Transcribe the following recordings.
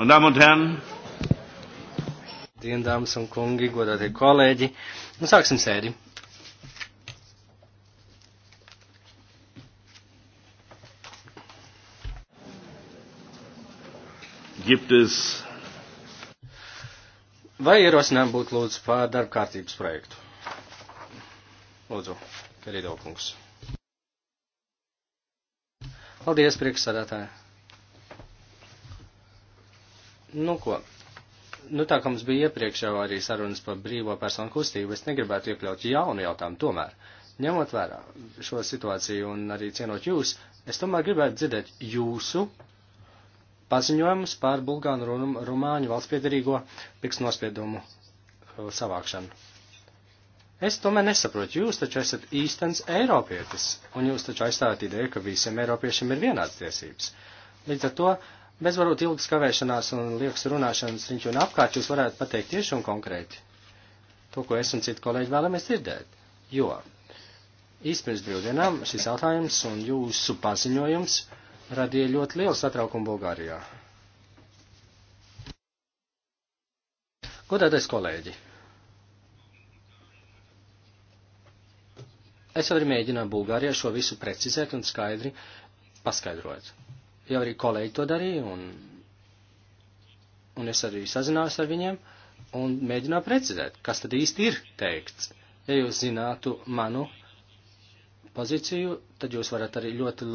Meine Damen und Herren, Dien, dāmas un kungi, godātie kolēģi, nu sāksim sēdi. Gibt es Vai ierosinām būt lūdzu pār darba kārtības projektu? Lūdzu, Kerido kungs. Paldies, priekšsādātāji. Nu, ko? Nu, tā kā mums bija iepriekš jau arī sarunas par brīvo personu kustību, es negribētu iekļaut jaunu jautājumu tomēr. Ņemot vērā šo situāciju un arī cienot jūs, es tomēr gribētu dzirdēt jūsu paziņojumus par Bulgānu un Rumāņu valsts piedarīgo pirksnospiedumu uh, savākšanu. Es tomēr nesaprotu, jūs taču esat īstenis Eiropietis, un jūs taču aizstājat ideju, ka visiem Eiropiešiem ir vienāds tiesības. Līdz ar to Bez varbūt ilgas kavēšanās un liekas runāšanas viņš un apkārt jūs varētu pateikt tieši un konkrēti to, ko es un citi kolēģi vēlamies dzirdēt. Jo īstenībā brīvdienām šis jautājums un jūsu paziņojums radīja ļoti lielu satraukumu Bulgārijā. Godātais kolēģi, es arī mēģināju Bulgārijā šo visu precizēt un skaidri paskaidrot jau arī kolēģi to darīja, un, un es arī sazinājos ar viņiem, un mēģināju precizēt, kas tad īsti ir teikts. Ja jūs zinātu manu pozīciju, tad jūs varat arī ļoti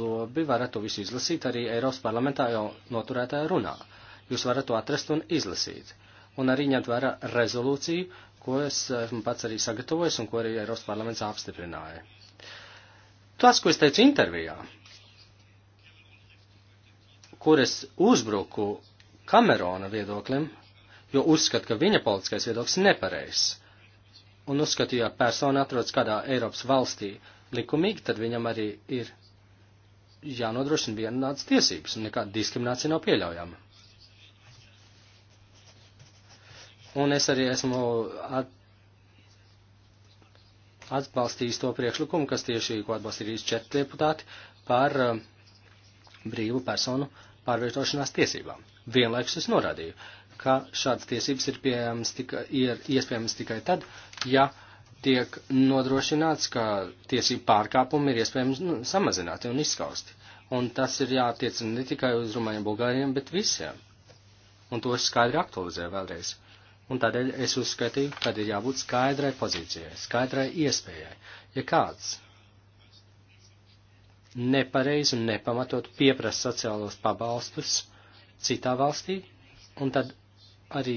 labi, varat to visu izlasīt arī Eiropas parlamentā jau noturētajā runā. Jūs varat to atrast un izlasīt. Un arī ņemt vērā rezolūciju, ko es pats arī sagatavojis un ko arī Eiropas parlaments apstiprināja. Tas, ko es teicu intervijā, kur es uzbruku Kamerona viedoklim, jo uzskatu, ka viņa politiskais viedoklis nepareizs. Un uzskatu, ja persona atrodas kādā Eiropas valstī likumīgi, tad viņam arī ir jānodrošina vienādas tiesības, un nekāda diskriminācija nav pieļaujama. Un es arī esmu at, atbalstījis to priekšlikumu, kas tieši, ko atbalstīja 4 deputāti, par uh, brīvu personu pārvietošanās tiesībām. Vienlaikus es norādīju, ka šādas tiesības ir, tika, ir iespējams tikai tad, ja tiek nodrošināts, ka tiesību pārkāpumi ir iespējams nu, samazināti un izskausti. Un tas ir jātiecina ne tikai uz Rumāņiem, Bulgāriem, bet visiem. Un to es skaidri aktualizēju vēlreiz. Un tādēļ es uzskatīju, ka ir jābūt skaidrai pozīcijai, skaidrai iespējai. Ja kāds nepareizi un nepamatot pieprasa sociālos pabalstus citā valstī, un tad arī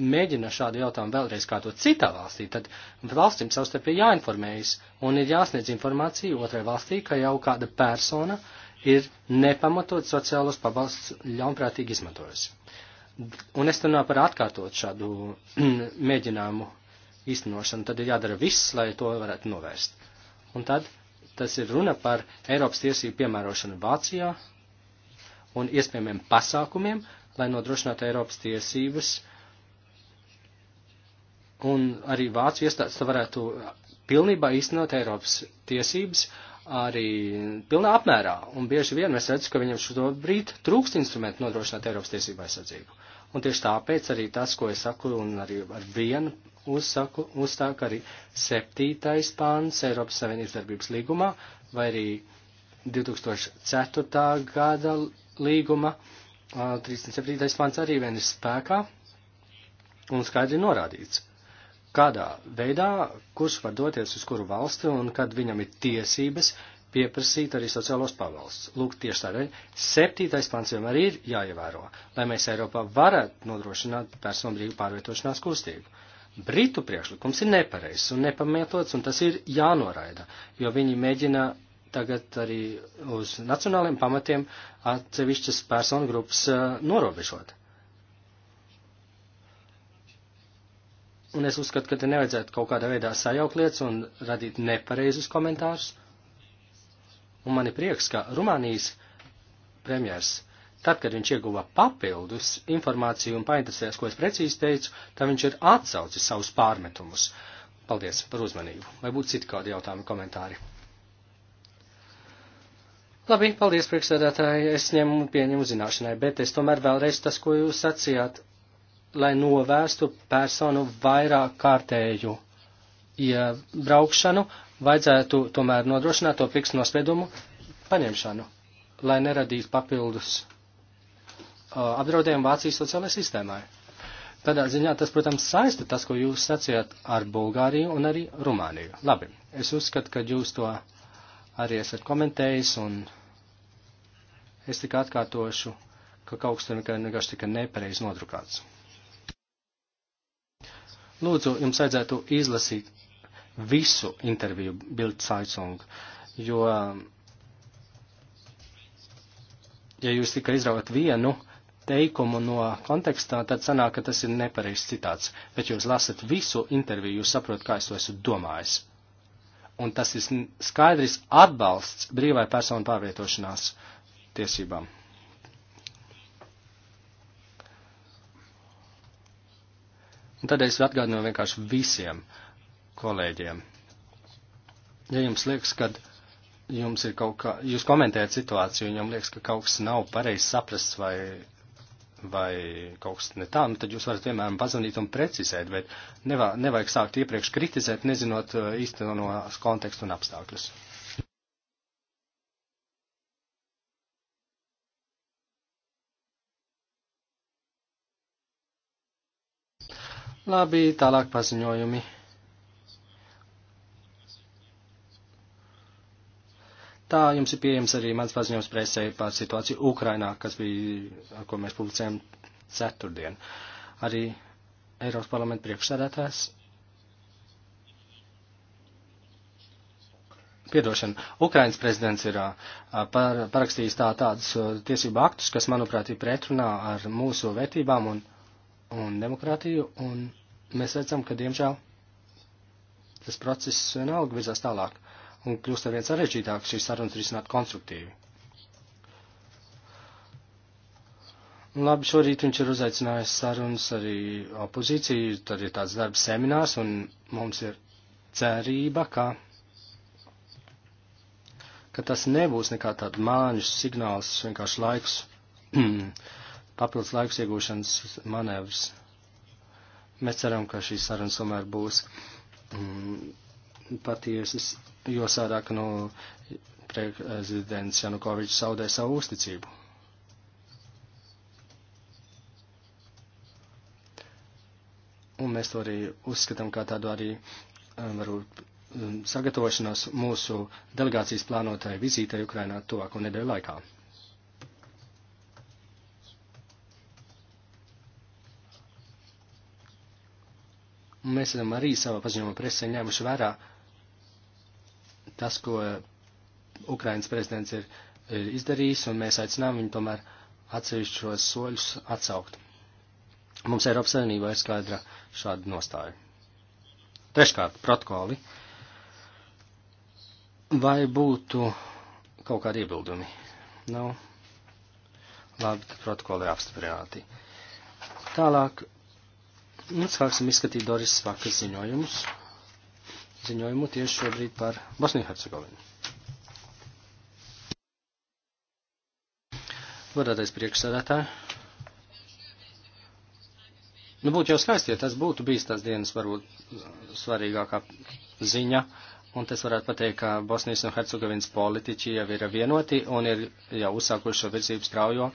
mēģina šādu jautājumu vēlreiz kārtot citā valstī, tad valstīm savstarpēji jāinformējas un ir jāsniedz informācija otrai valstī, ka jau kāda persona ir nepamatot sociālos pabalstus ļaunprātīgi izmantojusi. Un es runāju par atkārtot šādu mēģinājumu īstenošanu, tad ir jādara viss, lai to varētu novērst. Un tad tas ir runa par Eiropas tiesību piemērošanu Vācijā un iespējamiem pasākumiem, lai nodrošinātu Eiropas tiesības. Un arī Vācu iestādes varētu pilnībā īstenot Eiropas tiesības arī pilnā apmērā. Un bieži vien mēs redzam, ka viņam šobrīd trūkst instrumentu nodrošināt Eiropas tiesību aizsardzību. Un tieši tāpēc arī tas, ko es saku, un arī ar vienu uzsaku, uzstāk arī septītais pāns Eiropas Savienības darbības līgumā vai arī 2004. gada līguma 37. pāns arī vien ir spēkā un skaidri norādīts, kādā veidā kurš var doties uz kuru valsti un kad viņam ir tiesības pieprasīt arī sociālos pavalsts. Lūk, tieši tādēļ septītais pants vienmēr ir jāievēro, lai mēs Eiropā varētu nodrošināt personu brīvu pārvietošanās kustību. Britu priekšlikums ir nepareizs un nepamatots, un tas ir jānoraida, jo viņi mēģina tagad arī uz nacionāliem pamatiem atsevišķas personu grupas norobežot. Un es uzskatu, ka te nevajadzētu kaut kādā veidā sajaukt lietas un radīt nepareizus komentārus. Un man ir prieks, ka Rumānijas premjers Tad, kad viņš ieguva papildus informāciju un painteresējās, ko es precīzi teicu, tad viņš ir atsaucis savus pārmetumus. Paldies par uzmanību. Vai būtu citi kādi jautājumi, komentāri? Labi, paldies, priekšsēdētāji. Es ņemu un pieņemu zināšanai, bet es tomēr vēlreiz tas, ko jūs sacījāt, lai novērstu personu vairāk kārtēju iebraukšanu, vajadzētu tomēr nodrošināt to pikstu nospiedumu paņemšanu, lai neradītu papildus apdraudējumu Vācijas sociālajai sistēmai. Tādā ziņā tas, protams, saista tas, ko jūs sacījāt ar Bulgāriju un arī Rumāniju. Labi, es uzskatu, ka jūs to arī esat komentējis, un es tikai atkārtošu, ka kaut kas tur vienkārši tika nepareizi nodrukāts. Lūdzu, jums vajadzētu izlasīt visu interviju Bild Saicung, jo, ja jūs tikai izraut vienu, teikumu no kontekstā, tad sanāk, ka tas ir nepareizs citāts. Bet jūs lasat visu interviju, jūs saprotat, kā es to esmu domājis. Un tas ir skaidrs atbalsts brīvai personu pārvietošanās tiesībām. Un tad es atgādinu vienkārši visiem kolēģiem. Ja jums liekas, ka jums ir kaut kā, jūs komentējat situāciju, un jums liekas, ka kaut kas nav pareizi saprasts vai vai kaut kas ne tā, nu, tad jūs varat vienmēr pazvanīt un precizēt, bet nevā, nevajag sākt iepriekš kritizēt, nezinot uh, īstenos kontekstu un apstākļus. Labi, tālāk paziņojumi. Tā jums ir pieejams arī mans paziņojums presē par situāciju Ukrainā, kas bija, ar ko mēs publicējam ceturtdien. Arī Eiropas parlamenta priekšsēdētājs. Piedošana. Ukrainas prezidents ir par, parakstījis tā tādus tiesību aktus, kas, manuprāt, ir pretrunā ar mūsu vērtībām un, un demokrātiju, un mēs redzam, ka, diemžēl, tas process vienalga virzās tālāk. Uh, un kļūst arvien sarežģītāk šīs sarunas risināt konstruktīvi. Un nu, labi, šorīt viņš ir uzaicinājis sarunas arī opozīciju, tad ir tāds darbs seminārs, un mums ir cerība, ka, ka tas nebūs nekā tāds māņus signāls, vienkārši laiks, papildus laiks iegūšanas manevrs. Mēs ceram, ka šīs sarunas tomēr būs mm, patiesas jo sādāk, nu, prezidents Janukovičs zaudē savu uzticību. Un mēs to arī uzskatām kā tādu arī, um, varbūt, um, sagatavošanos mūsu delegācijas plānotai vizītei Ukrainā tuvāko nedēļu laikā. Un mēs esam arī savā paziņojumā presē ņēmuši vērā uh, tas, ko Ukrainas prezidents ir, ir izdarījis, un mēs aicinām viņu tomēr atsevišķos soļus atsaukt. Mums Eiropas Savienībā ir skaidra šāda nostāja. Treškārt, protokoli. Vai būtu kaut kādi iebildumi? Nav. Nu, labi, ka protokoli ir apstiprināti. Tālāk, nu, sāksim izskatīt Doris Vakas ziņojumus ziņojumu tieši šobrīd par Bosniju-Hercegovinu. Varētais priekšsēdētāji. Nu, būtu jau skaisti, ja tas būtu bijis tās dienas varbūt svarīgākā ziņa, Un tas varētu pateikt, ka Bosnijas un Hercegovinas politiķi jau ir vienoti un ir jau uzsākuši šo virzību straujo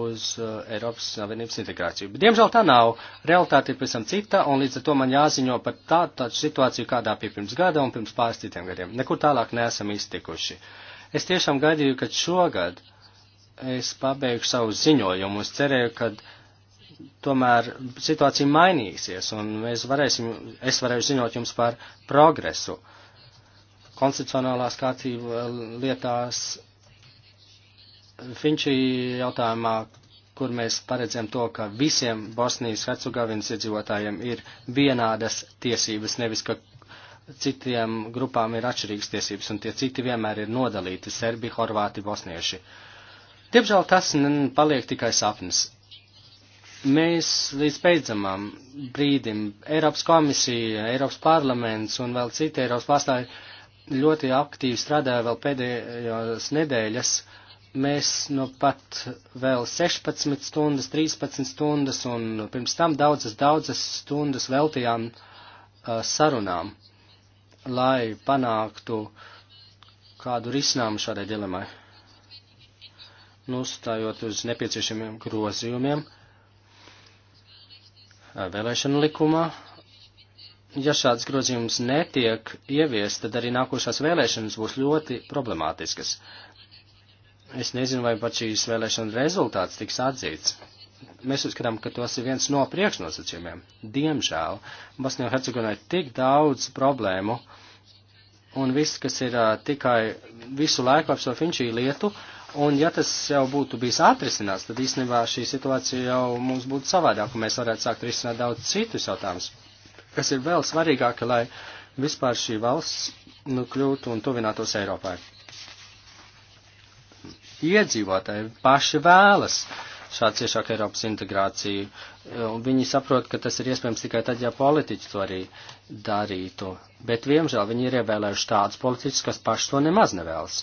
uz uh, Eiropas Savienības integrāciju. Bet, diemžēl tā nav. Realtāte ir pavisam cita, un līdz ar to man jāziņo par tādu tā situāciju, kādā bija pirms gada un pirms pāris citiem gadiem. Nekur tālāk neesam iztikuši. Es tiešām gaidīju, ka šogad es pabeigšu savu ziņojumu. Es cerēju, ka tomēr situācija mainīsies, un mēs varēsim, es varēšu ziņot jums par progresu. Uh, konstitucionālās kārtība eh, lietās, Finčī jautājumā, kur mēs paredzam to, ka visiem Bosnijas Hercegovinas iedzīvotājiem ir vienādas tiesības, nevis ka citiem grupām ir atšķirīgas tiesības, un tie citi vienmēr ir nodalīti - serbi, horvāti, bosnieši. Diemžēl tas paliek tikai sapnis. Mēs līdz beidzamam brīdim Eiropas komisija, Eiropas parlaments un vēl citi Eiropas pārstāvji ļoti aktīvi strādāju vēl pēdējās nedēļas. Mēs nu pat vēl 16 stundas, 13 stundas un pirms tam daudzas, daudzas stundas veltījām uh, sarunām, lai panāktu kādu risinājumu šādai dilemai. Nustājot uz nepieciešamiem grozījumiem vēlēšanu likumā, ja šāds grozījums netiek ieviest, tad arī nākošās vēlēšanas būs ļoti problemātiskas. Es nezinu, vai pat šīs vēlēšana rezultāts tiks atzīts. Mēs uzskatām, ka tas ir viens no priekšnosacījumiem. Diemžēl Bosnijā Hercegovinā ir tik daudz problēmu, un viss, kas ir uh, tikai visu laiku ap šo finčī lietu, un ja tas jau būtu bijis atrisināts, tad īstenībā šī situācija jau mums būtu savādāk, un mēs varētu sākt risināt daudz citus jautājumus kas ir vēl svarīgāka, lai vispār šī valsts nu, kļūtu un tuvinātos Eiropai. Iedzīvotāji paši vēlas šādu ciešāku Eiropas integrāciju, un viņi saprot, ka tas ir iespējams tikai tad, ja politiķi to arī darītu. Bet, viemžēl, viņi ir ievēlējuši tādus politiķus, kas paši to nemaz nevēlas,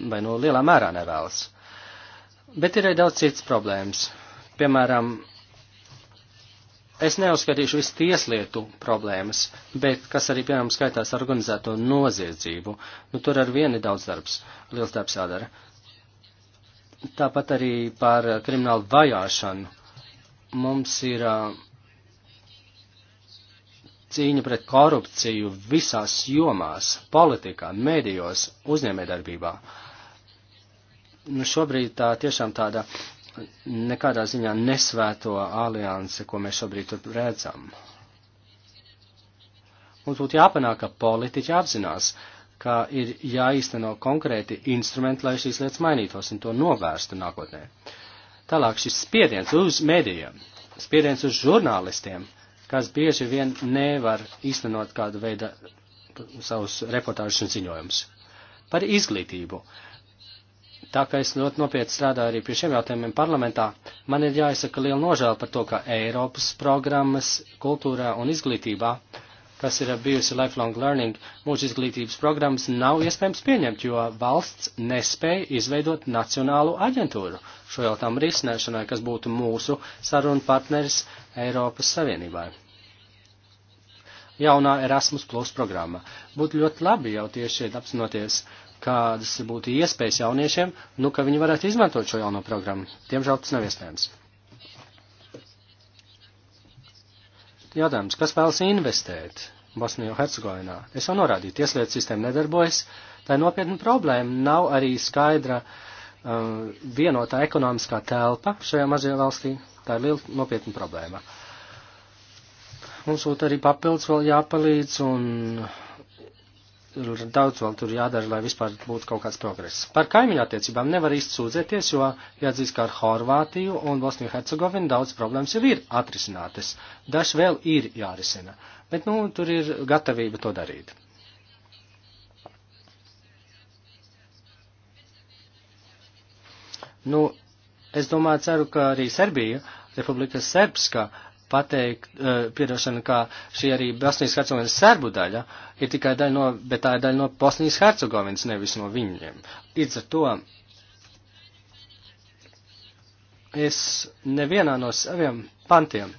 vai nu no lielā mērā nevēlas. Bet ir arī daudz citas problēmas. Piemēram, es neuzskatīšu visu tieslietu problēmas, bet kas arī, piemēram, skaitās organizēto noziedzību, nu tur ar vieni daudz darbs, liels darbs jādara. Tāpat arī par kriminālu vajāšanu. Mums ir cīņa pret korupciju visās jomās, politikā, medijos, uzņēmēdarbībā. Nu, šobrīd tā tiešām tāda nekādā ziņā nesvēto aliansi, ko mēs šobrīd tur redzam. Mums būtu jāpanāk, ka politiķi apzinās, ka ir jāīsteno konkrēti instrumenti, lai šīs lietas mainītos un to novērstu nākotnē. Tālāk šis spiediens uz medijiem, spiediens uz žurnālistiem, kas bieži vien nevar īstenot kādu veidu savus reportāžus un ziņojumus. Par izglītību. Uh, Tā kā es ļoti nopietni strādāju arī pie šiem jautājumiem parlamentā, man ir jāizsaka liela nožēla par to, ka Eiropas programmas kultūrā un izglītībā, kas ir bijusi lifelong learning, mūža izglītības programmas nav iespējams pieņemt, jo valsts nespēja izveidot nacionālu aģentūru šo jautājumu risināšanai, kas būtu mūsu sarunu partneris Eiropas Savienībai jaunā Erasmus Plus programma. Būtu ļoti labi jau tieši šeit apzinoties kādas būtu iespējas jauniešiem, nu, ka viņi varētu izmantot šo jauno programmu. Diemžēl tas nav iespējams. Jautājums, kas vēlas investēt Bosnijā un Hercegovinā? Es jau norādīju, tieslietu sistēma nedarbojas, tā ir nopietna problēma, nav arī skaidra uh, vienotā ekonomiskā telpa šajā mazajā valstī, tā ir liela nopietna problēma. Mums būtu arī papildus vēl jāpalīdz un ir daudz vēl tur jādara, lai vispār būtu kaut kāds progress. Par kaimiņu attiecībām nevar īsti sūdzēties, jo jāatzīst, ka ar Horvātiju un Bosniju Hercegovinu daudz problēmas jau ir atrisinātas. Dažs vēl ir jārisina, bet, nu, tur ir gatavība to darīt. Nu, es domāju, ceru, ka arī Serbija, Republika Serbska, uh, pateikt, eh, piedošana, ka šī arī Bosnijas Hercegovinas serbu daļa ir tikai daļa no, bet tā ir daļa no Bosnijas Hercegovinas, nevis no viņiem. Līdz ar to es nevienā no saviem pantiem,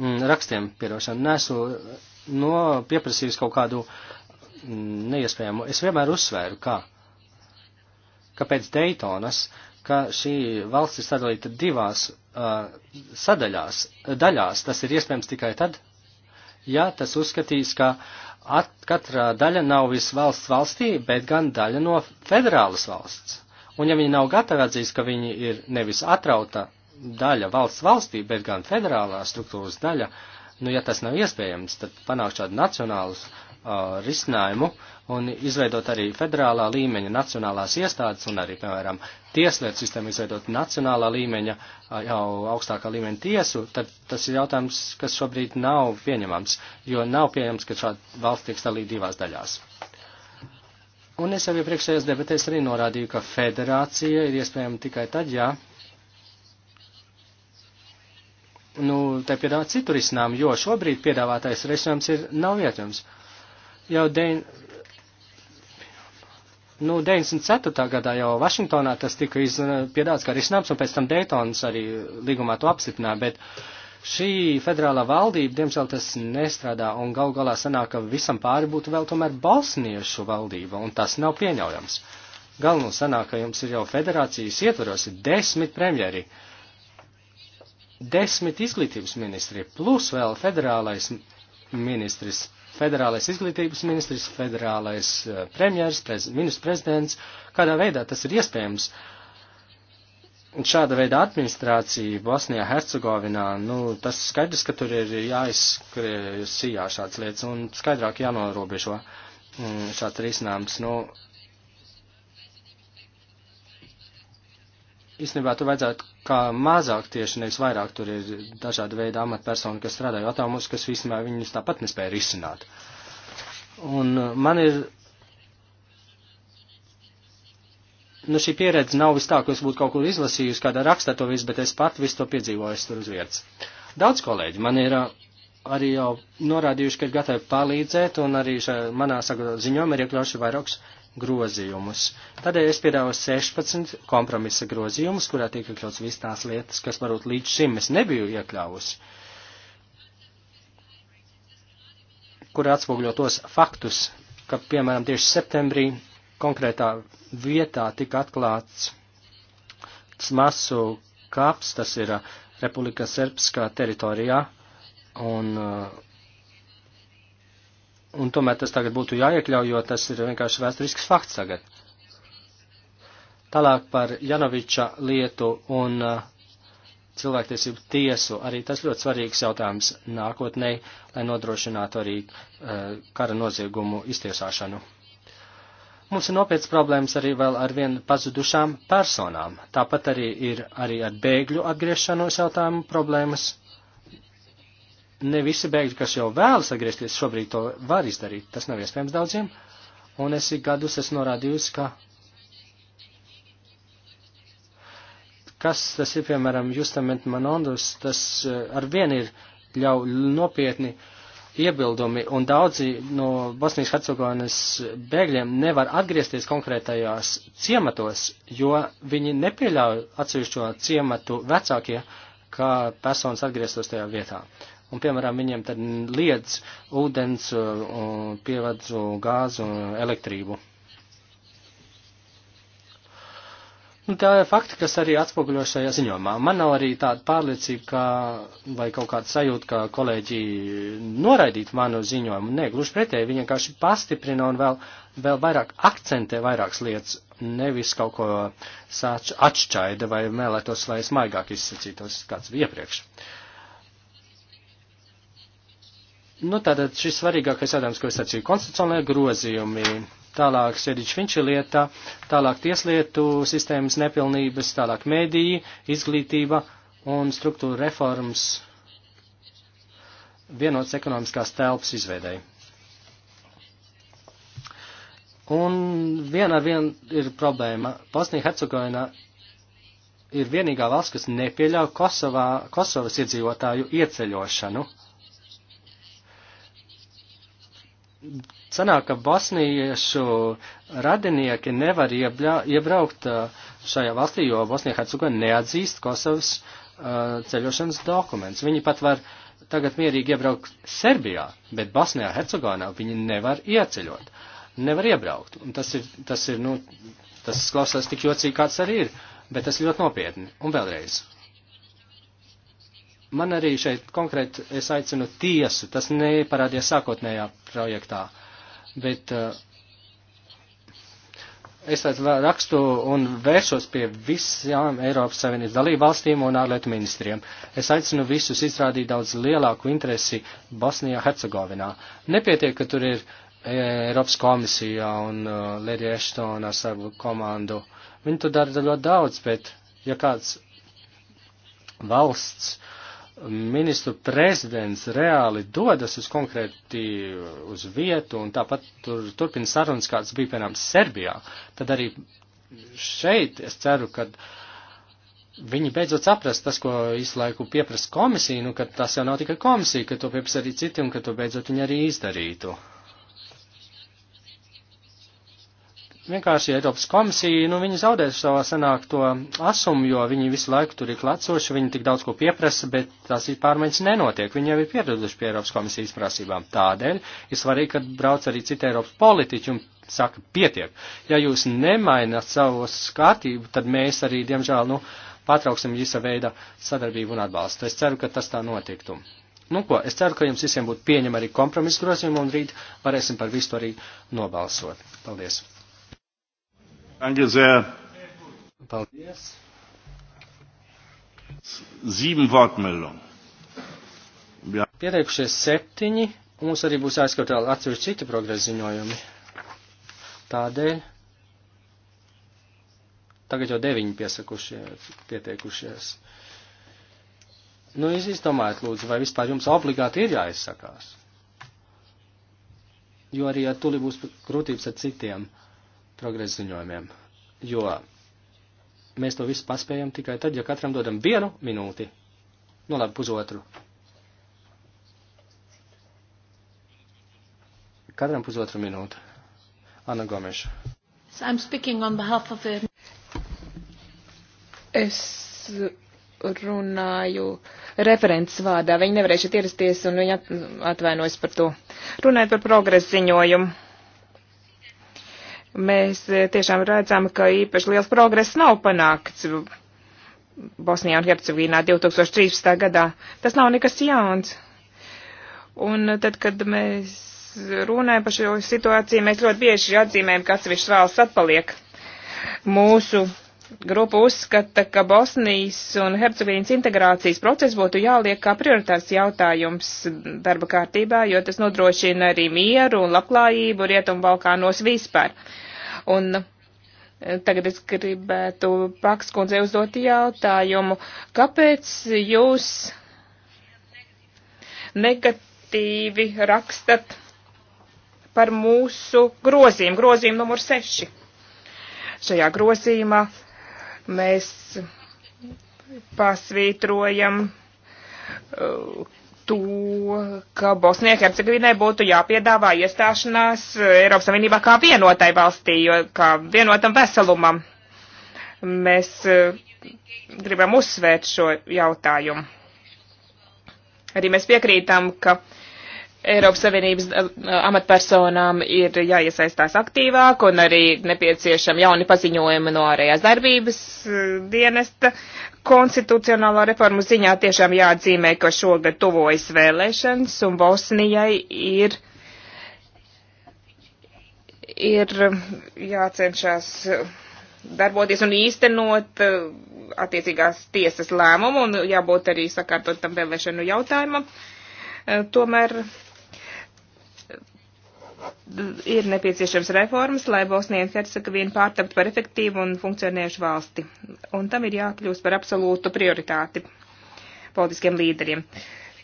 mm, rakstiem, piedošana, nesu no pieprasījis kaut kādu mm, neiespējamu. Es vienmēr uzsvēru, kā, ka pēc Daytonas, ka šī valsts ir sadalīta divās Uh, sadaļās, daļās. Tas ir iespējams tikai tad, ja tas uzskatīs, ka at, katrā daļa nav viss valsts valstī, bet gan daļa no federālas valsts. Un ja viņi nav gatavi atzīst, ka viņi ir nevis atrauta daļa valsts valstī, bet gan federālā struktūras daļa, nu ja tas nav iespējams, tad panākt šādu nacionālus uh, uh, risinājumu un izveidot arī federālā līmeņa nacionālās iestādes un arī, piemēram, tieslietu sistēmu izveidot nacionālā līmeņa, uh, jau augstākā līmeņa tiesu, tad tas ir jautājums, kas šobrīd nav pieņemams, jo nav pieņemams, ka šāda valsts tiek stalīta divās daļās. Un es jau iepriekšējās debatēs arī norādīju, ka federācija ir iespējama tikai tad, ja nu, te piedāvāt citu risinājumu, jo šobrīd piedāvātais risinājums ir nav vietojams jau dein... nu, 94. gadā jau Vašingtonā tas tika iz... piedāts kā risinājums, un pēc tam Daytons arī līgumā to apstiprināja, bet šī federālā valdība, diemžēl, tas nestrādā, un gal galā sanāk, ka visam pāri būtu vēl tomēr bosniešu valdība, un tas nav pieļaujams. Galveno sanāk, ka jums ir jau federācijas ietvaros desmit premjeri desmit izglītības ministri, plus vēl federālais ministrs federālais izglītības ministrs, federālais eh, premjers, prez, ministrs prezidents, kādā veidā tas ir iespējams. Un šāda veida administrācija Bosnijā, Hercegovinā, nu, tas skaidrs, ka tur ir jāizsijā šāds lietas un skaidrāk jānorobežo mm, šāds risinājums. Nu, īstenībā tu vajadzētu kā mazāk tieši, nevis vairāk tur ir dažādi veidi amatpersonu, kas strādā jautājumus, kas vismaz viņus tāpat nespēja risināt. Un uh, man ir, nu šī pieredze nav vis tā, ka es būtu kaut kur izlasījusi kādā rakstā to visu, bet es pat visu to piedzīvoju tur uz vietas. Daudz kolēģi man ir uh, arī jau norādījuši, ka ir gatavi palīdzēt, un arī šajā manā ziņojumā ir iekļaujuši vairākus grozījumus. Tādēļ es piedāvu 16 kompromisa grozījumus, kurā tiek iekļauts viss tās lietas, kas varbūt līdz šim es nebiju iekļāvusi, kur atspūgļo tos faktus, ka, piemēram, tieši septembrī konkrētā vietā tika atklāts smasu kaps, tas ir uh, Republika Serbskā teritorijā, un uh, Un tomēr tas tagad būtu jāiekļauj, jo tas ir vienkārši vēsturisks fakts tagad. Tālāk par Janoviča lietu un uh, cilvēktiesību tiesu. Arī tas ļoti svarīgs jautājums nākotnē, lai nodrošinātu arī uh, kara noziegumu iztiesāšanu. Mums ir nopietnas problēmas arī vēl ar vienu pazudušām personām. Tāpat arī ir arī ar bēgļu atgriešanos jautājumu problēmas ne visi bēgļi, kas jau vēlas atgriezties, šobrīd to var izdarīt. Tas nav iespējams daudziem. Un es ik gadus esmu norādījusi, ka. Kas tas ir, piemēram, Justament Manondus, tas eh, ar vien ir ļau nopietni iebildumi, un daudzi no Bosnijas Hercegovinas bēgļiem nevar atgriezties konkrētajās ciematos, jo viņi nepieļauj atsevišķo ciematu vecākie, kā personas atgrieztos tajā vietā un, piemēram, viņiem tad liedz ūdens, uh, pievadzu uh, gāzu un elektrību. Nu, tā ir fakti, kas arī atspoguļo šajā ziņojumā. Man nav arī tāda pārliecība, ka, vai kaut kāda sajūta, ka kolēģi noraidītu manu ziņojumu. Nē, gluži pretēji, viņi vienkārši pastiprina un vēl, vēl vairāk akcentē vairākas lietas, nevis kaut ko sāč atšķaida vai mēlētos, lai smaigāk izsacītos kāds iepriekš. Uh, Nu, tātad šis svarīgākais jautājums, ko es sacīju, konstitucionālajā grozījumi, tālāk Sediņš Finči lieta, tālāk tieslietu sistēmas nepilnības, tālāk mēdīji, izglītība un struktūra reformas vienots ekonomiskās telpas izveidēji. Un viena ar vienu ir problēma. Bosnija Hercegovina ir vienīgā valsts, kas nepieļauj Kosovā, Kosovas iedzīvotāju ieceļošanu. sanāk, ka bosniešu radinieki nevar iebļa, iebraukt šajā valstī, jo Bosnija-Hercegovina neatzīst Kosovas uh, ceļošanas dokumentus. Viņi pat var tagad mierīgi iebraukt Serbijā, bet Bosnijā-Hercegovinā viņi nevar ieceļot, nevar iebraukt. Un tas ir, tas ir, nu, tas klausās tik jocīgi, kāds arī ir, bet tas ļoti nopietni. Un vēlreiz, Man arī šeit konkrēti es aicinu tiesu, tas neparādījās sākotnējā projektā, bet uh, es rakstu un vēršos pie visām Eiropas Savienības dalību valstīm un ārlietu ministriem. Es aicinu visus izrādīt daudz lielāku interesi Bosnijā, Hercegovinā. Nepietiek, ka tur ir e, Eiropas komisija un uh, Lady Ashton ar savu komandu. Viņi tur dara ļoti daudz, bet ja kāds valsts ministru prezidents reāli dodas uz konkrēti uz vietu un tāpat tur, turpina sarunas, kāds bija, piemēram, Serbijā, tad arī šeit es ceru, ka viņi beidzot saprast tas, ko visu laiku pieprasa komisija, nu, ka tas jau nav tikai komisija, ka to pieprasa arī citi un ka to beidzot viņi arī izdarītu. vienkārši Eiropas komisija, nu, viņi zaudēs savā sanākto asumu, jo viņi visu laiku tur ir klacoši, viņi tik daudz ko pieprasa, bet tās pārmaiņas nenotiek. Viņi jau ir pieraduši pie Eiropas komisijas prasībām. Tādēļ ir svarīgi, ka brauc arī citi Eiropas politiķi un saka, pietiek. Ja jūs nemainat savu skatību, tad mēs arī, diemžēl, nu, patrauksim visa veida sadarbību un atbalstu. Es ceru, ka tas tā notiktu. Nu ko, es ceru, ka jums visiem būtu pieņem arī kompromisu grozījumu un rīt varēsim par visu arī nobalsot. Paldies! Paldies. Pieteikušies septiņi, un mums arī būs jāskat vēl atsevišķi citi progresa ziņojumi. Tādēļ tagad jau deviņi piesakušies, pieteikušies. Nu, jūs izdomājat, lūdzu, vai vispār jums obligāti ir jāizsakās. Jo arī ar tuli būs grūtības ar citiem. Uh, progresa ziņojumiem, jo mēs to visu paspējam tikai tad, ja katram dodam vienu minūti, nu labi, pusotru. Katram pusotru minūtu. Anna Gomeša. Es runāju referents vārdā. Viņi nevarēja šeit ierasties un viņi atvainojas par to. Runāju par progresu ziņojumu mēs eh, tiešām redzam, ka īpaši liels progress nav panākts Bosnijā un Hercegovīnā 2013. gadā. Tas nav nekas jauns. Un tad, kad mēs runājam par šo situāciju, mēs ļoti bieži atzīmējam, ka atsevišķas valsts atpaliek. Mūsu grupa uzskata, ka Bosnijas un Hercegovīnas integrācijas process būtu jāliek kā prioritārs jautājums darba kārtībā, jo tas nodrošina arī mieru un labklājību Rietumu Balkānos vispār. Uh, Un eh, Tagad es gribētu Paks kundzei uzdot jautājumu, kāpēc jūs negatīvi rakstat par mūsu grozījumu, grozījumu numur 6. Šajā grozījumā mēs pasvītrojam eh, to, ka Bosnijai Hercegovinai būtu jāpiedāvā iestāšanās Eiropas Savienībā kā vienotai valstī, jo kā vienotam veselumam. Mēs eh, gribam uzsvērt šo jautājumu. Arī mēs piekrītam, ka Eiropas Savienības eh, amatpersonām ir jāiesaistās aktīvāk un arī nepieciešam jauni paziņojumi no ārējās darbības eh, dienesta, konstitucionālā reforma ziņā tiešām jāatzīmē, ka šogad tuvojas vēlēšanas un Bosnijai ir, ir jācenšas darboties un īstenot eh, attiecīgās tiesas lēmumu un jābūt arī sakārtotam vēlēšanu jautājumam. Eh, tomēr ir nepieciešams reformas, lai Bosnija un Hercegovina pārtapt par efektīvu un funkcionējušu valsti. Un tam ir jākļūst par absolūtu prioritāti politiskiem līderiem.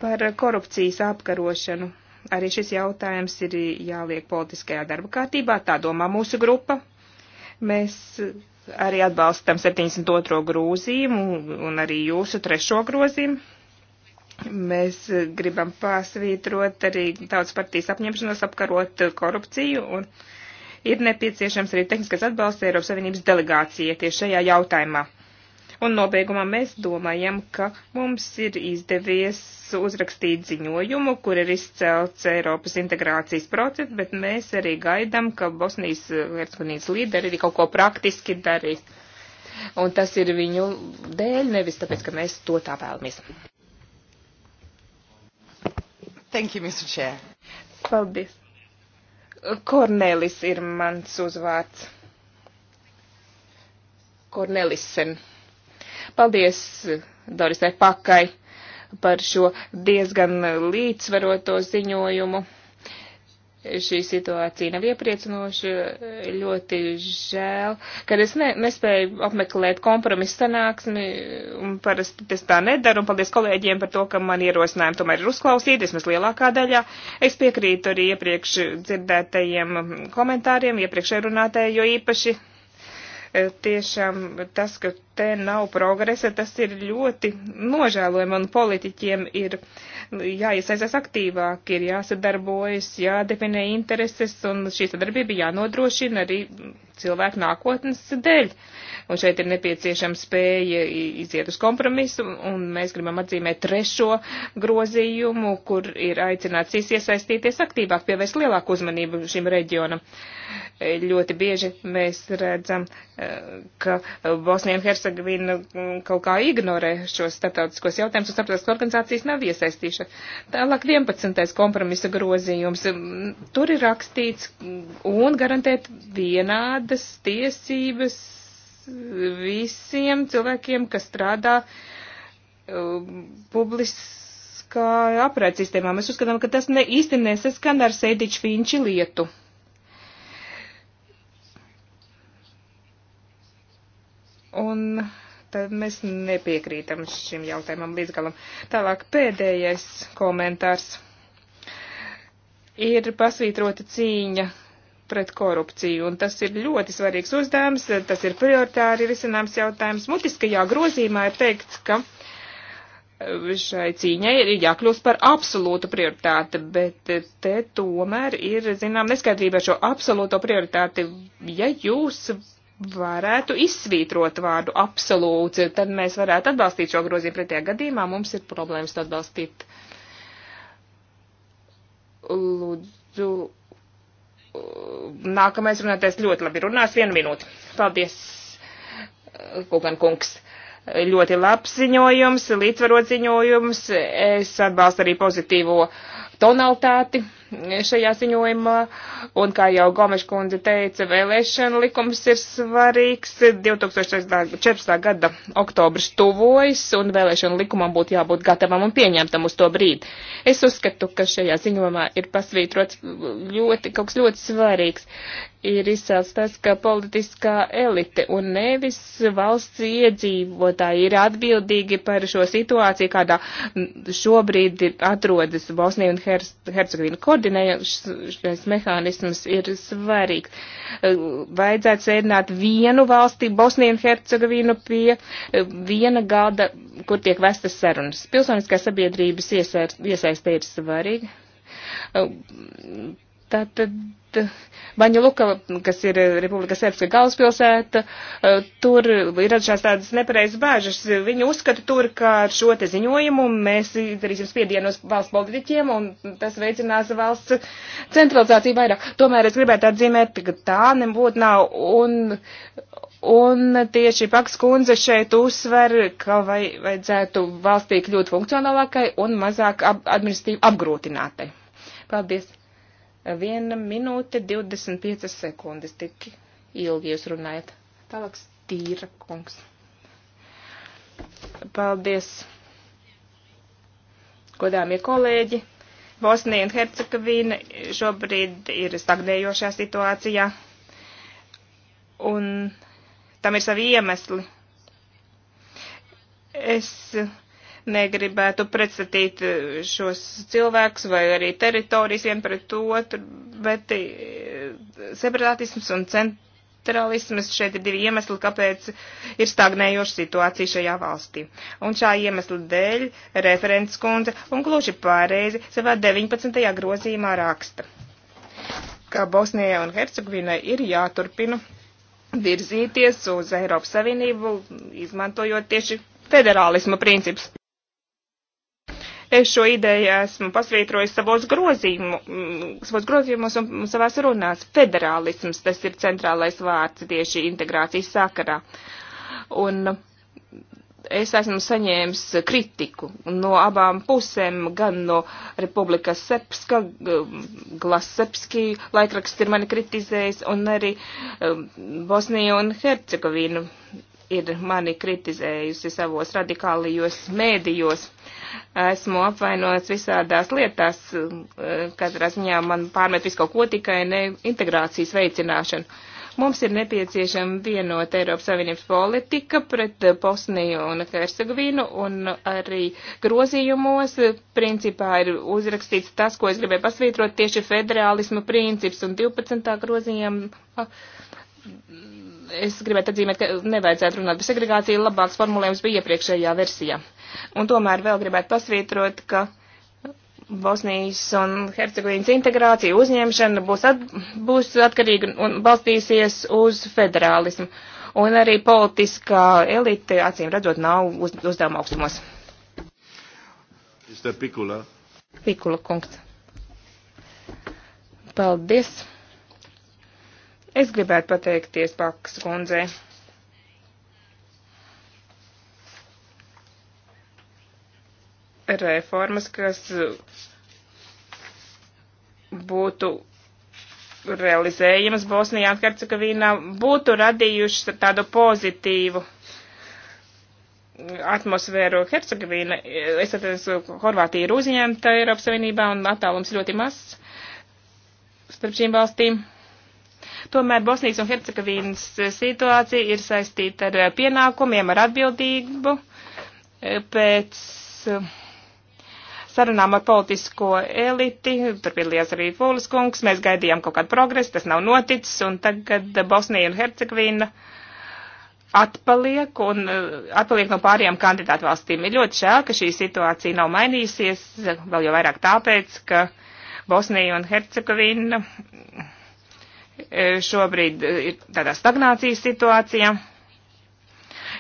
Par korupcijas apkarošanu. Arī šis jautājums ir jāliek politiskajā darba kārtībā, tā domā mūsu grupa. Mēs arī atbalstam 72. grozīmu un arī jūsu trešo grozīmu Mēs gribam pārsvītrot arī tautas partijas apņemšanos apkarot korupciju un ir nepieciešams arī tehniskais atbalsts Eiropas Savienības delegācijai tieši šajā jautājumā. Un nobeigumā mēs domājam, ka mums ir izdevies uzrakstīt ziņojumu, kur ir izcelts Eiropas integrācijas process, bet mēs arī gaidam, ka Bosnijas Hercegovinas līderi arī kaut ko praktiski darīs. Un tas ir viņu dēļ, nevis tāpēc, ka mēs to tā vēlamies. Thank you, Mr. Chair. Paldies. Kornelis ir mans uzvārds. Kornelisen. Paldies Dorisai Pakai par šo diezgan līdzsvaroto ziņojumu šī situācija nav iepriecinoša, ļoti žēl, kad es ne, nespēju apmeklēt kompromisu sanāksmi, un parasti es tā nedaru, un paldies kolēģiem par to, ka man ierosinājumi tomēr ir uzklausīti, vismaz lielākā daļā. Es piekrītu arī iepriekš dzirdētajiem komentāriem, iepriekšēj runātēji, jo īpaši e, tiešām tas, ka te nav progresa, tas ir ļoti nožēlojami, un politiķiem ir jāiesaistās aktīvāk, ir jāsadarbojas, jādefinē intereses, un šī sadarbība jānodrošina arī cilvēku nākotnes dēļ. Un šeit ir nepieciešama spēja iziet uz kompromisu, un mēs gribam atzīmēt trešo grozījumu, kur ir aicināts iesaistīties aktīvāk, pievērst lielāku uzmanību šim reģionam. Ļoti bieži mēs redzam, eh, ka Bosnija un Hercegovina Hercegovina mm, kaut kā ignorē šos starptautiskos jautājumus, un starptautiskās organizācijas nav iesaistīšana. Tālāk 11. kompromisa grozījums. Mm, tur ir rakstīts mm, un garantēt vienādas tiesības visiem cilvēkiem, kas strādā um, publiskā aprēķistēmā. Mēs uzskatām, ka tas ne, īsti nesaskan ar Sēdiņu Finči lietu. Un tad mēs nepiekrītam šim jautājumam līdz galam. Tālāk pēdējais komentārs. Ir pasvītrota cīņa pret korupciju, un tas ir ļoti svarīgs uzdevums, tas ir prioritāri risināms jautājums. Mutiskajā grozīmā ir teikts, ka uh, šai cīņai ir jākļūst par absolūtu prioritāti, bet uh, te tomēr ir, zinām, neskaidrība ar šo absolūto prioritāti. Ja jūs varētu izsvītrot vārdu absolūts, tad mēs varētu atbalstīt šo grozījumu. Pretējā gadījumā mums ir problēmas to atbalstīt. Lūdzu, nākamais runātais ļoti labi runās, vienu minūti. Paldies, Kugan kungs. Ļoti labs ziņojums, līdzvarot ziņojums. Es atbalstu arī pozitīvo tonalitāti šajā ziņojumā. Un, kā jau Gomeša kundze teica, vēlēšana likums ir svarīgs. 2014. gada oktobris tuvojas, un vēlēšana likumam būtu jābūt gatavam un pieņemtam uz to brīdi. Es uzskatu, ka šajā ziņojumā ir pasvītrots ļoti, kaut kas ļoti svarīgs ir izcelts tas, ka politiskā elite un nevis valsts iedzīvotāji ir atbildīgi par šo situāciju, kādā šobrīd atrodas Bosnija un Hercegovina. Koordinējošais mehānisms ir svarīgs. Vajadzētu sēdināt vienu valsti, Bosniju un Hercegovinu, pie viena gada, kur tiek vestas sarunas. Pilsoniskās sabiedrības iesaistē ir svarīga. Tātad Baņa Luka, kas ir eh, Republika Sērbska galvaspilsēta, eh, tur ir radušās tādas nepareizas bāžas. Viņi uzskata tur, ka ar šo te ziņojumu mēs darīsim spiedienu uz valsts politiķiem un tas veicinās valsts centralizāciju vairāk. Tomēr es gribētu atzīmēt, ka tā nebūtu nav. Un, Un tieši Paks kundze šeit uzsver, ka vai, vajadzētu valstī kļūt funkcionālākai un mazāk ap, administratīvi apgrūtinātai. Paldies! Viena minūte 25 sekundes, tik ilgi jūs runājat. Tālāk stīra kungs. Paldies, godāmie kolēģi. Bosnija un Hercegovina šobrīd ir stagnējošā situācijā, un tam ir savi iemesli. Es negribētu pretstatīt eh, šos cilvēkus vai arī teritorijas vien pret otru, bet eh, separatisms un centralisms šeit ir divi iemesli, kāpēc ir stagnējoša situācija šajā valstī. Un šā iemesla dēļ referents kundze un gluži pārreizi savā 19. grozījumā raksta, ka Bosnijai un Hercegvinai ir jāturpina virzīties uz Eiropas Savienību, izmantojot tieši federālisma princips. Es šo ideju esmu pasvītrojis savos, grozījumu, mm, savos grozījumos un savās runās. Federālisms, tas ir centrālais vārds tieši integrācijas sakarā. Un es esmu saņēmis kritiku no abām pusēm, gan no Republikas Sepska, mm, Glasepski laikraksts ir mani kritizējis, un arī mm, Bosniju un Hercegovinu ir mani kritizējusi savos radikālajos mēdījos. Esmu apvainots visādās lietās, katrā ziņā man pārmet visu kaut ko tikai ne integrācijas veicināšanu. Mums ir nepieciešama vienota Eiropas Savienības politika pret Bosniju un Hercegovinu, un arī grozījumos principā ir uzrakstīts tas, ko es gribēju pasvītrot, tieši federālismu princips, un 12. grozījumā es gribētu atzīmēt, ka nevajadzētu runāt par segregāciju, labāks formulējums bija iepriekšējā versijā. Un tomēr vēl gribētu pasvītrot, ka Bosnijas un Hercegovīnas integrācija, uzņemšana būs, at, būs atkarīga un balstīsies uz federālismu. Un arī politiskā elite, acīm redzot, nav uz, uzdevuma augstumos. Pikula. Pikula kungs. Paldies. Es gribētu pateikties Bakas kundzei. Reformas, kas būtu realizējamas Bosnijā un Hercegovīnā, būtu radījušas tādu pozitīvu atmosfēru Hercegovīna, es atceros, Horvātija ir uzņemta Eiropas Savienībā un attālums ļoti mazs starp šīm valstīm. Tomēr Bosnijas un Hercegovīnas eh, situācija ir saistīta ar eh, pienākumiem, ar atbildību eh, pēc sarunām ar politisko eliti, tur piedalījās arī Fūlis kungs, mēs gaidījām kaut kādu progresu, tas nav noticis, un tagad Bosnija un Hercegovina atpaliek un atpaliek no pārējām kandidātu valstīm. Ir ļoti žēl, ka šī situācija nav mainījusies, vēl jau vairāk tāpēc, ka Bosnija un Hercegovina E, šobrīd e, ir tādā stagnācijas situācijā.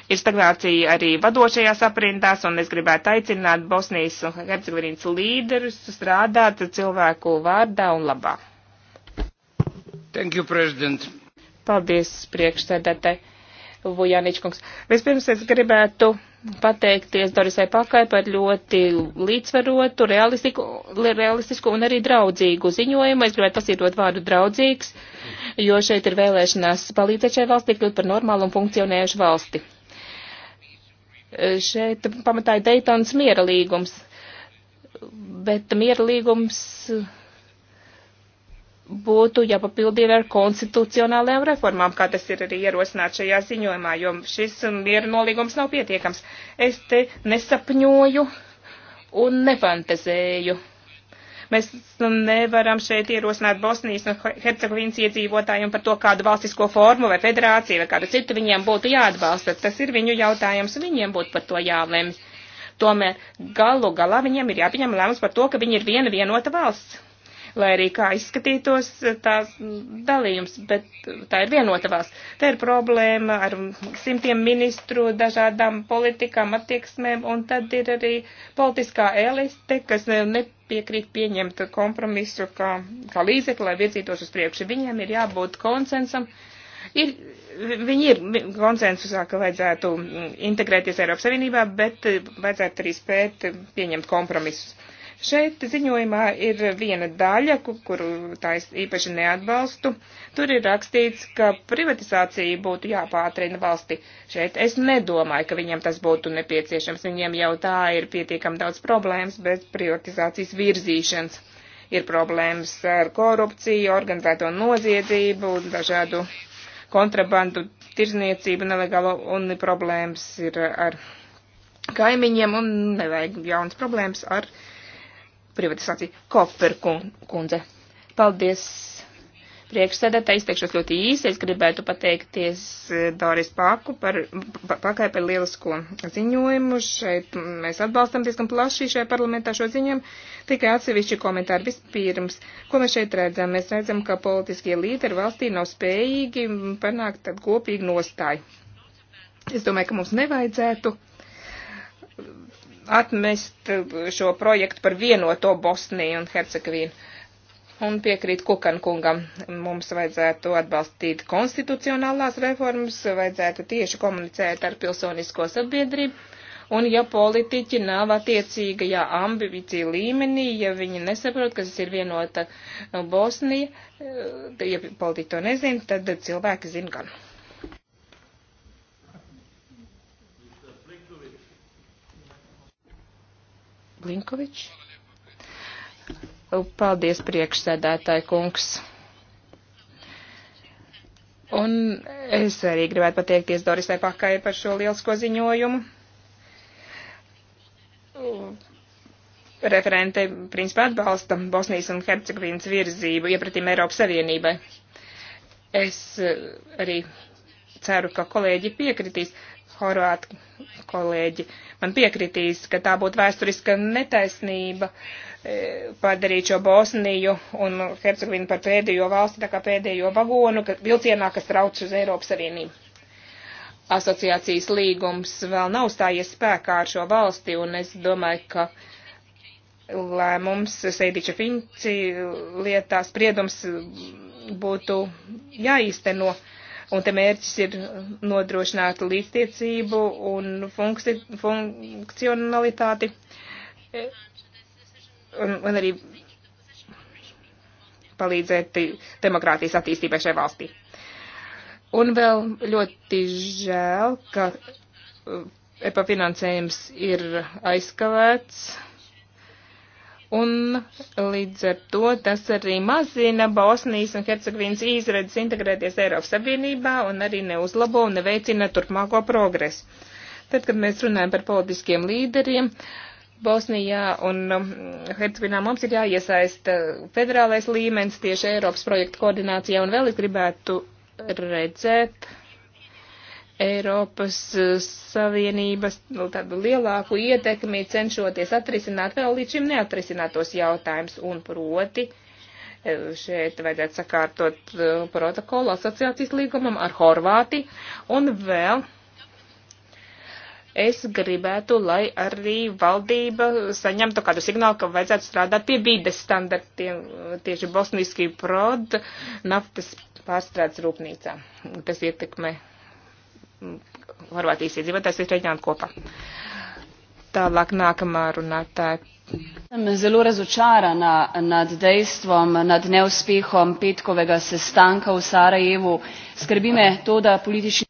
Ir stagnācija arī vadošajās aprindās, un es gribētu aicināt Bosnijas un Hercegovinas līderus strādāt cilvēku vārdā un labā. Thank you, President. Paldies, priekšsēdētāji Vujaničkungs. Vispirms es gribētu pateikties Dorisai Pakai par ļoti līdzsvarotu, realistisku un arī draudzīgu ziņojumu. Es gribētu pasītot vārdu draudzīgs, jo šeit ir vēlēšanās palīdzēt šai valstī kļūt par normālu un funkcionējušu valsti. Šeit pamatāja Daytons miera līgums, bet miera līgums būtu jāpapildina ar konstitucionālajām reformām, kā tas ir arī ierosināts šajā ziņojumā, jo šis miera nolīgums nav pietiekams. Es te nesapņoju un nefantazēju. Mēs nevaram šeit ierosināt Bosnijas un Hercegovīnas iedzīvotājiem par to, kādu valstisko formu vai federāciju vai kādu citu viņiem būtu jāatbalsta. Tas ir viņu jautājums, viņiem būtu par to jālemj. Tomēr galu galā viņiem ir jāpieņem lēmums par to, ka viņi ir viena vienota valsts lai arī kā izskatītos tās dalījums, bet tā ir vienota valsts. Te ir problēma ar simtiem ministru, dažādām politikām, attieksmēm, un tad ir arī politiskā elite, kas nepiekrīt pieņemt kompromisu kā, kā līdzekli, lai virzītos uz priekšu. Viņiem ir jābūt konsensam ir, viņi ir konsensusā, ka vajadzētu integrēties Eiropas Savienībā, bet vajadzētu arī spēt pieņemt kompromisus. Šeit ziņojumā ir viena daļa, kuru tā es īpaši neatbalstu. Tur ir rakstīts, ka privatizācija būtu jāpātrina valsti. Šeit es nedomāju, ka viņiem tas būtu nepieciešams. Viņiem jau tā ir pietiekam daudz problēmas bez privatizācijas virzīšanas. Ir problēmas ar korupciju, organizēto noziedzību, dažādu kontrabandu, tirzniecību, nelegālo un problēmas ir ar kaimiņiem un nevajag jaunas problēmas ar privatizāciju. Koper kundze. Paldies priekšsēdētā izteikšos ļoti īsi. Es gribētu pateikties eh, Doris Pāku par, pakai par lielisko ziņojumu. Šeit mēs atbalstam diezgan plaši šajā parlamentā šo ziņojumu. Tikai atsevišķi komentāri vispirms. Ko mēs šeit redzam? Mēs redzam, ka politiskie līderi valstī nav spējīgi panākt tādu kopīgu nostāju. Es domāju, ka mums nevajadzētu atmest šo projektu par vienoto Bosniju un Hercegovinu. Un piekrīt Kukan kungam, mums vajadzētu atbalstīt konstitucionālās reformas, vajadzētu tieši komunicēt ar pilsonisko sabiedrību, un ja politiķi nav attiecīgajā ambīcija līmenī, ja viņi nesaprot, kas ir vienota Bosnija, ja politiķi to nezina, tad cilvēki zina gan. Blinkovičs. Paldies, priekšsēdētāji kungs. Un es arī gribētu pateikties Dorisai Pakai par šo lielisko ziņojumu. Referente principā atbalsta Bosnijas un Hercegovinas virzību iepratīm Eiropas Savienībai. Es eh, arī ceru, ka kolēģi piekritīs. Uh, horvāti kolēģi man piekritīs, ka tā būtu vēsturiska netaisnība e, padarīt šo Bosniju un Hercegovinu par pēdējo valsti, tā kā pēdējo vagonu, ka vilcienā, kas trauc uz Eiropas Savienību. Asociācijas līgums vēl nav stājies spēkā ar šo valsti, un es domāju, ka lēmums Seidiča Finci lietā spriedums būtu jāīsteno. No Un te mērķis ir nodrošināt līdztiecību un funkci funkcionalitāti. Un, un arī palīdzēt demokrātijas attīstībai šai valstī. Un vēl ļoti žēl, ka EPA finansējums ir aizkavēts Un līdz ar to tas arī mazina Bosnijas un Hercegovinas izredzes integrēties Eiropas Savienībā un arī neuzlabo un neveicina turpmāko progresu. Tad, kad mēs runājam par politiskiem līderiem, Bosnijā un um, Hercegovinā mums ir jāiesaista federālais līmenis tieši Eiropas projektu koordinācijā un vēl es gribētu redzēt Eiropas eh, Savienības nu, tādu lielāku ietekmi cenšoties atrisināt vēl līdz šim neatrisinātos jautājumus un proti. Eh, šeit vajadzētu sakārtot eh, protokolu asociācijas līgumam ar Horvāti un vēl es gribētu, lai arī valdība saņemtu kādu signālu, ka vajadzētu strādāt pie vides standartiem tieši bosniski prod naftas pārstrādes rūpnīcā. Tas ietekmē Horvātijas iedzīvotājs ir reģionāli kopā. Tālāk nākamā runātāja. Sem zelo razočarana nad dejstvom, nad neuspehom petkovega sestanka v Sarajevu. Skrbi me to, da politični.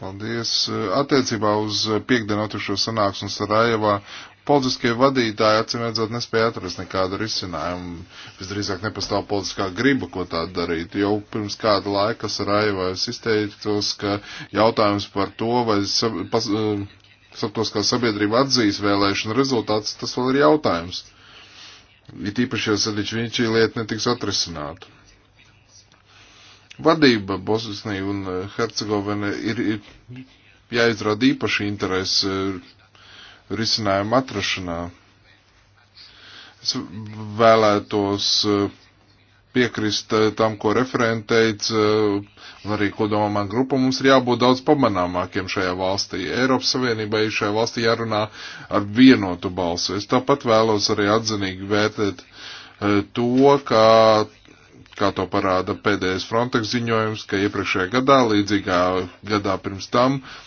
Paldies. Attiecībā uz piekdienu atršo sanāksmu Sarajevā politiskie vadītāji acīm redzot nespēja atrast nekādu risinājumu. Visdrīzāk nepastāv politiskā griba, ko tā darīt. Jau pirms kāda laika Sarajevā es izteicos, ka jautājums par to, vai eh, saptos, kā sabiedrība atzīs vēlēšana rezultāts, tas vēl ir jautājums. Ir tīpaši, ja Sadičvīņķī lieta netiks atrisināta vadība Bosnija un Hercegovina ir, ir jāizrāda īpaši interesi risinājumu atrašanā. Es vēlētos eh, piekrist eh, tam, ko referenteic, eh, un arī, ko domā man grupa, mums ir jābūt daudz pamanāmākiem šajā valstī. Eiropas Savienībai šajā valstī jārunā ar vienotu balsu. Es tāpat vēlos arī atzinīgi vērtēt to, kā, kā to parāda pēdējais Frontex ziņojums, ka iepriekšējā gadā, līdzīgā gadā pirms tam, uh,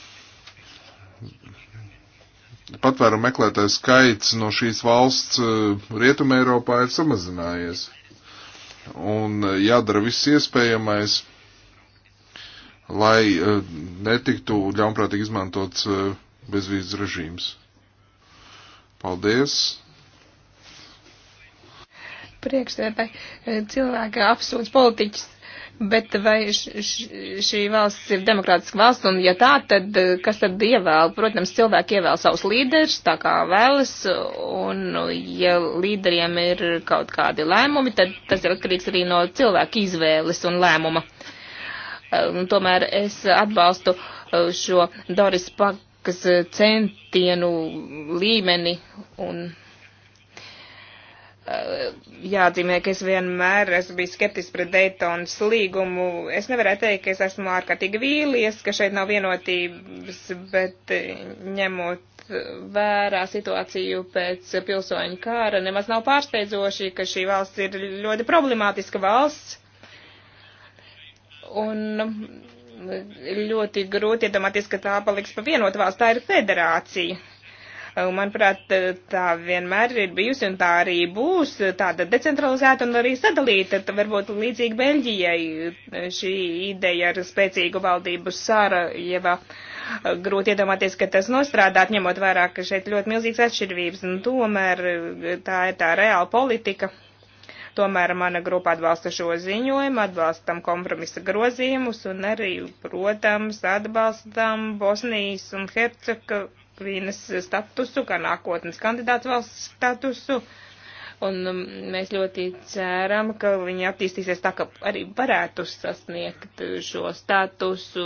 patvēru meklētāju skaits no šīs valsts eh, Rietuma Eiropā ir samazinājies. Un eh, jādara viss iespējamais, lai eh, netiktu ļaunprātīgi izmantots bezvīzes režīms. Paldies! Priekšsēdētāji, cilvēki apsūdz politiķus Bet vai šī valsts ir demokrātiska valsts, un ja tā, tad eh, kas tad ievēl? Protams, cilvēki ievēl savus līderus, tā kā vēlas, un ja līderiem ir kaut kādi lēmumi, tad tas ir atkarīgs arī no cilvēka izvēles un lēmuma. Eh, un tomēr es atbalstu eh, šo Doris Pakas centienu līmeni un Eh, jāatzīmē, ka es vienmēr esmu bijis skeptisks pret Daytonas līgumu. Es nevarētu teikt, ka es esmu ārkārtīgi vīlies, ka šeit nav vienotības, bet eh, ņemot vērā situāciju pēc pilsoņu kāra, nemaz nav pārsteidzoši, ka šī valsts ir ļoti problemātiska valsts. Un eh, ļoti grūti iedomāties, ka tā paliks pa vienotu valsts, tā ir federācija Un, manuprāt, tā vienmēr ir bijusi un tā arī būs tāda decentralizēta un arī sadalīta. Tā varbūt līdzīgi Beļģijai šī ideja ar spēcīgu valdību Sārajevā. Grūti iedomāties, ka tas nostrādāt, ņemot vērā, ka šeit ļoti milzīgas atšķirības, un tomēr tā ir tā reāla politika. Tomēr mana grupa atbalsta šo ziņojumu, atbalstam kompromisa grozījumus un arī, protams, atbalstam Bosnijas un Hercegovinas Ukrainas statusu, kā nākotnes kandidātu valsts statusu. Un um, mēs ļoti ceram, ka viņi attīstīsies tā, ka arī varētu sasniegt šo statusu.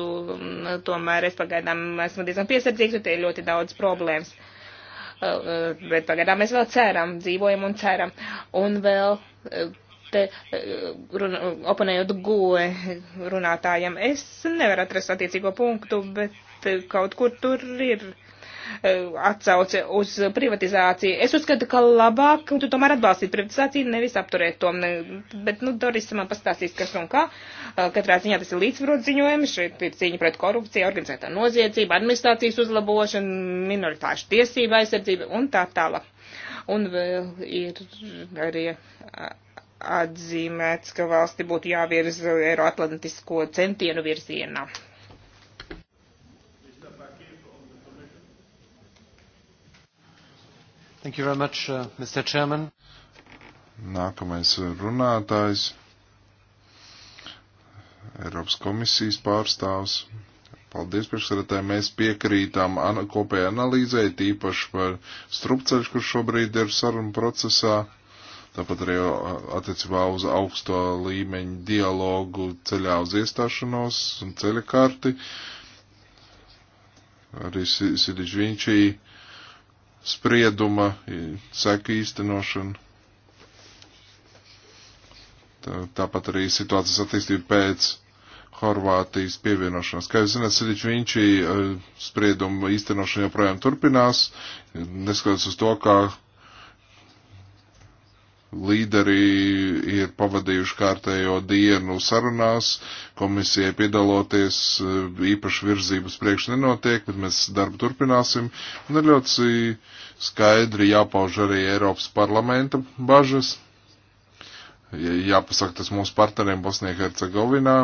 Tomēr es pagaidām esmu diezgan piesardzīgs, jo tie ir ļoti daudz problēmas. Uh, uh, bet pagaidām mēs vēl ceram, dzīvojam un ceram. Un vēl uh, te runa, oponējot goe runātājiem, es nevaru atrast attiecīgo punktu, bet kaut kur tur ir atsauce uz privatizāciju. Es uzskatu, ka labāk tu tomēr atbalstīt privatizāciju, nevis apturēt to. Bet, nu, Doris man pastāstīs, kas un kā. Katrā ziņā tas ir līdzsvarot ziņojums. Šeit ir cīņa pret korupciju, organizētā noziedzība, administrācijas uzlabošana, minoritāšu tiesība aizsardzība un tā tālāk. Un vēl ir arī atzīmēts, ka valsti būtu jāvirza Eiroatlantisko centienu virzienā. Thank you very much, uh, Mr. Chairman. Nākamais runātājs Eiropas komisijas pārstāvs. Paldies, priekšsēdētāji. Mēs piekrītām an kopējai analīzē, tīpaši par strupceļu, kurš šobrīd ir sarunu procesā. Tāpat arī uh, attiecībā uz augsto līmeņu dialogu ceļā uz iestāšanos un ceļa karti. Arī Sidiģ Vinčī sprieduma seku īstenošanu. Tā, tāpat arī situācijas attīstība pēc Horvātijas pievienošanās. Kā jūs zināt, Sidiņš Viņš eh, sprieduma īstenošana joprojām turpinās, neskatoties uz to, kā Līderi ir pavadījuši kārtējo dienu sarunās, komisijai piedaloties eh, īpaši virzības priekš nenotiek, bet mēs darbu turpināsim. Un ir ļoti skaidri jāpauž arī Eiropas parlamenta bažas. Jāpasaka tas mūsu partneriem Bosnijā-Hercegovinā,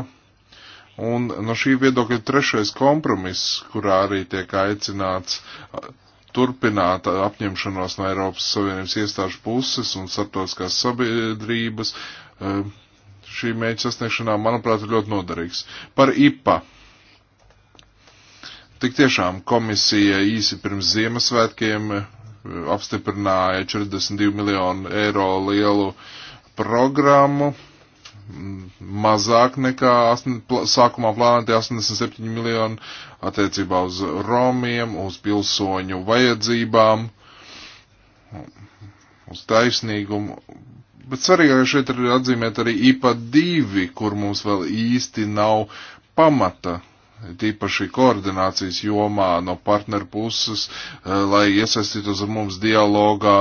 Un no šī viedokļa trešais kompromiss, kurā arī tiek aicināts turpināt apņemšanos no Eiropas Savienības iestāžu puses un starptautiskās sabiedrības eh, šī mēģa sasniegšanā, manuprāt, ir ļoti noderīgs. Par IPA. Tik tiešām komisija īsi pirms Ziemassvētkiem eh, apstiprināja 42 miljonu eiro lielu programmu mazāk nekā sākumā plānotie 87 miljoni attiecībā uz romiem, uz pilsoņu vajadzībām, uz taisnīgumu. Bet svarīgāk šeit ir atzīmēt arī IPA 2, kur mums vēl īsti nav pamata tīpaši koordinācijas jomā no partneru puses, eh, lai iesaistītos ar mums dialogā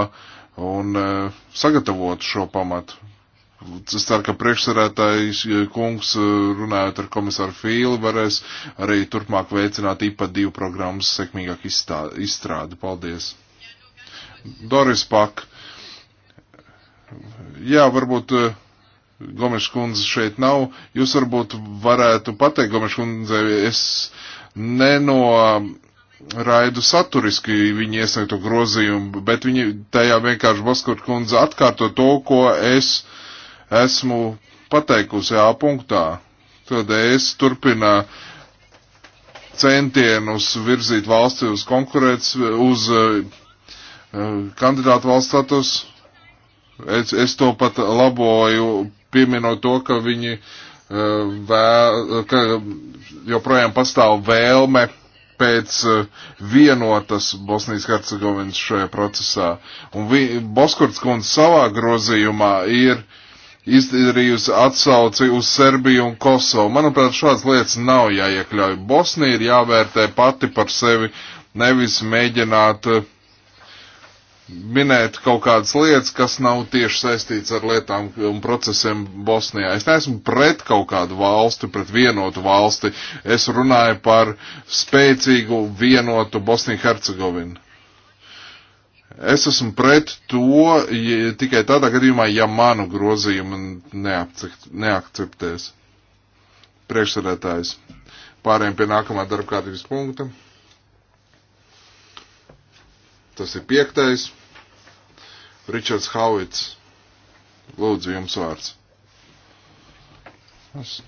un eh, sagatavotu šo pamatu. Es ceru, ka priekšsarētājs eh, kungs, eh, runājot ar komisāru Fīli, varēs arī turpmāk veicināt IPA divu programmas sekmīgāk izstrādi. Paldies! Doris Pak. Jā, varbūt eh, Gomeša kundze šeit nav. Jūs varbūt varētu pateikt, Gomeša kundze, es neno um, raidu saturiski viņa iesniegto grozījumu, bet viņa tajā vienkārši Baskot kundze atkārto to, ko es esmu pateikusi A punktā. Tad es turpinu centienus virzīt valsti uz konkurēts, uz uh, kandidātu valsts status. Es, es to pat laboju, pieminot to, ka viņi uh, vēl, ka joprojām pastāv vēlme pēc eh, vienotas Bosnijas Hercegovinas šajā procesā. Un vi, Boskurts kundze savā grozījumā ir uh, izdarījusi atsauci uz Serbiju un Kosovu. Manuprāt, šādas lietas nav jāiekļauj. Bosnija ir jāvērtē pati par sevi, nevis mēģināt eh, minēt kaut kādas lietas, kas nav tieši saistīts ar lietām un procesiem Bosnijā. Es neesmu pret kaut kādu valsti, pret vienotu valsti. Es runāju par spēcīgu vienotu Bosniju-Hercegovinu. Es esmu pret to ja, tikai tādā gadījumā, ja manu grozījumu neakceptēs priekšsēdētājs. Pārējiem pie nākamā darba kārtības punkta. Tas ir piektais. Ričards Hauvits. Lūdzu, jums vārds. Es...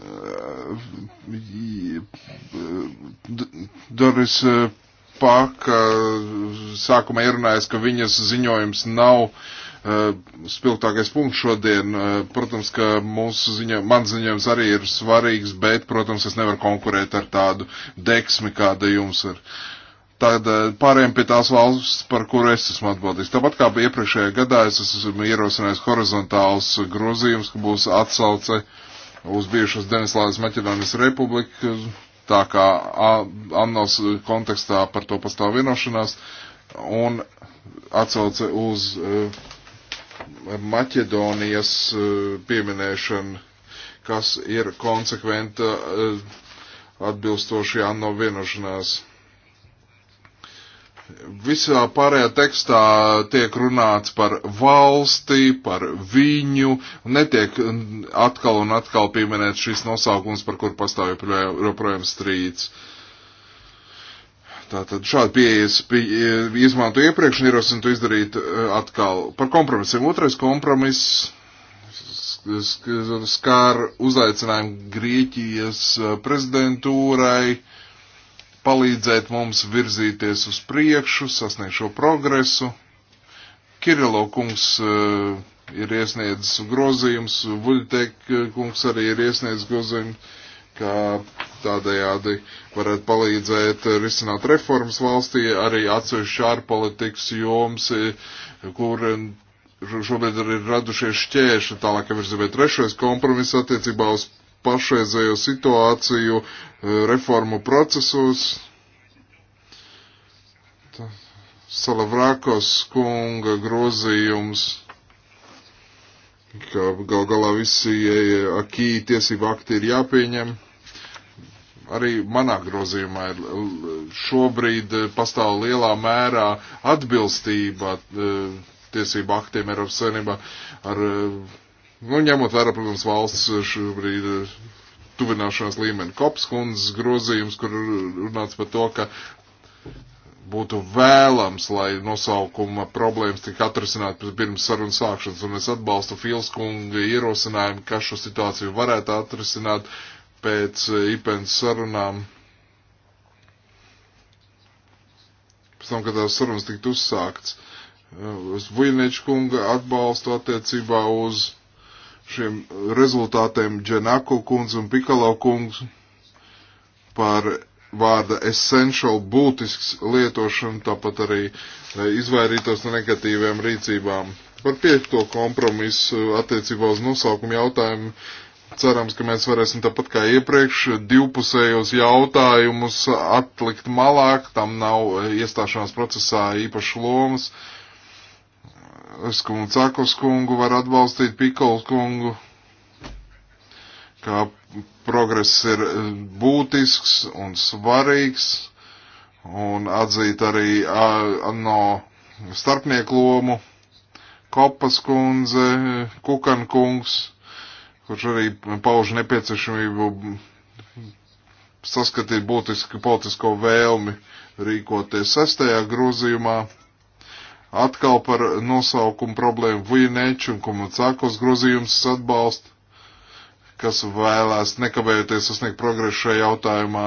Eh, Doris eh, Paka eh, sākumā ierunājis, ka viņas ziņojums nav uh, spilgtākais punkts šodien. Uh, protams, ka mūsu ziņo, man ziņojums arī ir svarīgs, bet, protams, es nevaru konkurēt ar tādu deksmi, kāda jums ir. Tad uh, pārējiem pie tās valsts, par kuru es esmu atbildīgs. Tāpat kā iepriekšējā gadā es esmu ierosinājis horizontāls grozījums, ka būs atsauce uz bijušas Denislāvas Maķedonijas republiku tā kā Annos kontekstā par to pastāv vienošanās, un atsauce uz e, Maķedonijas e, pieminēšanu, kas ir konsekventa e, atbilstoši Anno vienošanās. Visā pārējā tekstā tiek runāts par valsti, par viņu, un netiek atkal un atkal pieminēts šis nosaukums, par kur pastāv joprojām strīds. Tātad šādi pieejas izmanto iepriekš un ierosinu to izdarīt e, atkal. Par kompromisiem. Otrais kompromiss skar uzaicinājumu Grieķijas e, prezidentūrai palīdzēt mums virzīties uz priekšu, sasniegt šo progresu. Kirilo kungs uh, ir iesniedzis grozījums, Vuļtek eh, kungs arī ir iesniedzis grozījums, kā tādējādi varētu palīdzēt risināt reformas valstī, arī atsevišķi ārpolitikas joms, eh, kur šobrīd arī radušies šķēršļi tālāk virzībai. Trešais kompromiss attiecībā uz pašreizējo situāciju eh, reformu procesos. Salavrakos kunga grozījums, ka gal galā visi akī tiesība akti ir jāpieņem. Arī manā grozījumā ir šobrīd eh, pastāv lielā mērā atbilstība eh, tiesību aktiem Eiropas Savienībā ar Nu, ņemot vērā, protams, valsts šobrīd eh, tuvināšanās līmeni. Kops kundzes grozījums, kur runāts par to, ka būtu vēlams, lai nosaukuma problēmas tika atrisināt pirms sarunas sākšanas, un es atbalstu Filskunga ierosinājumu, ka šo situāciju varētu atrisināt pēc eh, IPENS sarunām. Pēc tam, kad tās sarunas tiktu uzsākts, es eh, Vujniečkunga atbalstu attiecībā uz šiem rezultātiem Dženaku kungs un Pikalo kungs par vārda essential būtisks lietošanu, tāpat arī izvairītos no negatīviem rīcībām. Par piekto kompromisu attiecībā uz nosaukumu jautājumu cerams, ka mēs varēsim tāpat kā iepriekš divpusējos jautājumus atlikt malāk, tam nav iestāšanās procesā īpašas lomas. Uh, Es kungu Cakos kungu var atbalstīt Pikols kungu, kā progress ir būtisks un svarīgs, un atzīt arī a, no starpnieku lomu Kopas kundze, Kukan kungs, kurš arī pauž nepieciešamību saskatīt būtisku politisko vēlmi rīkoties sestajā grozījumā Atkal par nosaukumu problēmu Vujineču un Komucākos grozījums atbalst, kas vēlēs nekavējoties sasniegt progresu šajā jautājumā.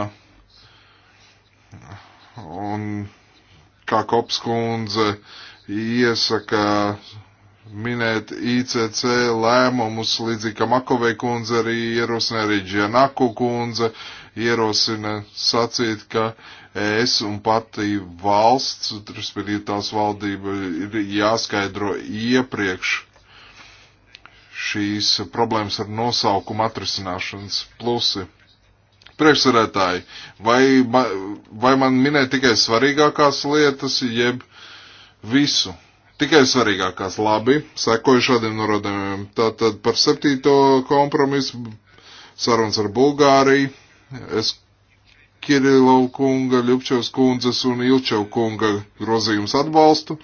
Un kā Kopskundze iesaka minēt ICC lēmumus, līdzīgi kā Makovei kundze arī ierosina, arī Džianaku kundze ierosina sacīt, ka es un pati valsts, respektīvi tās valdība, ir jāskaidro iepriekš šīs problēmas ar nosaukumu atrisināšanas plusi. Priekšsarētāji, vai, vai man minē tikai svarīgākās lietas, jeb visu? Tikai svarīgākās labi, sekoju šādiem norodēmiem. Tātad par septīto kompromisu sarunas ar Bulgāriju. Es Kirilov kunga, Ļupčevs kundzes un Ilčev kunga grozījums atbalstu,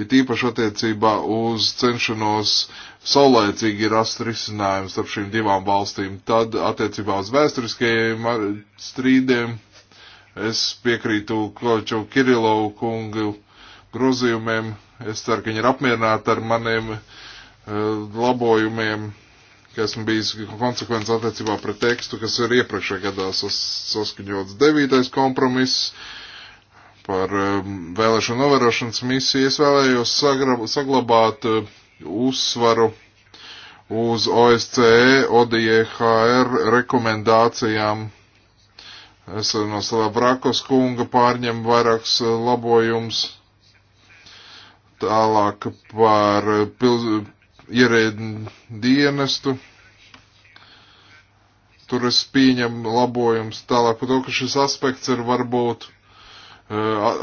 ir tīpaši attiecībā uz cenšanos saulēcīgi rast risinājumu starp šīm divām valstīm. Tad attiecībā uz vēsturiskajiem strīdiem es piekrītu Kločev Kirilov kungu grozījumiem. Es ceru, ka viņi ir apmierināti ar maniem uh, labojumiem ka esmu bijis konsekvents attiecībā pret tekstu, kas ir iepriekšējā gadā sas, saskaņots devītais kompromiss par um, vēlēšanu novērošanas misiju. Es vēlējos sagrab, saglabāt uh, uzsvaru uz OSCE, ODIHR e rekomendācijām. Es no Slavrakos kunga pārņemu vairākus uh, labojumus. Tālāk par uh, pil, ierēdņu dienestu. Tur es pieņemu labojums tālāk par to, ka šis aspekts ir varbūt e,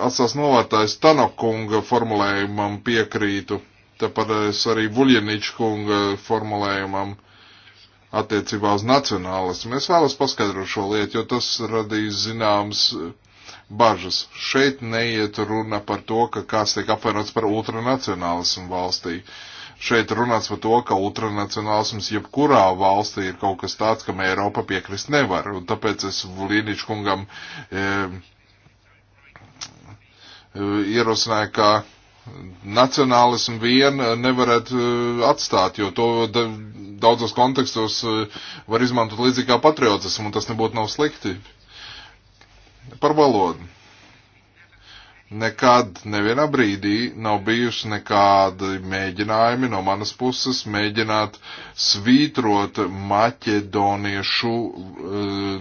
atstās novērtājs Tanakunga formulējumam piekrītu, tāpat es arī Vuļienīča kunga formulējumam attiecībā uz nacionālismu. Es vēlos paskaidrot šo lietu, jo tas radīs zināmas bažas. Šeit neiet runa par to, ka kāds tiek apvienots par ultranacionālismu valstī. Uh, Šeit runāts par to, ka ultranacionālisms jebkurā valstī ir kaut kas tāds, kam Eiropa piekrist nevar. Un tāpēc es Līniču kungam e, e, ierosināju, ka nacionālismu vien nevarētu e, atstāt, jo to daudzos kontekstos e, var izmantot līdzīgi kā patriotismu, un tas nebūtu nav slikti. Par valodu nekad nevienā brīdī nav bijuši nekādi mēģinājumi no manas puses mēģināt svītrot maķedoniešu eh,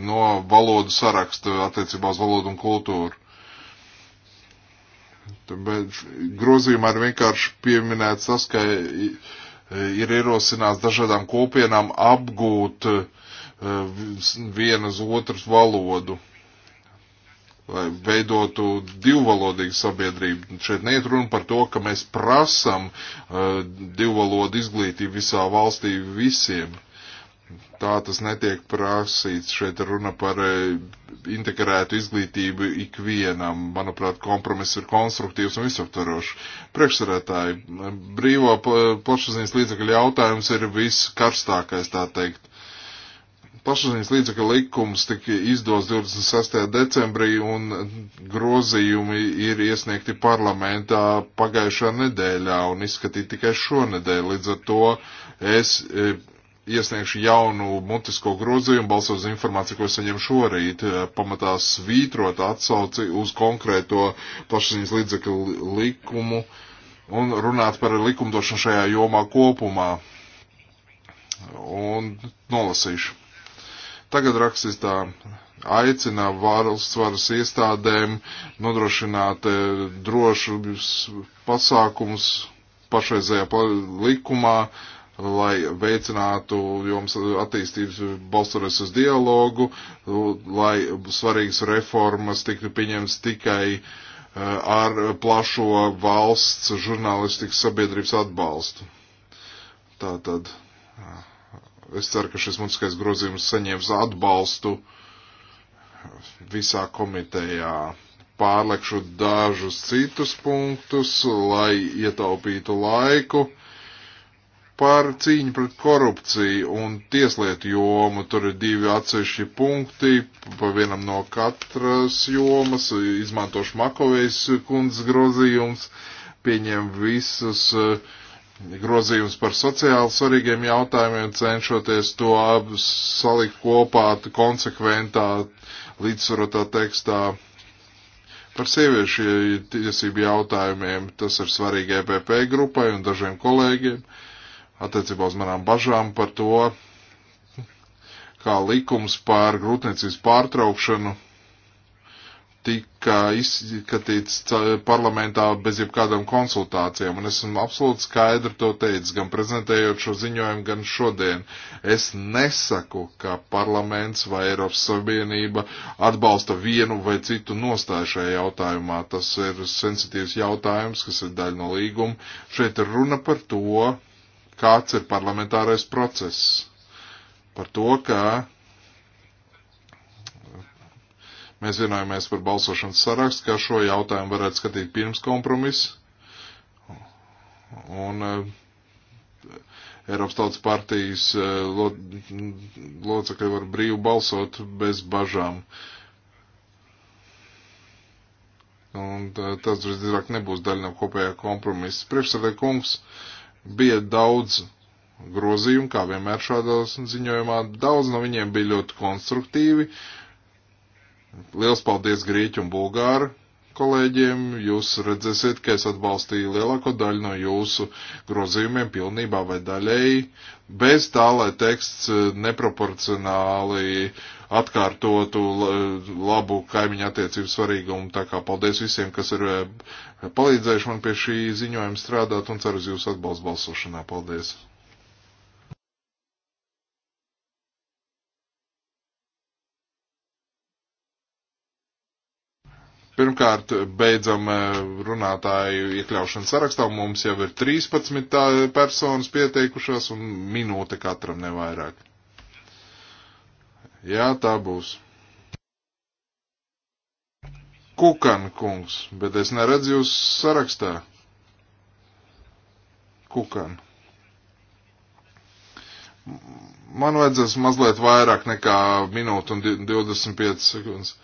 no valodu saraksta attiecībā uz valodu un kultūru. Bet grozījumā ir vienkārši pieminēts tas, ka ir ierosināts dažādām kopienām apgūt eh, vienas otras valodu lai veidotu divvalodīgu sabiedrību. Šeit neiet runa par to, ka mēs prasam uh, divvalodu izglītību visā valstī visiem. Tā tas netiek prasīts. Šeit runa par uh, integrētu izglītību ikvienam. Manuprāt, kompromiss ir konstruktīvs un visaptvarošs. Priekšsarētāji, brīvo plašsaziņas līdzekļu jautājums ir viss karstākais, tā teikt plašsaziņas līdzekļu likums tika izdos 26. decembrī un grozījumi ir iesniegti parlamentā pagājušā nedēļā un izskatīti tikai šonedēļ. Līdz ar to es e, iesniegšu jaunu mutisko grozījumu balsos uz informāciju, ko es saņemu šorīt, e, pamatā svītrot atsauci uz konkrēto plašsaziņas līdzekļu likumu un runāt par likumdošanu šajā jomā kopumā. Un nolasīšu Tagad rakstā aicina valsts varas iestādēm nodrošināt e, drošus pasākumus pašreizējā likumā, lai veicinātu jums attīstības balstoties uz dialogu, lai svarīgas reformas tiktu pieņemts tikai e, ar plašo valsts žurnālistikas sabiedrības atbalstu. Tātad. Jā Es ceru, ka šis mutiskais grozījums saņems atbalstu visā komitejā. Pārlekšu dažus citus punktus, lai ietaupītu laiku. Par cīņu pret korupciju un tieslietu jomu tur ir divi atsevišķi punkti, pa vienam no katras jomas, izmantošu Makovejas kundzes grozījums, pieņem visus uh, grozījums par sociāli svarīgiem jautājumiem, cenšoties to salikt kopā konsekventā, līdzsvarotā tekstā par sieviešu tiesību jautājumiem. Tas ir svarīgi EPP grupai un dažiem kolēģiem attiecībā uz manām bažām par to, kā likums par grūtniecības pārtraukšanu tika izskatīts parlamentā bez jebkādām konsultācijām, un esmu absolūti skaidri to teicis, gan prezentējot šo ziņojumu, gan šodien. Es nesaku, ka parlaments vai Eiropas Savienība atbalsta vienu vai citu nostāju šajā jautājumā. Tas ir sensitīvs jautājums, kas ir daļa no līguma. Šeit ir runa par to, kāds ir parlamentārais process. Par to, ka Mēs vienojamies par balsošanas sarakstu, ka šo jautājumu varētu skatīt pirms kompromisa. Un eh, Eiropas tautas partijas eh, lo, locekļi var brīvi balsot bez bažām. Un eh, tas drīzāk nebūs daļa no kopējā kompromisa. Priekšsēdē kungs bija daudz grozījumu, kā vienmēr šādā ziņojumā. Daudz no viņiem bija ļoti konstruktīvi. Uh, Liels paldies Grieķu un Bulgāru kolēģiem. Jūs redzēsiet, ka es atbalstīju lielāko daļu no jūsu grozījumiem pilnībā vai daļēji, bez tā, lai teksts eh, neproporcionāli atkārtotu eh, labu kaimiņu attiecību svarīgumu. Tā kā paldies visiem, kas ir eh, palīdzējuši man pie šī ziņojuma strādāt un ceru uz jūsu atbalstu balsošanā. Paldies! Pirmkārt, beidzam e, runātāju iekļaušanu sarakstā. Mums jau ir 13 personas pieteikušās un minūte katram nevairāk. Jā, tā būs. Kukan kungs, bet es neredzu jūs sarakstā. Kukan. Man vajadzēs mazliet vairāk nekā minūte un 25 sekundes.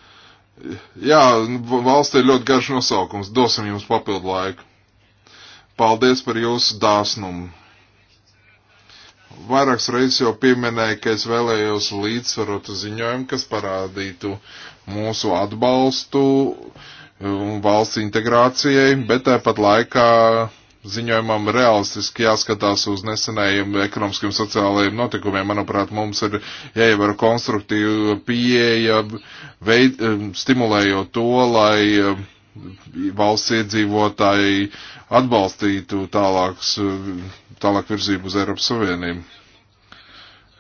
Jā, nu, valsts ir ļoti garš nosaukums. Dosim jums papildu laiku. Paldies par jūsu dāsnumu. Vairākas reizes jau pieminēju, ka es vēlējos līdzsvarotu ziņojumu, kas parādītu mūsu atbalstu valsts integrācijai, bet tāpat laikā ziņojumam realistiski jāskatās uz nesenajiem ekonomiskiem sociālajiem notikumiem. Manuprāt, mums ir jāievēro konstruktīva pieeja, veid, stimulējot to, lai valsts iedzīvotāji atbalstītu tālāks, tālāk virzību uz Eiropas Savienību.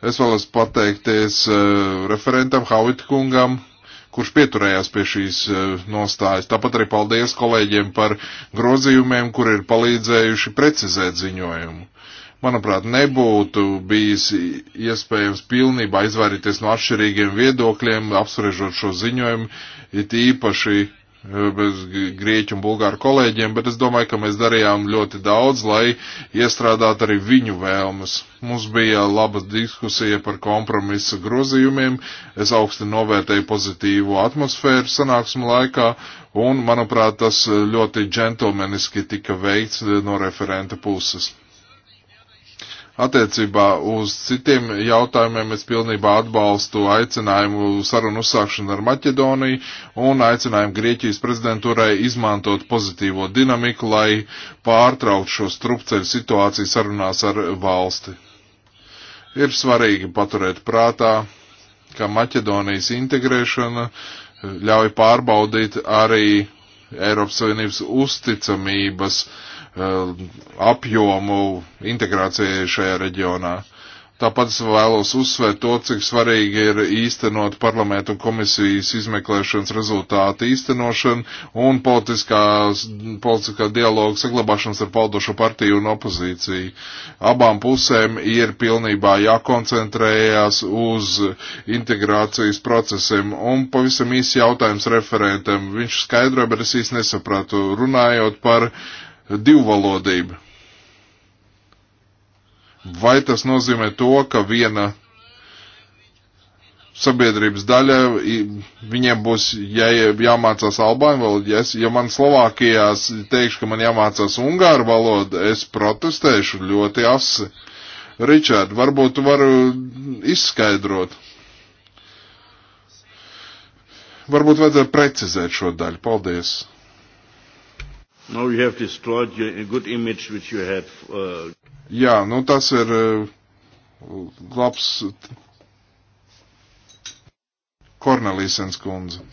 Es vēlos pateikties eh, referentam Havit kungam kurš pieturējās pie šīs e, nostājas. Tāpat arī paldies kolēģiem par grozījumiem, kur ir palīdzējuši precizēt ziņojumu. Manuprāt, nebūtu bijis iespējams pilnībā izvairīties no atšķirīgiem viedokļiem, apspriežot šo ziņojumu, it īpaši bez grieķu un bulgāru kolēģiem, bet es domāju, ka mēs darījām ļoti daudz, lai iestrādātu arī viņu vēlmes. Mums bija laba diskusija par kompromisa grozījumiem, es augsti novērtēju pozitīvu atmosfēru sanāksmu laikā, un, manuprāt, tas ļoti džentlmeniski tika veikts no referenta puses. Attiecībā uz citiem jautājumiem es pilnībā atbalstu aicinājumu sarunu uzsākšanu ar Maķedoniju un aicinājumu Grieķijas prezidentūrai izmantot pozitīvo dinamiku, lai pārtraukt šo strupceļu situāciju sarunās ar valsti. Ir svarīgi paturēt prātā, ka Maķedonijas integrēšana ļauj pārbaudīt arī Eiropas Savienības uzticamības uh, Um, apjomu integrācijai šajā reģionā. Tāpat es vēlos uzsvērt to, cik svarīgi ir īstenot parlamentu un komisijas izmeklēšanas rezultātu īstenošanu un politiskā dialoga saglabāšanas ar paldošo partiju un opozīciju. Abām pusēm ir pilnībā jākoncentrējās uz integrācijas procesiem. Un pavisam īsi jautājums referentam. Viņš skaidroja, bet es īsti nesapratu, runājot par uh, divvalodība. Vai tas nozīmē to, ka viena sabiedrības daļa, viņiem būs jā, jāmācās albāņu valodu, ja, es, ja man Slovākijā teikšu, ka man jāmācās ungāru valodu, es protestēšu ļoti asi. Ričārd, varbūt tu varu izskaidrot. Varbūt vajadzētu precizēt šo daļu. Paldies! Now you have destroyed your good image which you had. Uh... Jā, nu tas ir uh, labs. Kornelīsens kundze.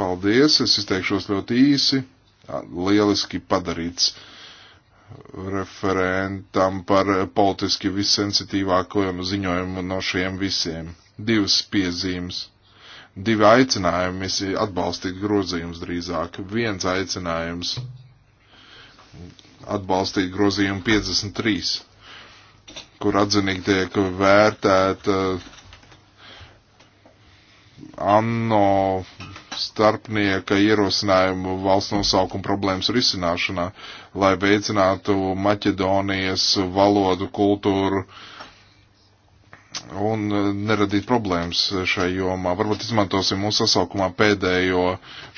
Paldies, es izteikšos ļoti īsi. Lieliski padarīts referentam par politiski vissensitīvāko ziņojumu no šiem visiem. Divas piezīmes divi aicinājumi atbalstīt grozījumus drīzāk. Viens aicinājums atbalstīt grozījumu 53, kur atzinīgi tiek vērtēta anno starpnieka ierosinājumu valsts nosaukuma problēmas risināšanā, lai veicinātu Maķedonijas valodu, kultūru, uh, un e, neradīt problēmas e, šai jomā. Varbūt izmantosim mūsu sasaukumā pēdējo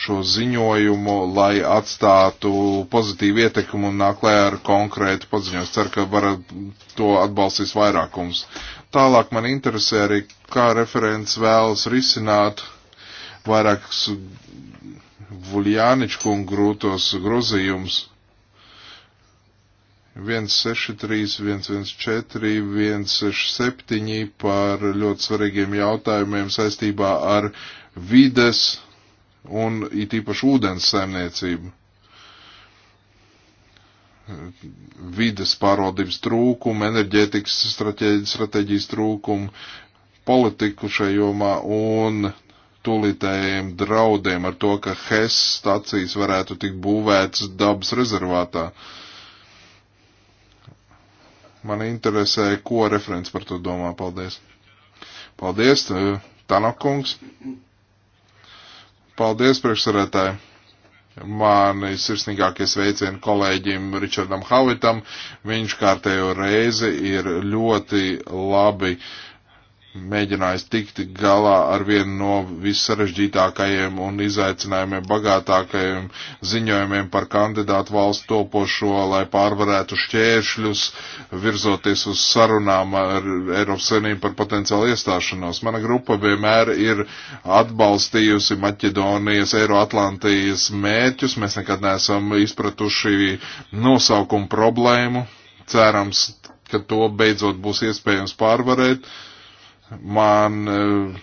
šo ziņojumu, lai atstātu pozitīvu ietekmu un nāk lē ar konkrētu paziņojumu. Es ceru, ka varat to atbalstīs vairākums. Tālāk man interesē arī, kā referents vēlas risināt vairākus Vuljāničku un grūtos grozījumus 163, 114, 167 par ļoti svarīgiem jautājumiem saistībā ar vides un it īpaši ūdens saimniecību. Vides pārvaldības trūkumu, enerģētikas stratēģijas trūkumu, politiku šajā jomā un tūlītējiem draudiem ar to, ka HES stacijas varētu tikt būvētas dabas rezervātā. Uh, Man interesē, ko referents par to domā. Paldies. Paldies, eh, Tanakungs. Paldies, priekšsarētāji. Mani sirsnīgākie sveicieni kolēģim Richardam Havitam. Viņš kārtējo reizi ir ļoti labi uh, mēģinājis tikt galā ar vienu no vissarežģītākajiem un izaicinājumiem bagātākajiem ziņojumiem par kandidātu valstu topošo, lai pārvarētu šķēršļus, virzoties uz sarunām ar Eiropas Savienību par potenciālu iestāšanos. Mana grupa vienmēr ir atbalstījusi Maķedonijas, Eiroatlantijas mēķus. Mēs nekad neesam izpratuši nosaukumu problēmu. Cerams, ka to beidzot būs iespējams pārvarēt. Uh, man eh,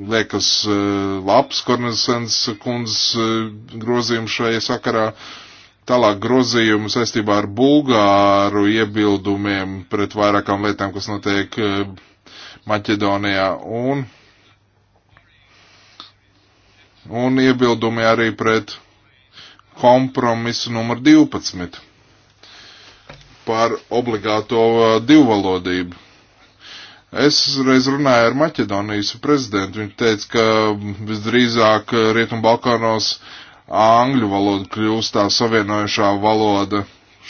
liekas eh, labs Kornesens kundzes eh, grozījums šajā sakarā. Tālāk grozījumu saistībā ar Bulgāru iebildumiem pret vairākām lietām, kas notiek Maķedonijā un, un iebildumi arī pret kompromisu numur 12 par obligāto divvalodību Es reiz runāju ar Maķedonijas prezidentu, viņš teica, ka visdrīzāk Rietumbalkānos angļu valoda kļūst tā savienojušā valoda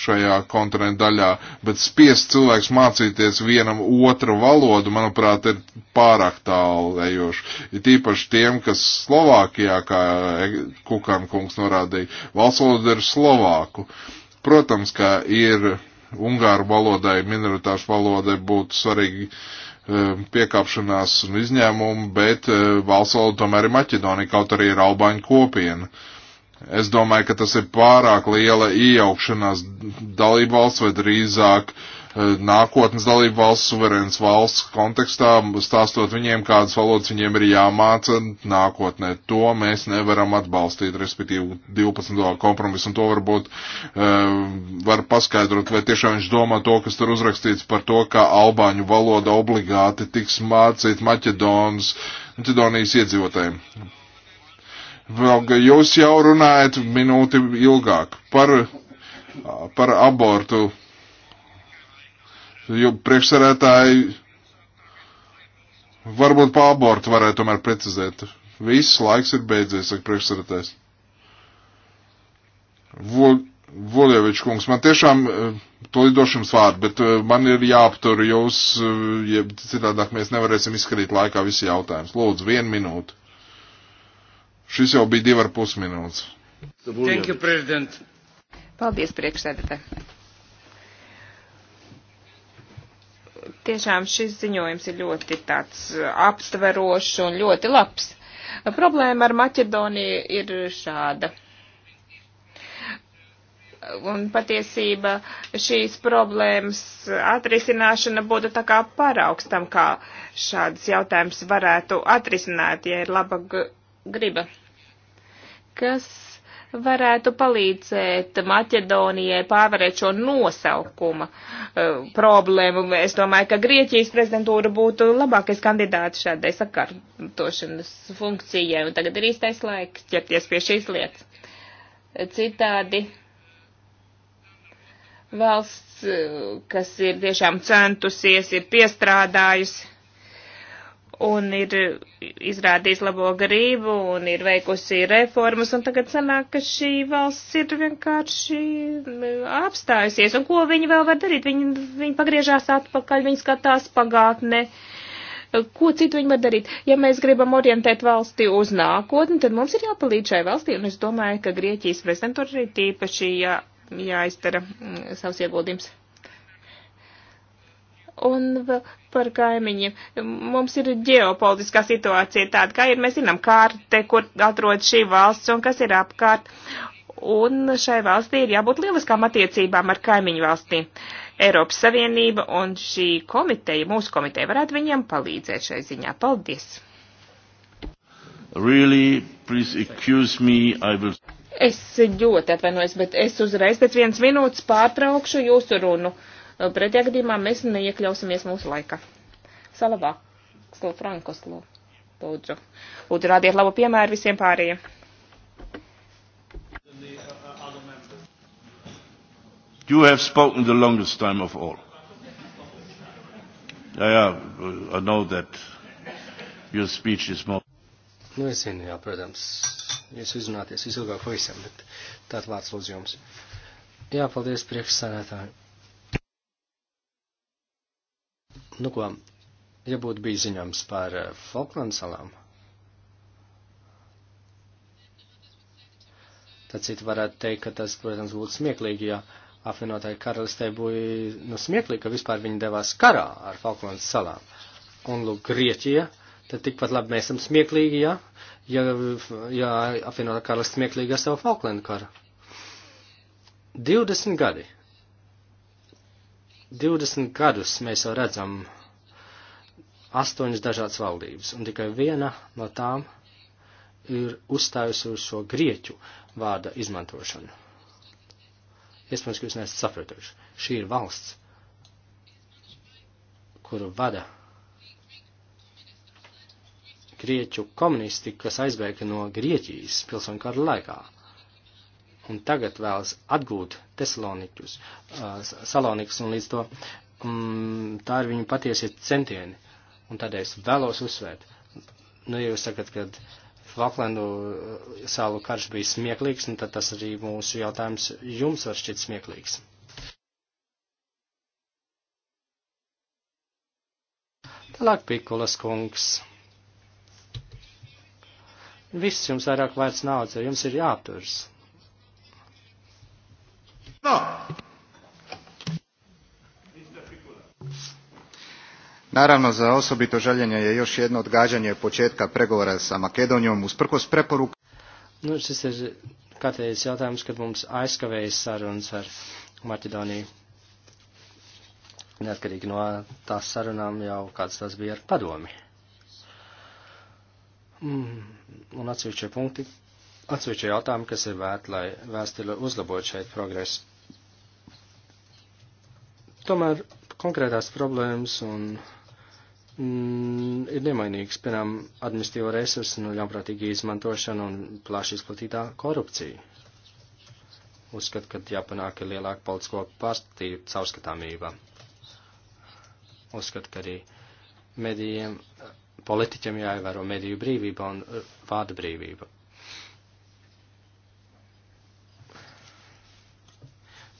šajā kontinenta daļā, bet spiest cilvēks mācīties vienam otru valodu, manuprāt, ir pārāk tālu ejoši. Ir tīpaši tiem, kas Slovākijā, kā e- Kukan kungs norādīja, valsts valoda ir Slovāku. Protams, ka ir Ungāru valodai, minoritāšu valodai būtu svarīgi uh, E, piekāpšanās un izņēmumu, bet e, valsts valoda tomēr ir Maķedonija, kaut arī ir Albaņu kopiena. Es domāju, ka tas ir pārāk liela iejaukšanās dalību valsts vai drīzāk uh, Eh, nākotnes dalību valsts, suverēnas valsts kontekstā, stāstot viņiem, kādas valodas viņiem ir jāmāca nākotnē. To mēs nevaram atbalstīt, respektīvi 12. kompromisu, un to varbūt uh, var paskaidrot, vai tiešām viņš domā to, kas tur uzrakstīts par to, ka albāņu valoda obligāti tiks mācīt Maķedonas, Maķedonijas iedzīvotājiem. Vēl, jūs jau runājat minūti ilgāk par, par abortu Jo priekšsarētāji varbūt pa abortu varētu tomēr precizēt. Viss laiks ir beidzies, saka priekšsarētājs. Vo, Voljevičs kungs, man tiešām eh, to lidošums vārdu, bet eh, man ir jāaptur jūs, eh, ja citādāk mēs nevarēsim izskatīt laikā visi jautājums. Lūdzu, vienu minūtu. Šis jau bija divi ar pus minūtes. Thank you, President. Paldies, priekšsēdētāji. Tiešām šis ziņojums ir ļoti tāds uh, aptverošs un ļoti labs. Problēma ar Maķedoniju ir šāda un patiesība šīs problēmas atrisināšana būtu tā kā paraugs tam, kā šādas jautājumas varētu atrisināt, ja ir laba griba. Kas varētu palīdzēt Maķedonijai pārvarēt šo nosaukuma uh, problēmu. Es domāju, ka Grieķijas prezidentūra būtu labākais kandidāts šādai sakārtošanas funkcijai, un tagad ir īstais laiks ķerties pie šīs lietas. Citādi valsts, eh, kas ir tiešām centusies, ir piestrādājusi un ir izrādījis labo grību un ir veikusi reformas, un tagad sanāk, ka šī valsts ir vienkārši apstājusies. Un ko viņi vēl var darīt? Viņi, viņi pagriežās atpakaļ, viņi skatās pagātne. Ko citu viņi var darīt? Ja mēs gribam orientēt valsti uz nākotni, tad mums ir jāpalīdz šai valstī, un es domāju, ka Grieķijas prezidentūra ir tīpaši jā, jāizdara savs ieguldījums. Un par kaimiņiem. Mums ir ģeopolitiskā situācija tāda, kā ir. Mēs zinām kārte, kur atrod šī valsts un kas ir apkārt. Un šai valstī ir jābūt lieliskām attiecībām ar kaimiņu valstīm. Eiropas Savienība un šī komiteja, mūsu komiteja, varētu viņiem palīdzēt šai ziņā. Paldies! Really, please excuse me, I will. Es ļoti atvainojos, bet es uzreiz pēc vienas minūtes pārtraukšu jūsu runu. Eh, Pretējā gadījumā mēs neiekļausimies mūsu laika. Salavā, Slo Frankos, lūdzu. Lūdzu, rādiet labu piemēru visiem pārējiem. You have spoken the longest time of all. Yeah, yeah, I know that your speech is more. Nu, es zinu, jā, protams, jūs uzrunāties visilgāk visam, bet tāds vārds lūdzu jums. Jā, paldies priekšsēdētāji. Nu ko, ja būtu bijis ziņojums par eh, Falklandu salām, tad citi varētu teikt, ka tas, protams, būtu smieklīgi, ja apvienotāji karalistē būja, nu, smieklīgi, ka vispār viņi devās karā ar Falklandu salām. Un, lūk, Grieķija, tad tikpat labi mēs esam smieklīgi, ja, ja, ja apvienotā karalistē smieklīgi ar savu Falklandu karu. 20 gadi 20 gadus mēs jau redzam astoņas dažādas valdības, un tikai viena no tām ir uzstājusi uz šo grieķu vārda izmantošanu. Iespējams, ka jūs neesat sapratuši. Šī ir valsts, kuru vada grieķu komunisti, kas aizbēga no Grieķijas pilsoņu kara laikā un tagad vēlas atgūt Tesalonikus, uh, Salonikus, un līdz to um, tā ir viņu patiesie centieni. Un tādēļ es vēlos uzsvērt. Nu, ja jūs sakat, ka Falklendu uh, salu karš bija smieklīgs, un tad tas arī mūsu jautājums jums var šķiet smieklīgs. Tālāk Pikulas kungs. Viss jums vairāk vairs naudas, jums ir jāapturas. No. naravno za osobito žaljenje je još jedno odgađanje početka pregovora sa makedonijom usprkos preporukama Nu, šis ir kārtējais jautājums, kad mums aizkavējas sarunas ar Maķedoniju. Neatkarīgi no tās sarunām jau kāds tas bija ar padomi. Mm, un atsevišķie punkti, atsevišķie jautājumi, kas ir vērt, lai vēstuli uzlabot šeit progresu. Tomēr konkrētās problēmas un mm, ir nemainīgs, piemēram, administīvo resursu un nu, ļaunprātīga izmantošana un plaši izplatītā korupcija. Uzskat, ka jāpanāk ir lielāka politisko pārstāvību caurskatāmība. Uzskat, ka arī medijiem, politiķiem jāievēro mediju brīvība un uh, vārda brīvība.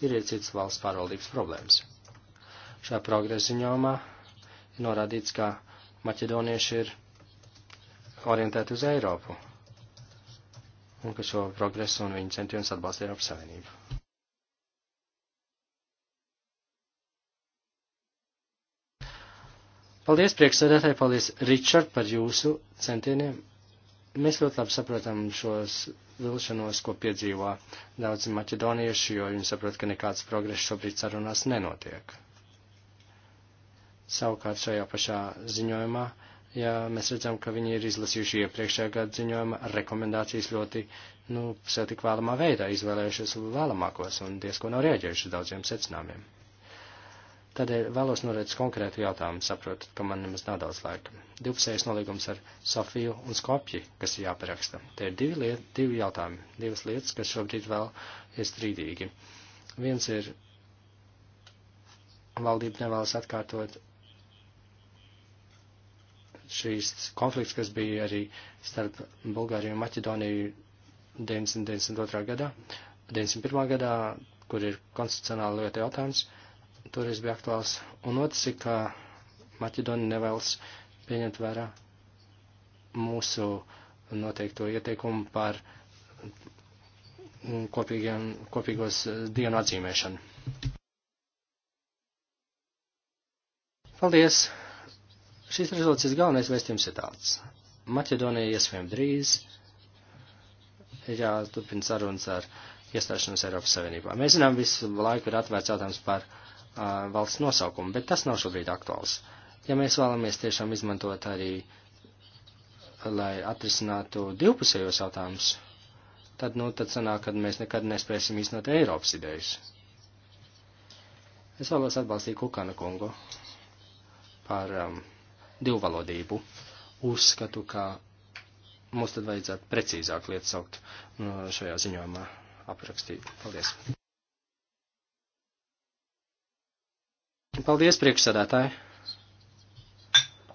Ir iecīts valsts pārvaldības problēmas. Šajā progresa ziņojumā ir norādīts, ka maķedonieši ir orientēti uz Eiropu un ka šo progresu un viņu centienus atbalsta Eiropas Savienība. Paldies, priekšsēdētāji, paldies, Ričard, par jūsu centieniem. Mēs ļoti labi saprotam šos vilšanos, ko piedzīvo daudzi maķedonieši, jo viņi saprot, ka nekāds progress šobrīd sarunās nenotiek. Savukārt šajā pašā ziņojumā, ja mēs redzam, ka viņi ir izlasījuši iepriekšējā gada ziņojuma rekomendācijas ļoti, nu, satik vēlamā veidā, izvēlējušies vēlamākos un diezko nav rēģējuši uz daudziem secinājumiem. Tādēļ vēlos norēdz konkrētu jautājumu, saprotat, ka man nemaz nav daudz laika. Divpusējais nolīgums ar Sofiju un Skopju, kas ir jāparaksta. Te ir divi, liet, divi jautājumi, divas lietas, kas šobrīd vēl ir strīdīgi. Viens ir, valdība nevēlas atkārtot šīs konflikts, kas bija arī starp Bulgāriju un Maķedoniju 1992. gadā, 91. gadā, kur ir konstitucionāla lieta jautājums, toreiz bija aktuāls. Un otrs ir, ka Maķedonija nevēlas pieņemt vērā mūsu noteikto ieteikumu par kopīgiem, kopīgos dienu atzīmēšanu. Paldies! Šīs rezolūcijas galvenais vēstījums ir tāds. Maķedonija iespējami drīz ir jāturpina sarunas ar iestāšanos Eiropas Savienībā. Mēs zinām, visu laiku ir atvērts jautājums par uh, valsts nosaukumu, bet tas nav šobrīd aktuāls. Ja mēs vēlamies tiešām izmantot arī, lai atrisinātu divpusējos jautājumus, tad, nu, tad sanāk, ka mēs nekad nespēsim iznot Eiropas idejas. Es vēlos atbalstīt Kukana kungu par um, divvalodību. Uzskatu, ka mums tad vajadzētu precīzāk lietas saukt uh, šajā ziņojumā aprakstīt. Paldies! Paldies, priekšsēdētāji!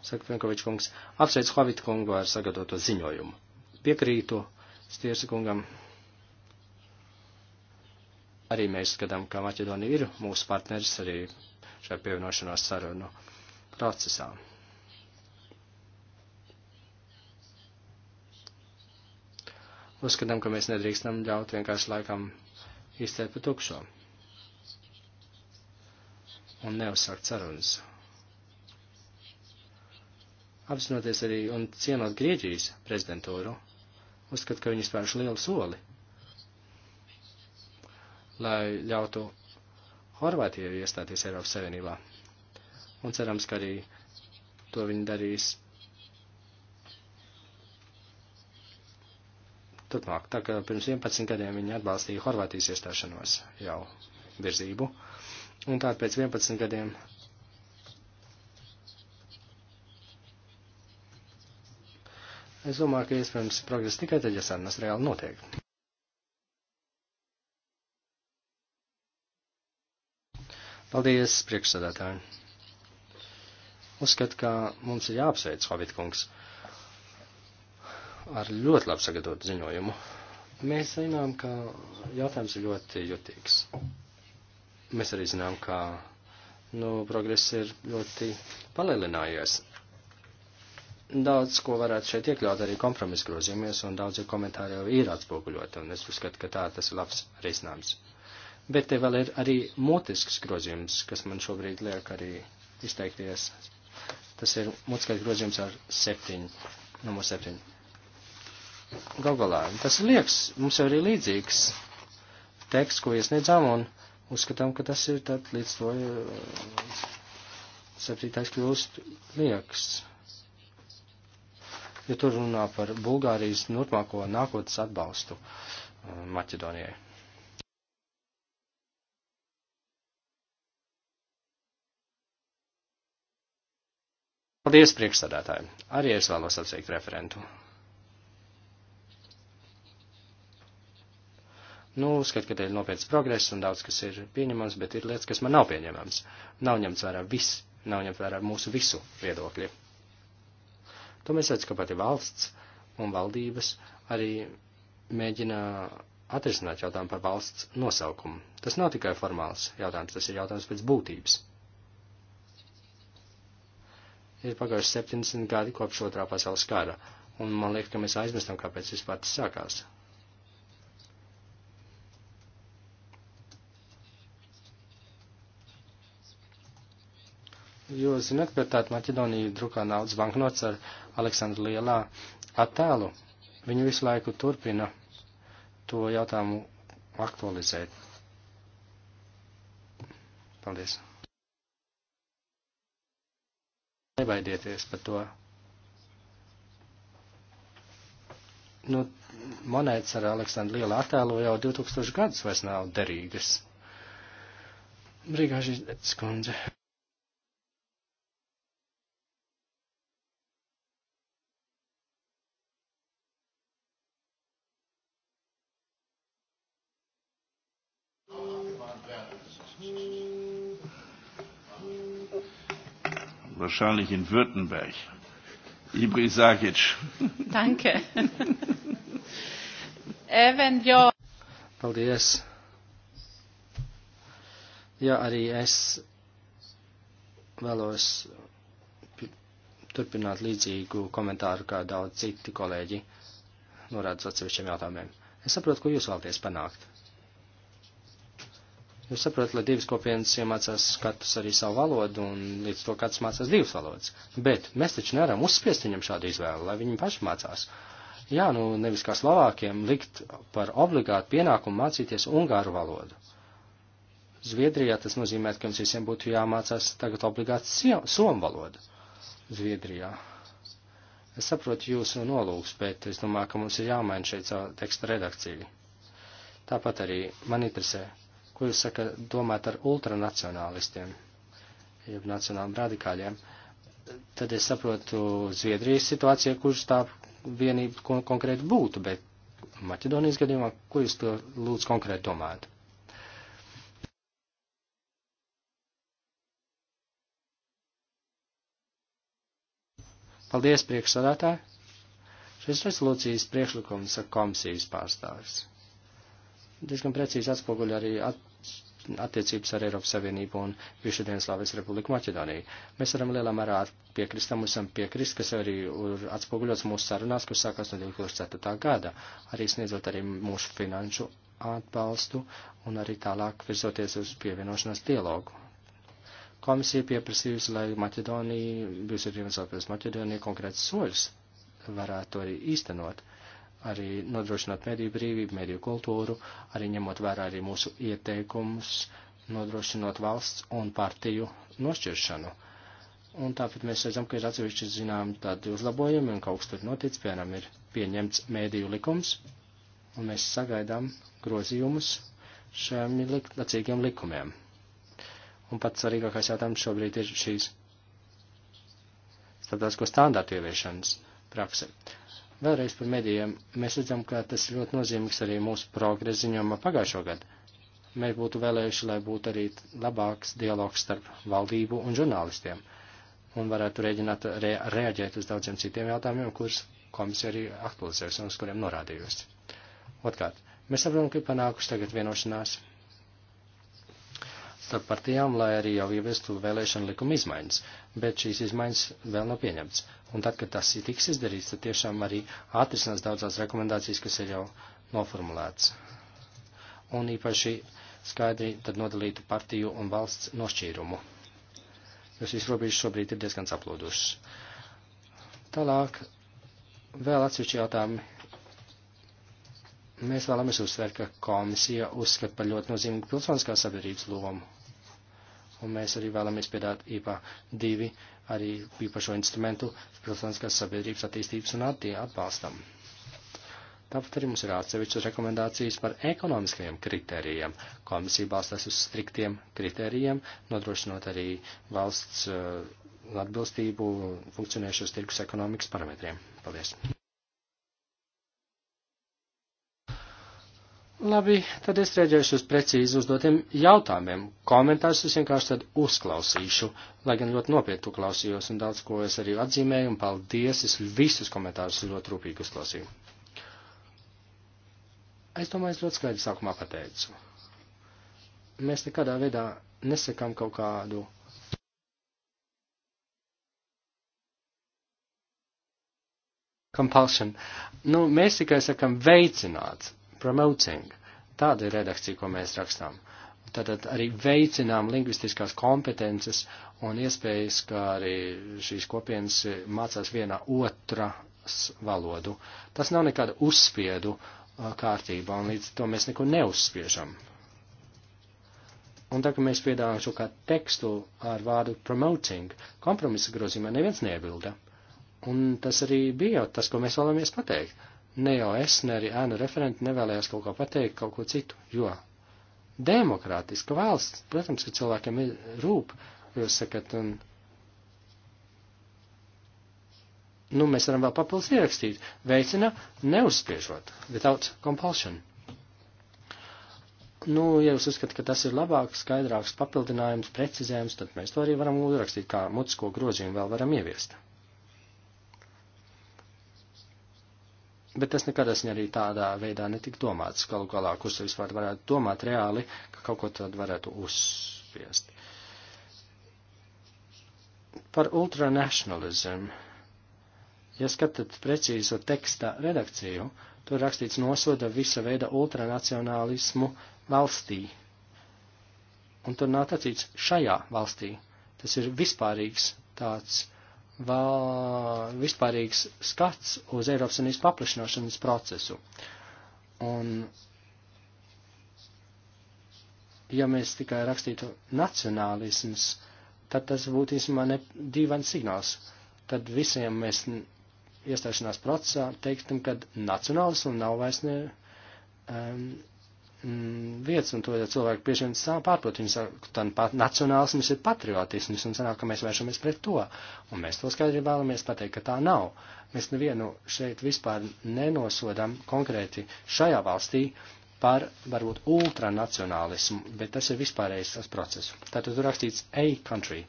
Saka Frankovičs kungs, apsveicu Havita kungu ar sagatavoto ziņojumu. Piekrītu Stiersa kungam. Arī mēs skatām, ka Maķedonija ir mūsu partneris arī šajā pievienošanās sarunu procesā. Uzskatām, ka mēs nedrīkstam ļaut vienkārši laikam izcēt pa tukšo un neuzsākt sarunas. Apzinoties arī un cienot Grieķijas prezidentūru, uzskat, ka viņi spērš lielu soli, lai ļautu Horvātijai iestāties Eiropas Savienībā. Un cerams, ka arī to viņi darīs turpmāk. Tā kā pirms 11 gadiem viņi atbalstīja Horvātijas iestāšanos jau virzību, un tātad pēc 11 gadiem Es domāju, ka iespējams progress tikai tad, ja sarunas reāli notiek. Paldies, priekšsādātāji! Uzskatu, ka mums ir jāapsveic Hovid kungs ar ļoti labi sagatavotu ziņojumu. Mēs zinām, ka jautājums ir ļoti jutīgs. Mēs arī zinām, ka nu, progress ir ļoti palielinājies. Daudz, ko varētu šeit iekļaut arī kompromisu grozījumies, un daudzi komentāri jau ir atspoguļoti, un es uzskatu, ka tā tas ir labs risinājums. Bet te vēl ir arī mutisks grozījums, kas man šobrīd liek arī izteikties. Tas ir mutiskais grozījums ar septiņu, numur septiņu. Gogolā. Tas liekas, mums jau arī līdzīgs teksts, ko iesniedzām, un uzskatām, ka tas ir tad līdz to eh, septītais kļūst liekas. Ja tur runā par Bulgārijas turpmāko nākotnes atbalstu eh, Maķedonijai. Paldies priekšsādātājiem. Arī es vēlos apsveikt referentu. Nu, uzskat, ka te ir nopietns progress un daudz, kas ir pieņemams, bet ir lietas, kas man nav pieņemams. Nav ņemts vērā viss, nav ņemts vērā mūsu visu viedokļi. To mēs redzam, ka pati valsts un valdības arī mēģina atrisināt jautājumu par valsts nosaukumu. Tas nav tikai formāls jautājums, tas ir jautājums pēc būtības. Ir pagājuši 70 gadi kopš otrā pasaules kara, un man liekas, ka mēs aizmirstam, kāpēc vispār tas sākās. Jūs zināt, bet tāda Maķedonija drukā naudas banknots ar Aleksandra Lielā attēlu. Viņu visu laiku turpina to jautājumu aktualizēt. Paldies. Nebaidieties par to. Nu, monētas ar Aleksandru Lielu attēlu jau 2000 gadus vairs nav derīgas. Brīgāži, skundze. wahrscheinlich in Württemberg. Ibri Sagic. Danke. Even jo. Paldies. Jā, arī es vēlos turpināt līdzīgu komentāru kā daudz citi kolēģi, norādot atsevišķiem jautājumiem. Es saprotu, ko jūs vēlaties panākt. Jūs saprotat, lai divas kopienas iemācās katrs arī savu valodu, un līdz to katrs mācās divas valodas. Bet mēs taču nevaram uzspiest viņam šādu izvēli, lai viņi paši mācās. Jā, nu nevis kā Slovākiem likt par obligātu pienākumu mācīties ungāru valodu. Zviedrijā tas nozīmē, ka mums visiem būtu jāmācās tagad obligāti somu valodu. Zviedrijā. Es saprotu jūsu nolūks, bet es domāju, ka mums ir jāmaina šeit savu teksta redakciju. Tāpat arī man interesē, ko jūs saka domāt ar ultranacionālistiem, jeb nacionāliem radikāļiem, tad es saprotu Zviedrijas situāciju, kurš tā vienība kon konkrēti būtu, bet Maķedonijas gadījumā, ko jūs to lūdzu konkrēti domājat? Paldies, priekšsādātāji! Šis rezolūcijas priekšlikums ir komisijas pārstāvis diezgan precīzi atspoguļo arī at, attiecības ar Eiropas Savienību un Višadienas Slāvijas Republiku Maķedoniju. Mēs varam lielā mērā piekrist, tam esam piekrist, kas arī ir atspoguļots mūsu sarunās, kas sākās no 2004. gada, arī sniedzot arī mūsu finanšu atbalstu un arī tālāk virzoties uz pievienošanās dialogu komisija pieprasījusi, lai Maķedonija, bijusi arī viens apēc Maķedonija konkrēts soļus varētu arī īstenot. Uh, arī nodrošināt mediju brīvību, mediju kultūru, arī ņemot vērā arī mūsu ieteikumus, nodrošinot valsts un partiju nošķiršanu. Un tāpēc mēs redzam, ka ir atsevišķi zinām tādi uzlabojumi un kaut kas tur notic, piemēram, ir pieņemts mēdīju likums, un mēs sagaidām grozījumus šiem lik lacīgiem likumiem. Un pats svarīgākais jautājums šobrīd ir šīs starptautisko standārtu ieviešanas prakse. Vēlreiz par medijiem. Mēs redzam, ka tas ir ļoti nozīmīgs arī mūsu progreziņojumā pagājušo gadu. Mēs būtu vēlējuši, lai būtu arī labāks dialogs starp valdību un žurnālistiem un varētu rēģināt re, reaģēt uz daudziem citiem jautājumiem, kurus komisija arī aktualizējusi un uz kuriem norādījusi. Otkārt, mēs saprotam, ka ir panākusi tagad vienošanās partijām, lai arī jau ievestu vēlēšanu likuma izmaiņas, bet šīs izmaiņas vēl nav pieņemts. Un tad, kad tas ir tiks izdarīts, tad tiešām arī atrisinās daudzās rekomendācijas, kas ir jau noformulētas. Un īpaši skaidri tad nodalītu partiju un valsts nošķīrumu, jo šīs robežas šobrīd ir diezgan saplūdušas. Tālāk vēl atsevišķi jautājumi mēs vēlamies uzsvērt, ka komisija uzskata par ļoti nozīmīgu pilsoniskās sabiedrības lomu un mēs arī vēlamies piedāt IPA 2 arī īpašo instrumentu pilsoniskās sabiedrības attīstības un attie atbalstam. Tāpat arī mums ir atsevišķas rekomendācijas par ekonomiskajiem kritērijiem. Komisija balstās uz striktiem kritērijiem, nodrošinot arī valsts eh, atbilstību funkcionējušos tirgus ekonomikas parametriem. Paldies! Labi, tad es rēģēšu uz precīzi uzdotiem jautājumiem. Komentārus es vienkārši tad uzklausīšu, lai gan ļoti nopietni klausījos un daudz ko es arī atzīmēju un paldies, es visus komentārus ļoti rūpīgi uzklausīju. Es domāju, es ļoti skaidri sākumā pateicu. Mēs nekādā veidā nesakām kaut kādu compulsion. Nu, mēs tikai sakam veicināt promoting. Tāda ir redakcija, ko mēs rakstām. Tātad arī veicinām lingvistiskās kompetences un iespējas, kā arī šīs kopienas mācās vienā otras valodu. Tas nav nekāda uzspiedu uh, kārtība, un līdz to mēs neko neuzspiežam. Un tā, ka mēs piedāvājam šo kā tekstu ar vārdu promoting, kompromisa grozījumā neviens neiebilda. Un tas arī bija tas, ko mēs vēlamies pateikt ne jau es, ne arī ēnu referenti nevēlējās kaut ko pateikt, kaut ko citu, jo demokrātiska valsts, protams, ka cilvēkiem ir rūp, jūs sakat, un. Nu, mēs varam vēl papildus ierakstīt. Veicina neuzspiežot, without compulsion. Nu, ja jūs uzskatāt, ka tas ir labāks, skaidrāks papildinājums, precizējums, tad mēs to arī varam uzrakstīt, kā mutisko grozījumu vēl varam ieviest. Bet tas nekad esmu arī tādā veidā netika domāts. Galu galā, kurš vispār varētu domāt reāli, ka kaut ko tad varētu uzspiest. Par ultranationalismu. Ja skatāt precīzo teksta redakciju, tur rakstīts nosoda visa veida ultranacionālismu valstī. Un tur nav tacīts šajā valstī. Tas ir vispārīgs tāds vēl vispārīgs skats uz Eiropas Unības paplašināšanas procesu. Un, ja mēs tikai rakstītu nacionālisms, tad tas būtu īstenībā ne dīvains signāls. Tad visiem mēs iestāšanās procesā teiktam, ka nacionālismu nav vairs ne um, mm, vietas, un to ja cilvēki bieži vien pārprot. Viņi saka, ka pat nacionālisms ir patriotisms, un sanāk, ka mēs vēršamies pret to. Un mēs to skaidri vēlamies pateikt, ka tā nav. Mēs nevienu šeit vispār nenosodam konkrēti šajā valstī par varbūt ultranacionālismu, bet tas ir vispārējais tas process. Tātad tur rakstīts A country.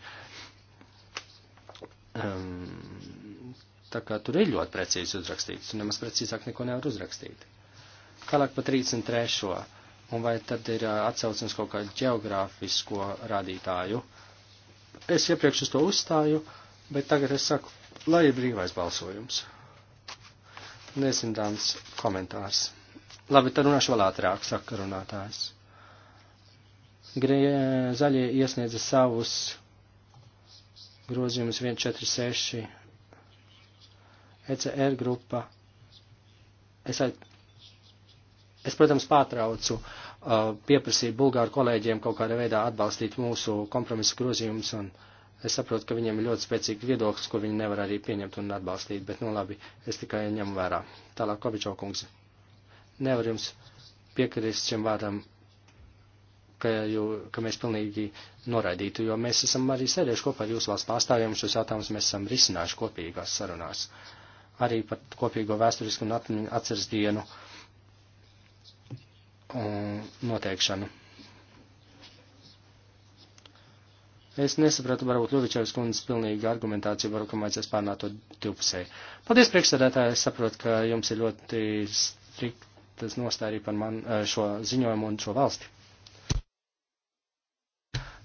Um, tā kā tur ir ļoti precīzi uzrakstīts, un nemaz precīzāk neko nevar uzrakstīt. Tālāk pa 33 un vai tad ir atsaucams uz kaut kādu ģeogrāfisko rādītāju. Es iepriekš uz to uzstāju, bet tagad es saku, lai ir brīvais balsojums. Nesindāms komentārs. Labi, tad runāšu vēl ātrāk, saka runātājs. Grie, zaļie iesniedza savus grozījumus 146. ECR grupa. Es aiz Es, protams, pārtraucu uh, pieprasīt bulgāru kolēģiem kaut kādā veidā atbalstīt mūsu kompromisu grozījumus, un es saprotu, ka viņiem ir ļoti spēcīgi viedoklis, ko viņi nevar arī pieņemt un atbalstīt, bet, nu labi, es tikai ņemu vērā. Tālāk, Kovičo kungs, nevar jums piekrist šim vārdam, ka, jū, ka mēs pilnīgi noraidītu, jo mēs esam arī sēdējuši kopā ar jūsu valsts pārstāvjiem, šos jautājumus mēs esam risinājuši kopīgās sarunās, arī par kopīgo vēsturisku un atceres dienu. Uh, noteikšanu. Es nesapratu, varbūt Ļuvičevs kundzes pilnīgi argumentāciju, varbūt, ka mācījās pārnāt to divpusēji. Paldies, priekšsēdētāji, es saprotu, ka jums ir ļoti striktas nostāja arī par man šo ziņojumu un šo valsti.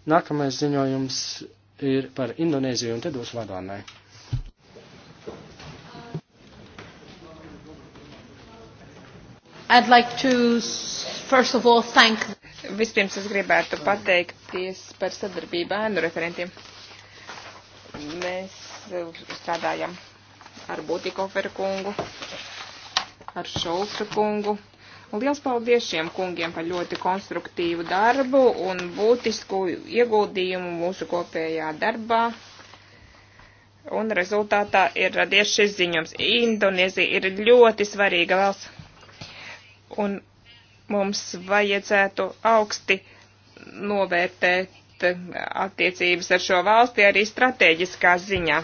Nākamais ziņojums ir par Indonēziju, un te došu vārdu Annai. I'd like to first of all thank. Vispirms es gribētu pateikties par sadarbību ēnu referentiem. Mēs e, strādājam ar Būtikoferu kungu, ar Šolcu kungu. Un liels paldies šiem kungiem par ļoti konstruktīvu darbu un būtisku ieguldījumu mūsu kopējā darbā. Un rezultātā ir radies šis ziņums. Indonēzija ir ļoti svarīga valsts. Un mums vajadzētu augsti novērtēt eh, attiecības ar šo valsti arī strateģiskā ziņā.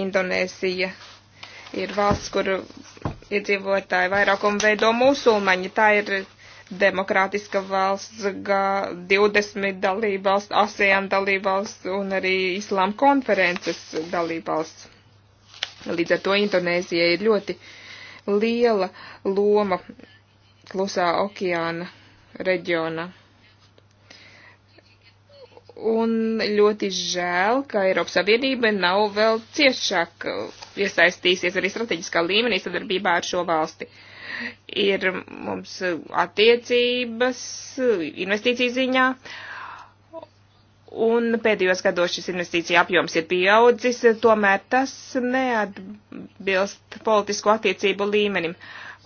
Indonēzija ir valsts, kur iedzīvotāji vairākumu veido musulmaņi. Tā ir demokrātiska valsts, G20 dalībvalsts, ASEAN dalībvalsts un arī Islām konferences dalībvalsts. Līdz ar to Indonēzija ir ļoti uh, liela loma klusā okeāna reģionā. Un ļoti žēl, ka Eiropas Savienība nav vēl ciešāk iesaistīsies arī strateģiskā līmenī sadarbībā ar šo valsti. Ir mums attiecības investīciju ziņā, uh, un pēdējos gados šis investīcija apjoms ir pieaudzis, tomēr tas neatbilst politisko attiecību līmenim.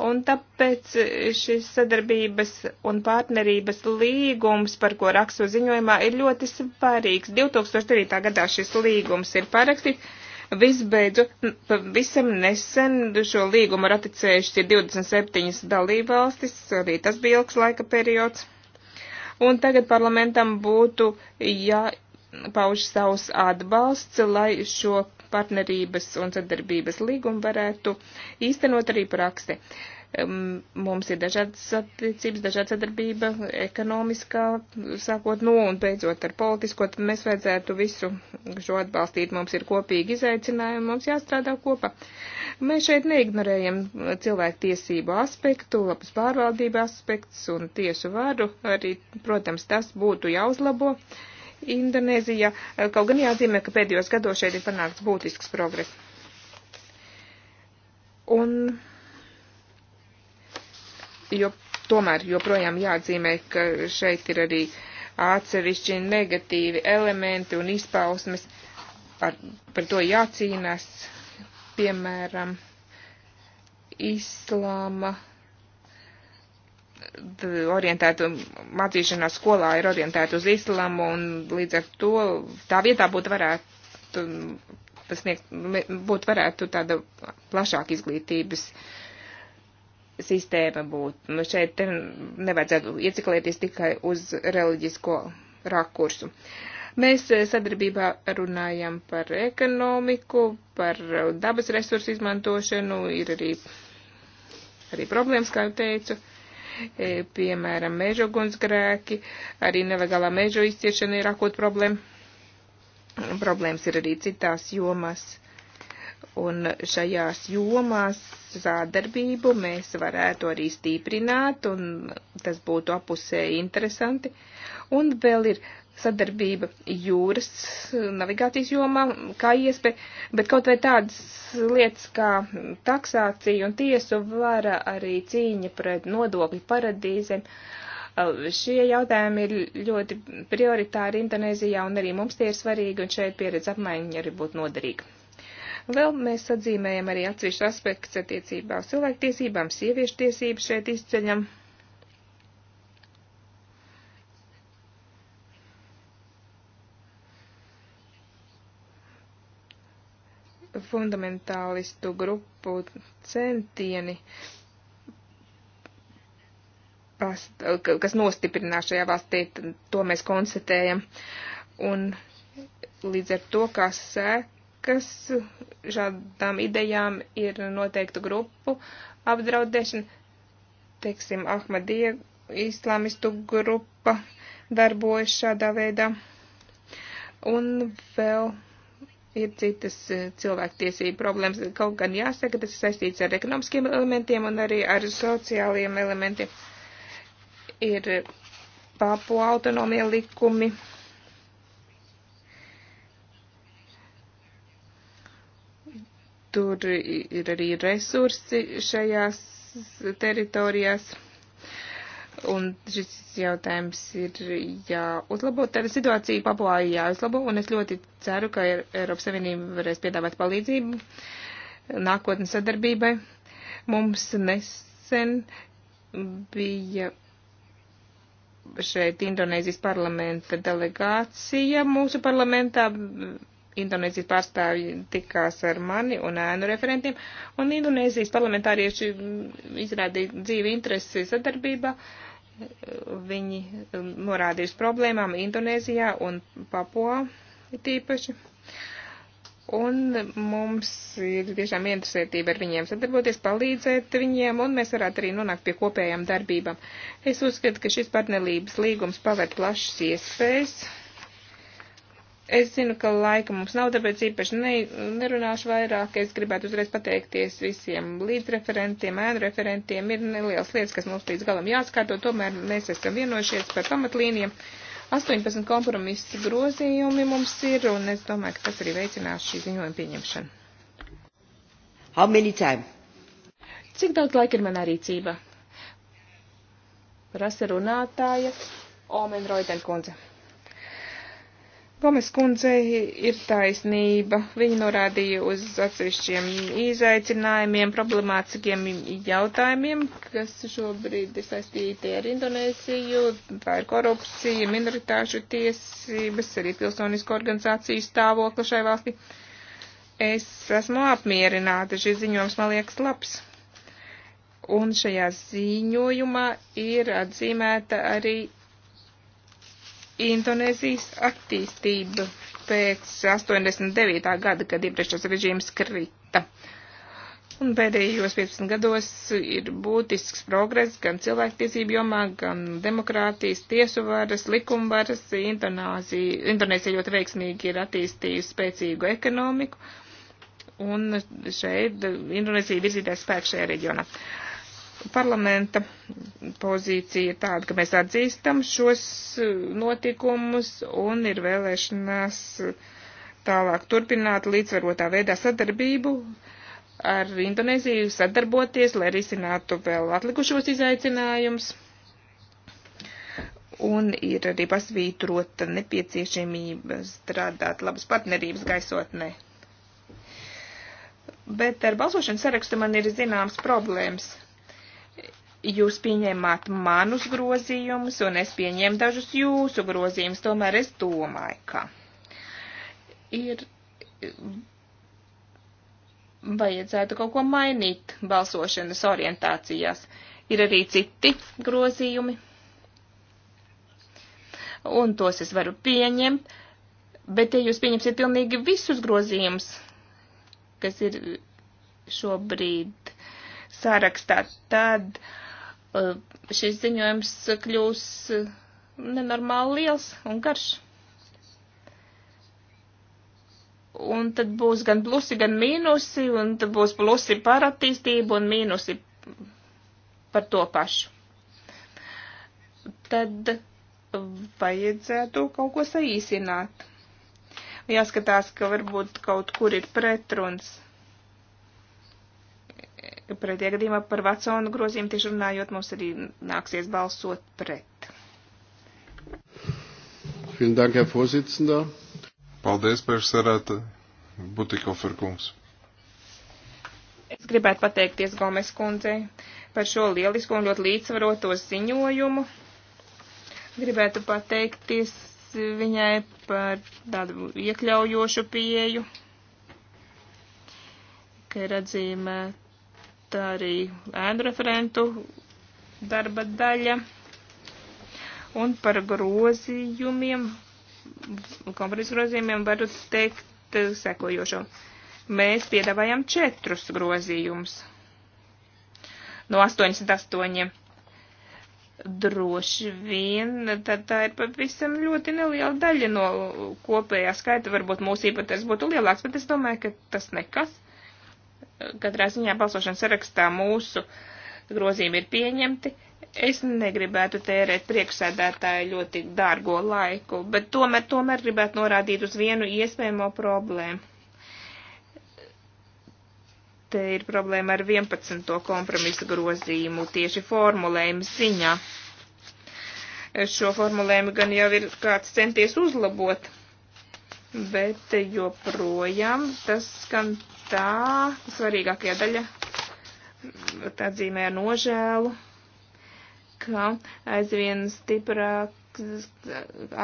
Un tāpēc šis sadarbības un partnerības līgums, par ko rakstu ziņojumā, ir ļoti svarīgs. 2009. gadā šis līgums ir parakstīts. Visbeidzot, pavisam nesen šo līgumu ratificējušas ir 27 dalībvalstis, arī tas bija ilgs laika periods un tagad parlamentam būtu jāpauž savs atbalsts, lai šo partnerības un sadarbības līgumu varētu īstenot arī praksi. Uh, Mums ir dažādas attiecības, dažāda sadarbība, ekonomiskā, sākot no un beidzot ar politisko, tad mēs vajadzētu visu šo atbalstīt. Mums ir kopīgi izaicinājumi, mums jāstrādā kopā. Mēs šeit neignorējam cilvēku tiesību aspektu, labas pārvaldība aspekts un tiesu varu. Arī, protams, tas būtu jāuzlabo. Indonēzija, kaut gan jāzīmē, ka pēdējos gados šeit ir panākts būtisks progress. Un jo tomēr joprojām jāatzīmē, ka šeit ir arī atsevišķi negatīvi elementi un izpausmes. Par, par to jācīnās, piemēram, islāma orientēta mācīšanās skolā ir orientēta uz islamu un līdz ar to tā vietā būtu varētu, pasniegt, būtu varētu tāda plašāka izglītības uh, sistēma būtu. Šeit nevajadzētu ieciklēties tikai uz reliģisko rakursu. Mēs eh, sadarbībā runājam par ekonomiku, par eh, dabas resursu izmantošanu, ir arī, arī problēmas, kā jau teicu, e, piemēram, meža ugunsgrēki, arī nelegālā meža izciešana ir akūta problēma. Problēmas ir arī citās jomās Un šajās jomās sādarbību mēs varētu arī stīprināt, un tas būtu apusēji interesanti. Un vēl ir sadarbība jūras navigācijas jomā, kā iespēja, bet kaut vai tādas lietas kā taksācija un tiesu vara arī cīņa pret nodokļu paradīzēm. Šie jautājumi ir ļoti prioritāri Indonēzijā un arī mums tie ir svarīgi, un šeit pieredze apmaiņa arī būtu noderīga. Vēl mēs atzīmējam arī atsevišķu aspektu attiecībā uz cilvēktiesībām, sieviešu tiesības šeit izceļam. fundamentālistu grupu centieni, past, kas nostiprinās šajā valstī, to mēs konstatējam. Un līdz ar to, kā sēka, sekas šādām idejām ir noteiktu grupu apdraudēšana. Teiksim, Ahmadie islamistu grupa darbojas šādā veidā. Un vēl ir citas e, cilvēktiesība problēmas. Kaut gan jāsaka, tas ir saistīts ar ekonomiskiem elementiem un arī ar sociāliem elementiem. Ir papu autonomija likumi Tur ir arī resursi šajās teritorijās. Un šis jautājums ir jāuzlabo. Tāda situācija Papua ir jāuzlabo, un es ļoti ceru, ka Eiropas Savienība varēs piedāvāt palīdzību nākotnes sadarbībai. Mums nesen bija šeit Indonēzijas parlamenta delegācija mūsu parlamentā Indonēzijas pārstāvji tikās ar mani un ēnu referentiem, un Indonēzijas parlamentārieši mm, izrādīja dzīvi interesi sadarbībā. Viņi mm, norādīja uz problēmām Indonēzijā un Papua tīpaši. Un mums ir tiešām interesētība ar viņiem sadarboties, palīdzēt viņiem, un mēs varētu arī nonākt pie kopējām darbībām. Es uzskatu, ka šis partnerības līgums paver plašas iespējas Es zinu, ka laika mums nav, tāpēc īpaši ne, nerunāšu vairāk. Es gribētu uzreiz pateikties visiem līdzreferentiem, ēnu referentiem. Ir nelielas lietas, kas mums līdz galam jāskārto, tomēr mēs esam vienojušies par pamatlīniem. 18 kompromisu grozījumi mums ir, un es domāju, ka tas arī veicinās šī ziņojuma pieņemšanu. How many time? Cik daudz laika ir manā rīcībā? Prasa runātāja Omen Roitenkonze. Gomes kundzei ir taisnība. Viņa norādīja uz atsevišķiem izaicinājumiem, problemātiskiem jautājumiem, kas šobrīd ir saistīti ar Indonēziju. Tā ir korupcija, minoritāšu tiesības, arī pilsonisko organizāciju stāvokli šai valstī. Es esmu apmierināta, šis ziņojums man liekas labs. Un šajā ziņojumā ir atzīmēta arī Indonēzijas attīstība pēc 89. gada, kad iepriekšējais režīms krita. Un pēdējos 15 gados ir būtisks progress gan cilvēktiesību jomā, gan demokrātijas, tiesu varas, likumvaras. Indonēzija ļoti veiksmīgi ir attīstījusi spēcīgu ekonomiku. Un šeit Indonēzija virzīties spēk šajā reģionā. Uh, Parlamenta pozīcija ir tāda, ka mēs atzīstam šos e, notikumus un ir vēlēšanās tālāk turpināt līdzvarotā veidā sadarbību ar Indonēziju sadarboties, lai risinātu vēl atlikušos izaicinājumus. Un ir arī pasvītrota nepieciešamība strādāt labas partnerības gaisotnē. Bet ar balsošanas sarakstu man ir zināms problēmas jūs pieņēmāt manus grozījumus, un es pieņēmu dažus jūsu grozījumus, tomēr es domāju, ka ir vajadzētu kaut ko mainīt balsošanas orientācijās. Ir arī citi grozījumi, un tos es varu pieņemt, bet ja jūs pieņemsiet pilnīgi visus grozījumus, kas ir šobrīd sarakstā, tad uh, Eh, šis ziņojums kļūs eh, nenormāli liels un garš. Un tad būs gan plusi, gan mīnusi, un tad būs plusi par attīstību un mīnusi par to pašu. Tad vajadzētu kaut ko saīsināt. Jāskatās, ka varbūt kaut kur ir pretruns Pretie gadījumā par Vatsonu grozījumu tieši runājot, mums arī nāksies balsot pret. Dank, Paldies, priekšsarēta Butikofer kungs. Es gribētu pateikties Gomes kundzei par šo lielisko un ļoti līdzsvaroto ziņojumu. Gribētu pateikties viņai par tādu iekļaujošu pieju, ka ir atzīmēt tā arī ēnu referentu darba daļa. Un par grozījumiem, kompromisu grozījumiem varu teikt sekojošo. Mēs piedāvājam četrus grozījumus no 88. Droši vien, tad tā ir pavisam ļoti neliela daļa no kopējā skaita. Varbūt mūsu īpatnēs būtu lielāks, bet es domāju, ka tas nekas. Uh, katrā ziņā balsošanas sarakstā mūsu grozījumi ir pieņemti. Es negribētu tērēt priekšsēdētāju ļoti dārgo laiku, bet tomēr, tomēr gribētu norādīt uz vienu iespējamo problēmu. Te ir problēma ar 11. kompromisa grozījumu tieši formulējumu ziņā. Šo formulējumu gan jau ir kāds centies uzlabot, bet joprojām tas skan tā svarīgākajā daļa atzīmē ar nožēlu, ka aizvien stiprāk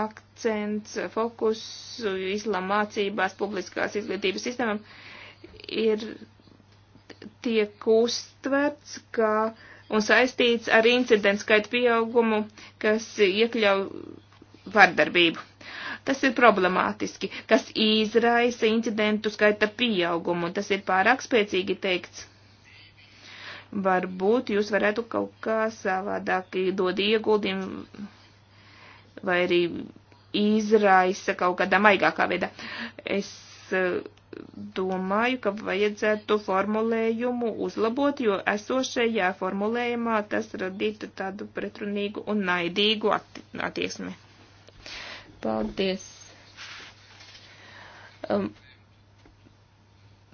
akcents, fokus islāma mācībās, publiskās izglītības sistēmām ir tiek uztverts, ka un saistīts ar incidentu skaitu pieaugumu, kas iekļauj vardarbību. Tas ir problemātiski. Tas izraisa incidentu skaita pieaugumu, un tas ir pārāk spēcīgi teikts. Varbūt jūs varētu kaut kā savādāk dod ieguldījumu vai arī izraisa kaut kādā maigākā veidā. Es eh, domāju, ka vajadzētu formulējumu uzlabot, jo esošajā formulējumā tas radītu tādu pretrunīgu un naidīgu atti attieksmi. Paldies. Um,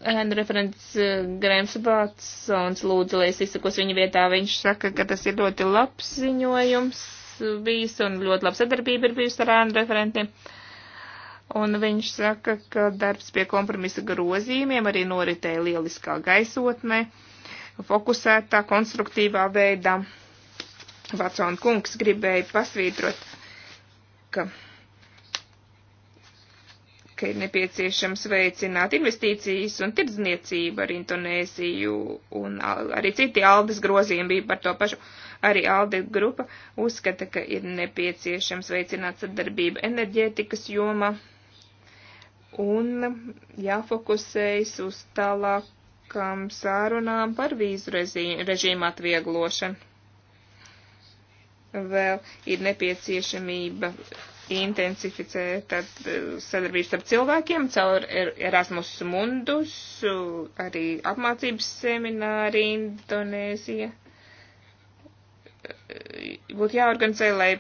ēnu referents uh, Grēms Bātsons lūdzu, lai es izsakos viņa vietā. Viņš saka, ka tas ir ļoti labs ziņojums bijis un ļoti laba sadarbība ir bijusi ar ēnu referentiem. Un viņš saka, ka darbs pie kompromisa grozījumiem arī noritēja lieliskā gaisotnē, fokusētā, konstruktīvā veidā. Vatsona kungs gribēja pasvītrot, ka ka ir nepieciešams veicināt investīcijas un tirdzniecību ar Indonēziju, un arī citi Aldes grozījumi bija par to pašu. Arī Alde grupa uzskata, ka ir nepieciešams veicināt sadarbību enerģētikas joma un jāfokusējas uz tālākām sārunām par vīzu režīmu atvieglošanu. Vēl ir nepieciešamība intensificē tad eh, sadarbības ar cilvēkiem caur er-, Erasmus Mundus, arī apmācības semināri Indonēzija. Eh, būtu jāorganizē, lai,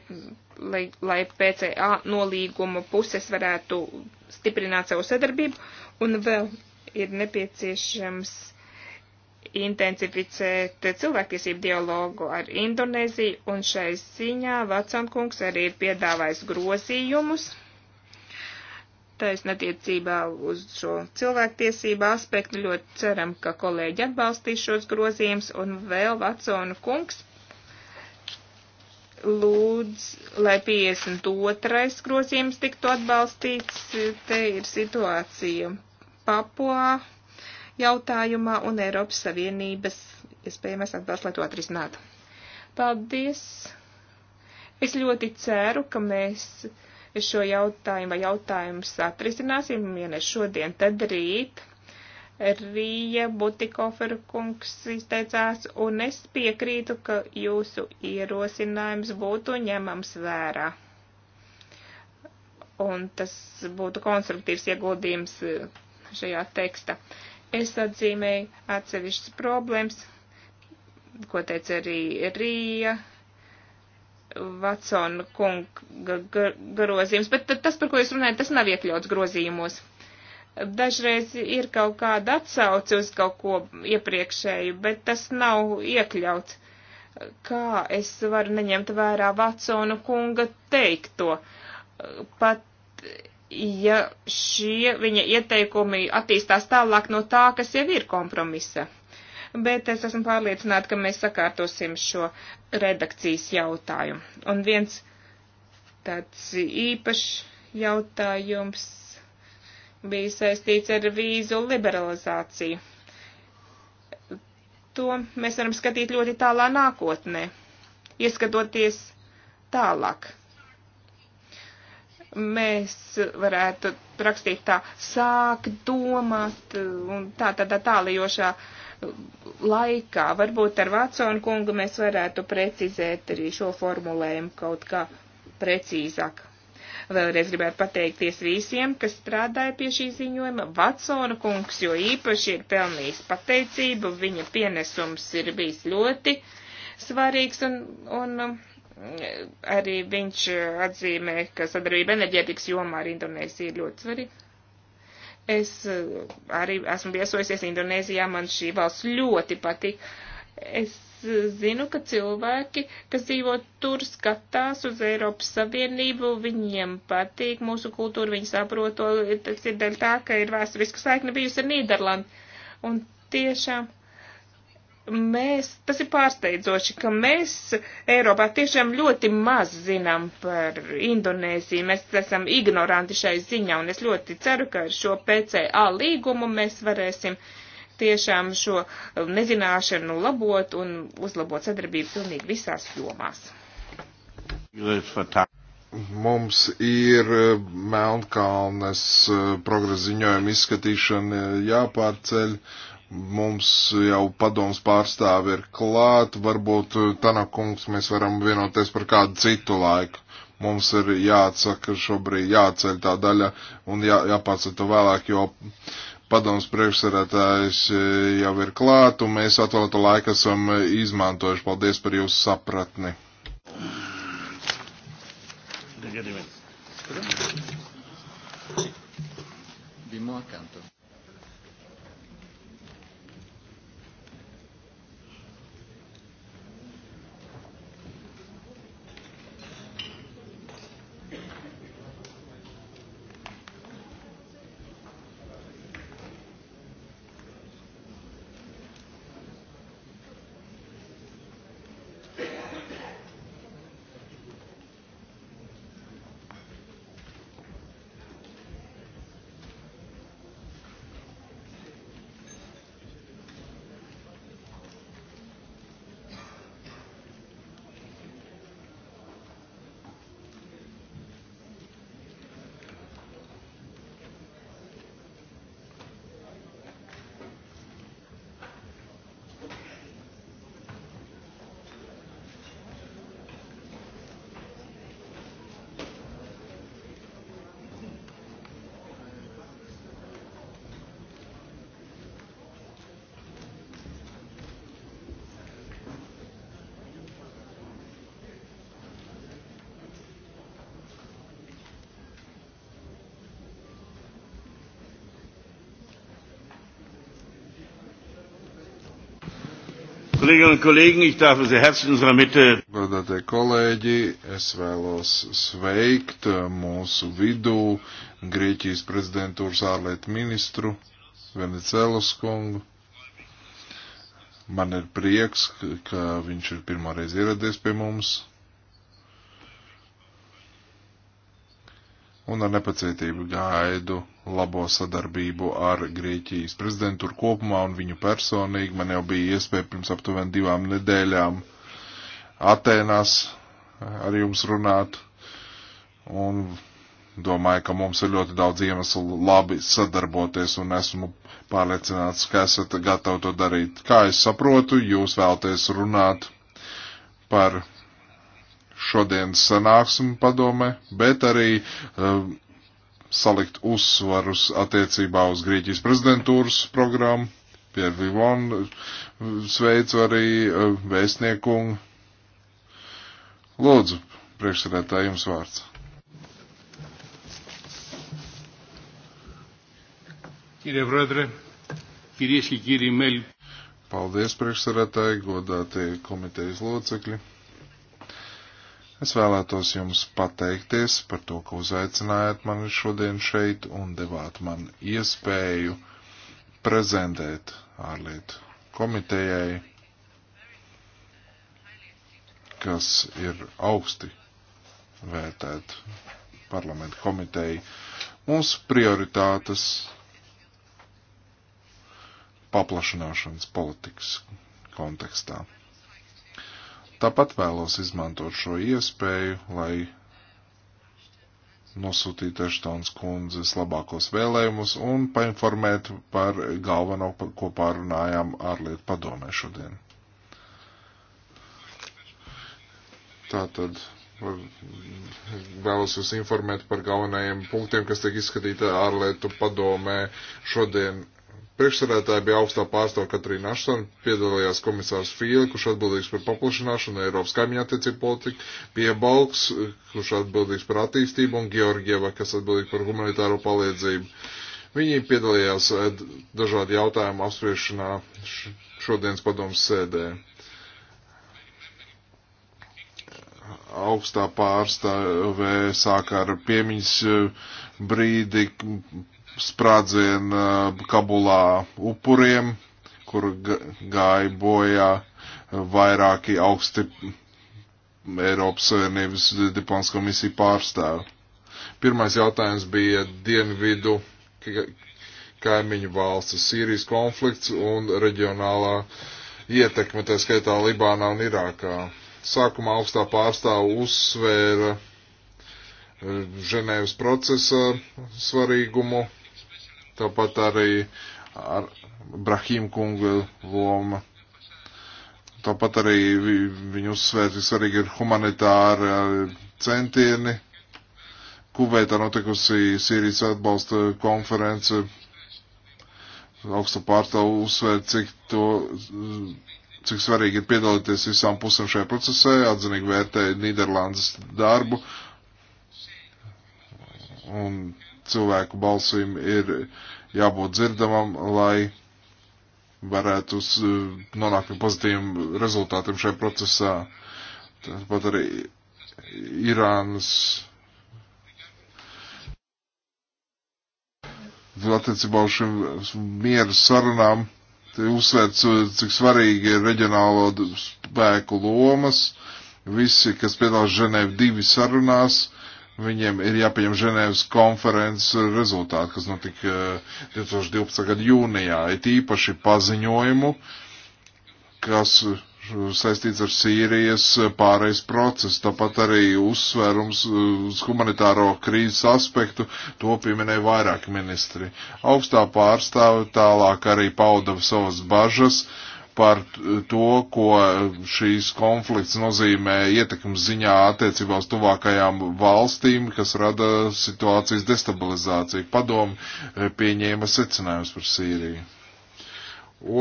lai, lai PCA nolīguma puses varētu stiprināt savu sadarbību, un vēl ir nepieciešams intensificēt cilvēktiesību dialogu ar Indonēziju, un šai ziņā Vatsonkungs arī ir piedāvājis grozījumus. Taisn attiecībā uz šo cilvēktiesību aspektu ļoti ceram, ka kolēģi atbalstīs šos grozījumus, un vēl Vatsona kungs lūdz, lai 52. grozījums tiktu atbalstīts. Te ir situācija Papuā jautājumā un Eiropas Savienības iespējamais atbalsts, lai to atrisinātu. Paldies! Es ļoti ceru, ka mēs šo jautājumu vai jautājumus atrisināsim, ja ne šodien, tad rīt. Rīja Butikoferu kungs izteicās, un es piekrītu, ka jūsu ierosinājums būtu ņemams vērā. Un tas būtu konstruktīvs ieguldījums šajā teksta. Uh, Es atzīmēju atsevišķas problēmas, ko teica arī Rīja, Vatsona kunga grozījums, bet tas, par ko jūs runājat, tas nav iekļauts grozījumos. Dažreiz ir kaut kāda atsauce uz kaut ko iepriekšēju, bet tas nav iekļauts. Kā es varu neņemt vērā Vatsona kunga teikto? Pat ja šie viņa ieteikumi attīstās tālāk no tā, kas jau ir kompromisa. Bet es esmu pārliecināta, ka mēs sakārtosim šo redakcijas jautājumu. Un viens tāds īpašs jautājums bija saistīts ar vīzu liberalizāciju. To mēs varam skatīt ļoti tālā nākotnē, ieskatoties tālāk mēs varētu rakstīt tā, sāk domāt un tā tādā tālajošā laikā. Varbūt ar Vatsonu kungu mēs varētu precizēt arī šo formulējumu kaut kā precīzāk. Vēlreiz gribētu pateikties visiem, kas strādāja pie šī ziņojuma. Vatsona kungs jo īpaši ir pelnījis pateicību, viņa pienesums ir bijis ļoti svarīgs un, un arī viņš atzīmē, ka sadarbība enerģētikas jomā ar Indonēziju ir ļoti svarīga. Es eh, arī esmu viesojusies Indonēzijā, man šī valsts ļoti patīk. Es eh, zinu, ka cilvēki, kas dzīvo tur, skatās uz Eiropas Savienību, viņiem patīk mūsu kultūra, viņi saprot to, tas ir daļa tā, ka ir vēsturiska saikne bijusi ar Nīderlandi. Un tiešām mēs, tas ir pārsteidzoši, ka mēs Eiropā tiešām ļoti maz zinām par Indonēziju. Mēs esam ignoranti šai ziņā, un es ļoti ceru, ka ar šo PCA līgumu mēs varēsim tiešām šo nezināšanu labot un uzlabot sadarbību pilnīgi visās jomās. Mums ir Melnkalnes eh, progresa ziņojuma izskatīšana eh, jāpārceļ Mums jau padoms pārstāvi ir klāt, varbūt eh, Tanakungs mēs varam vienoties par kādu citu laiku. Mums ir jāatsaka šobrīd, jāceļ tā daļa un jā, jāpārsaka to vēlāk, jo padoms priekšsarētājs eh, jau ir klāt un mēs atvēlēto laiku esam eh, izmantojuši. Paldies par jūsu sapratni. Di mo accanto. Kolleginnen un Kollegen, ich darf Sie herzlich in unserer Mitte. Godātie kolēģi, es vēlos sveikt mūsu vidū Grieķijas prezidentūras ārlietu ministru Venicēlus kungu. Man ir prieks, ka viņš ir pirmoreiz ieradies pie mums. un ar nepacietību gaidu labo sadarbību ar Grieķijas prezidentūru kopumā un viņu personīgi. Man jau bija iespēja pirms aptuveni divām nedēļām Atēnās eh, ar jums runāt, un domāju, ka mums ir ļoti daudz iemeslu labi sadarboties, un esmu pārliecināts, ka esat gatavi to darīt. Kā es saprotu, jūs vēlaties runāt par šodienas sanāksmi padome, bet arī uh, salikt uzsvarus attiecībā uz Grieķijas prezidentūras programmu. Pierre Vivon eh, sveicu arī uh, eh, vēstnieku. Lūdzu, priekšsēdētāji, jums vārds. Κύριε Πρόεδρε, κυρίες και κύριοι μέλη. Paldies, priekšsarētāji, godātie komitejas locekļi. Es vēlētos jums pateikties par to, ka uzaicinājāt mani šodien šeit un devāt man iespēju prezentēt ārlietu komitejai, kas ir augsti vērtēt parlamentu komiteju. Mūsu prioritātes paplašināšanas politikas kontekstā. Tāpat vēlos izmantot šo iespēju, lai nosūtīt Eštons kundzes labākos vēlējumus un painformēt par galveno, ko pārunājām ārlietu padomē šodien. Tātad vēlos jūs informēt par galvenajiem punktiem, kas tiek izskatīti ārlietu padomē šodien Priekšsēdētāja bija augstā pārstāva Katrīna Aštona, piedalījās komisārs Fīle, kurš atbildīgs par paplašināšanu, Eiropas kaimiņa attiecību politiku, Piebalgs, kurš atbildīgs par attīstību, un Georgieva, kas atbildīga par humanitāro palīdzību. Viņi piedalījās eh, dažādu jautājumu apspriešanā šodienas padomus sēdē. Augstā pārstāve sāk ar piemiņas eh, brīdi sprādziena Kabulā upuriem, kur gāja bojā vairāki augsti Eiropas Savienības diplomāts komisija pārstāvi. Pirmais jautājums bija dienvidu kaimiņu valsts Sīrijas konflikts un reģionālā ietekme, tā skaitā Libānā un Irākā. Sākumā augstā pārstāva uzsvēra Ženēvas procesa svarīgumu Tāpat arī ar Brahīmu kungu loma. Tāpat arī viņu uzsvērt, cik svarīgi ir humanitāri centieni. Kuveitā notikusi Sīrijas atbalsta konference. Augsta pārstāvu uzsvērt, cik to cik svarīgi ir piedalīties visām pusēm šajā procesē, atzinīgi vērtēja Nīderlandes darbu. Un cilvēku balsīm ir jābūt dzirdamam, lai varētu eh, nonākt pie pozitīviem rezultātiem šajā procesā. Tāpat arī Irānas attiecībā uz šīm mieru sarunām uzsvērts, cik svarīgi ir reģionālo spēku lomas. Visi, kas piedalās Ženēv divi sarunās, viņiem ir jāpieņem Ženēvas konferences rezultāti, kas notika 2012. Eh, gada jūnijā, it īpaši paziņojumu, kas eh, saistīts ar Sīrijas eh, pārejas procesu, tāpat arī uzsvērums uz humanitāro krīzes aspektu, to pieminēja vairāki ministri. Augstā pārstāve tālāk arī pauda savas bažas, uh, par to, ko šīs konflikts nozīmē ietekmes ziņā attiecībā uz tuvākajām valstīm, kas rada situācijas destabilizāciju. Padomu eh, pieņēma secinājums par Sīriju.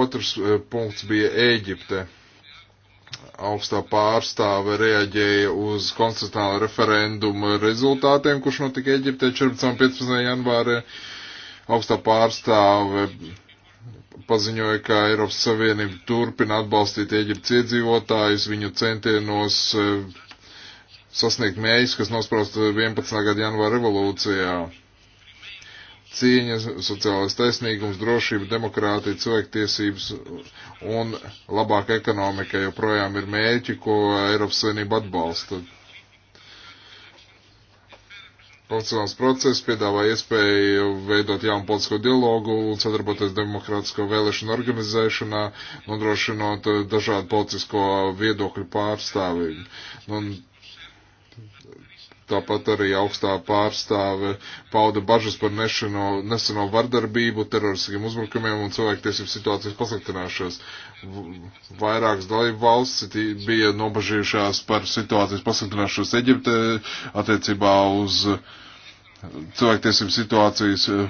Otrs eh, punkts bija Ēģipte. Augstā pārstāve reaģēja uz konstitucionāla referenduma rezultātiem, kurš notika Ēģiptē 14. un 15. janvāri. Augstā pārstāve paziņoja, ka Eiropas Savienība turpina atbalstīt Eģiptes iedzīvotājus viņu centienos e, sasniegt mērķus, kas nosprost 11. gada janvāra revolūcijā. Cieņa, sociālais taisnīgums, drošība, demokrātija, cilvēktiesības un labāka ekonomika joprojām ir mērķi, ko Eiropas Savienība atbalsta. Nacionāls process piedāvā iespēju veidot jaunu politisko dialogu, sadarboties demokrātisko vēlēšanu organizēšanā, nodrošinot eh, dažādu politisko viedokļu pārstāvību. Nu, un tāpat arī augstā pārstāve pauda bažas par nešano, neseno vardarbību, teroristiskiem uzbrukumiem un cilvēktiesību situācijas pasliktināšanos. Vairākas dalību valsts bija nobažījušās par situācijas pasliktināšanos Eģipte attiecībā uz uh, cilvēktiesību situācijas eh,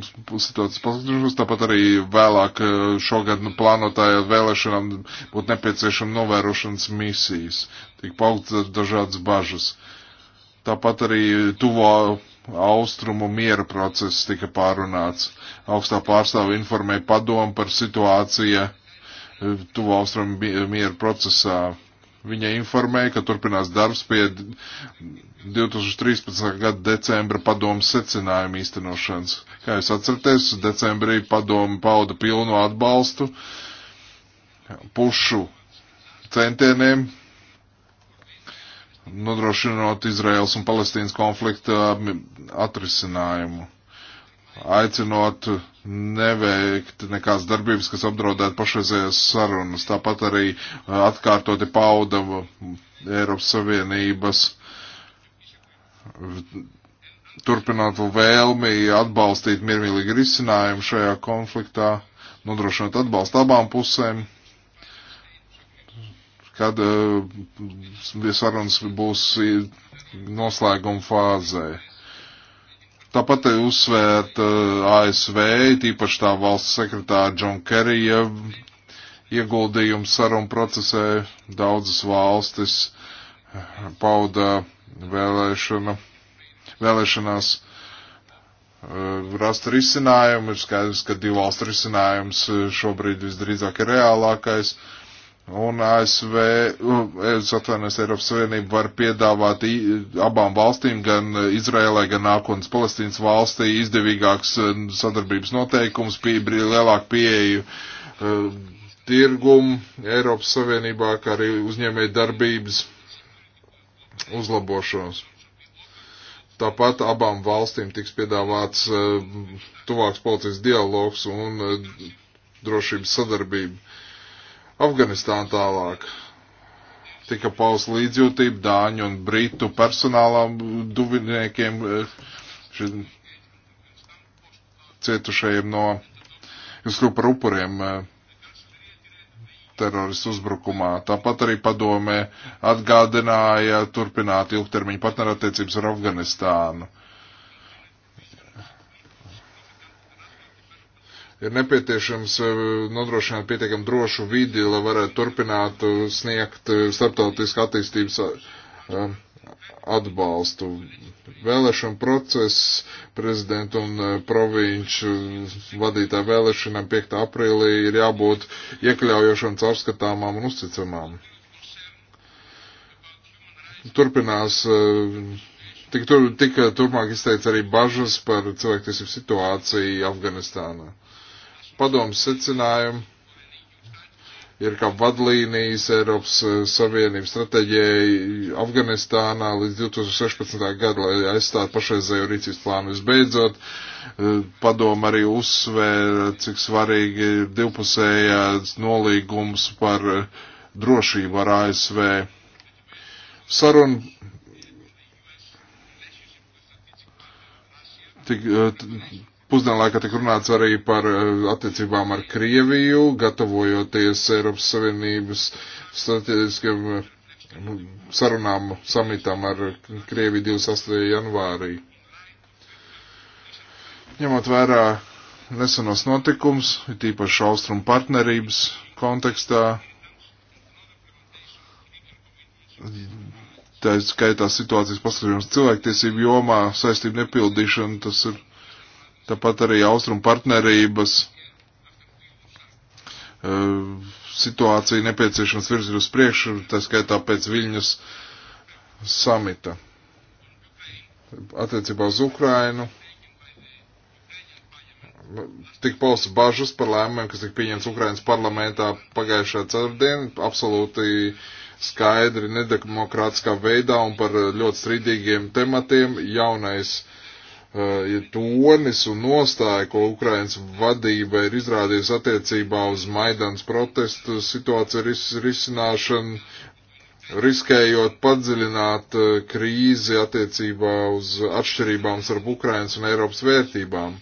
situācijas pasakļušos, tāpat arī vēlāk eh, šogad nu, plānotāja vēlēšanām būtu nepieciešama novērošanas misijas, tik paugtas dažādas bažas. Tāpat arī tuvo austrumu miera process tika pārunāts. Augstā pārstāva informēja padomu par situāciju eh, tuvo austrumu miera procesā Viņa informēja, ka turpinās darbs pie 2013. gada decembra padomu secinājumu īstenošanas. Kā jūs atceraties, decembrī padomu pauda pilnu atbalstu pušu centieniem nodrošinot Izraels un Palestīnas konflikta atrisinājumu aicinot neveikt nekādas darbības, kas apdraudētu pašreizējās sarunas. Tāpat arī uh, atkārtoti pauda uh, Eiropas Savienības uh, turpinātu vēlmi atbalstīt miermīlīgu risinājumu šajā konfliktā, nodrošinot atbalstu abām pusēm, kad uh, sarunas būs noslēguma fāzē. Tāpat eh, uzsvērt eh, ASV, tīpaši tā valsts sekretāra John Kerija ieguldījums sarunu procesē. Daudzas valstis eh, pauda vēlēšana, vēlēšanās rast risinājumu. Ir skaidrs, ka divu valstu risinājums šobrīd visdrīzāk ir reālākais. Uh, Un ASV, es atvainojos, Eiropas Savienība var piedāvāt abām valstīm, gan Izrēlē, gan nākotnes Palestīnas valstī, izdevīgāks e, sadarbības noteikums, pie, lielāku pieeju uh, e, tirgumu Eiropas Savienībā, kā arī uzņēmēju darbības uzlabošanos. Tāpat abām valstīm tiks piedāvāts uh, tuvāks policijas dialogs un uh, drošības sadarbība Afganistāna tālāk. Tika paust līdzjūtību Dāņu un Britu personālām duviniekiem eh, cietušajiem no, es kļuvu par upuriem eh, teroristu uzbrukumā. Tāpat arī padomē atgādināja turpināt ilgtermiņu partnerattiecības ar Afganistānu ir nepieciešams eh, nodrošināt pietiekam drošu vidi, lai varētu turpināt eh, sniegt eh, starptautisku attīstības atbalstu. Vēlēšana process prezidentu un provinču vadītāju vēlēšanām 5. aprīlī ir jābūt iekļaujošām, caurskatāmām un uzticamām. Turpinās Tik tur, tika turpmāk izteica arī bažas par cilvēktiesību situāciju Afganistānā padomas secinājumu ir kā vadlīnijas Eiropas eh, Savienības stratēģijai Afganistānā līdz 2016. gadu, lai aizstātu pašreizējo rīcības plānu. Visbeidzot, eh, padoma arī uzsvēra, cik svarīgi ir divpusējās nolīgums par eh, drošību ar ASV. Saruna tik, Pusdienlaikā tika runāts arī par eh, attiecībām ar Krieviju, gatavojoties Eiropas Savienības strateģiskiem eh, sarunām samitam ar Krieviju 28. janvārī. Ņemot vērā nesenos notikums, it īpaši austrumu partnerības kontekstā, tā skaitā situācijas paskatījums cilvēktiesību jomā, saistību nepildīšana, tas ir Tāpat arī austrum partnerības e, situācija nepieciešams virzīt uz priekšu, tā skaitā pēc Viļņas samita. Attiecībā uz Ukrainu tik pausta bažas par lēmumiem, kas tika pieņemts Ukrainas parlamentā pagājušā ceturtdien, absolūti skaidri nedemokrātiskā veidā un par ļoti strīdīgiem tematiem jaunais uh, tonis eh, un nostāja, ko Ukrainas vadība ir izrādījusi attiecībā uz Maidans protestu situāciju ris risināšanu, riskējot padziļināt eh, krīzi attiecībā uz atšķirībām starp Ukrainas un Eiropas vērtībām.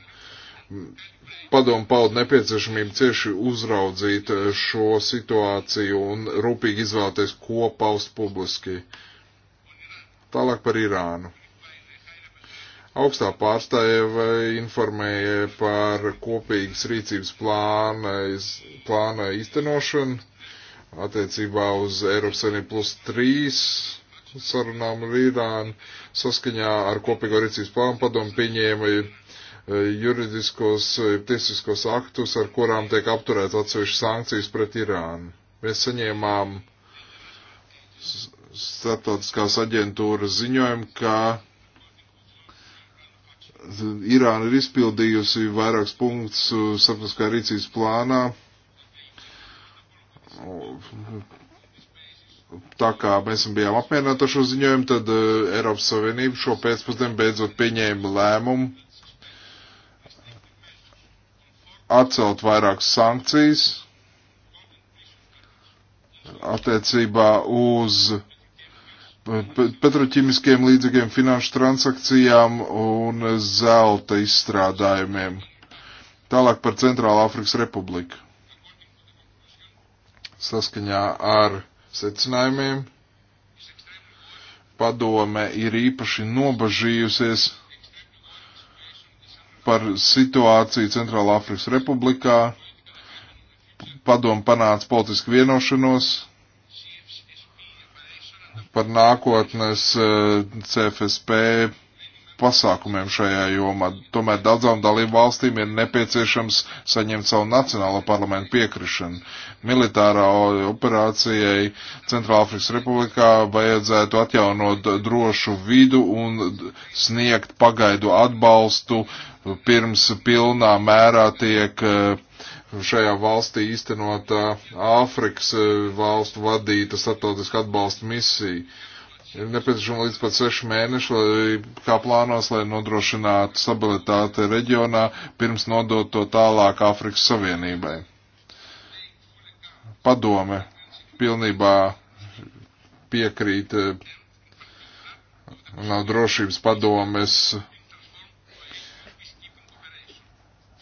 Padomu paudu nepieciešamību cieši uzraudzīt eh, šo situāciju un rūpīgi izvēlēties, ko paust publiski. Tālāk par Irānu. Augstā pārstāve informēja par kopīgas rīcības plāna, plāna īstenošanu attiecībā uz Eiropas Savienību plus 3 sarunām ar Irānu. Saskaņā ar kopīgo rīcības plānu padomu pieņēma e, juridiskos, e, tiesiskos aktus, ar kurām tiek apturēts atsevišķas sankcijas pret Irānu. Mēs saņēmām starptautiskās aģentūras ziņojumu, ka Irāna ir izpildījusi vairākus punktus uh, starptautiskā rīcības plānā. Tā kā mēs bijām apmierināti ar šo ziņojumu, tad uh, Eiropas Savienība šo pēcpusdienu beidzot pieņēma lēmumu atcelt vairākas sankcijas attiecībā uz uh, petroķimiskiem līdzekļiem, finanšu transakcijām un zelta izstrādājumiem. Tālāk par Centrālā Afrikas Republiku. Saskaņā ar secinājumiem padome ir īpaši nobažījusies par situāciju Centrālā Afrikas Republikā. Padome panāca politisku vienošanos par nākotnes eh, CFSP pasākumiem šajā jomā. Tomēr daudzām dalību valstīm ir nepieciešams saņemt savu nacionālo parlamentu piekrišanu. Militārā operācijai Centrālafrikas Republikā vajadzētu atjaunot drošu vidu un sniegt pagaidu atbalstu pirms pilnā mērā tiek uh, šajā valstī īstenotā Āfrikas valstu vadīta starptautiska atbalsta misija. Ir nepieciešama līdz pat sešu mēnešu, lai, kā plānos, lai nodrošinātu stabilitāti reģionā, pirms nodot to tālāk Āfrikas Savienībai. Padome pilnībā piekrīt nav drošības padomes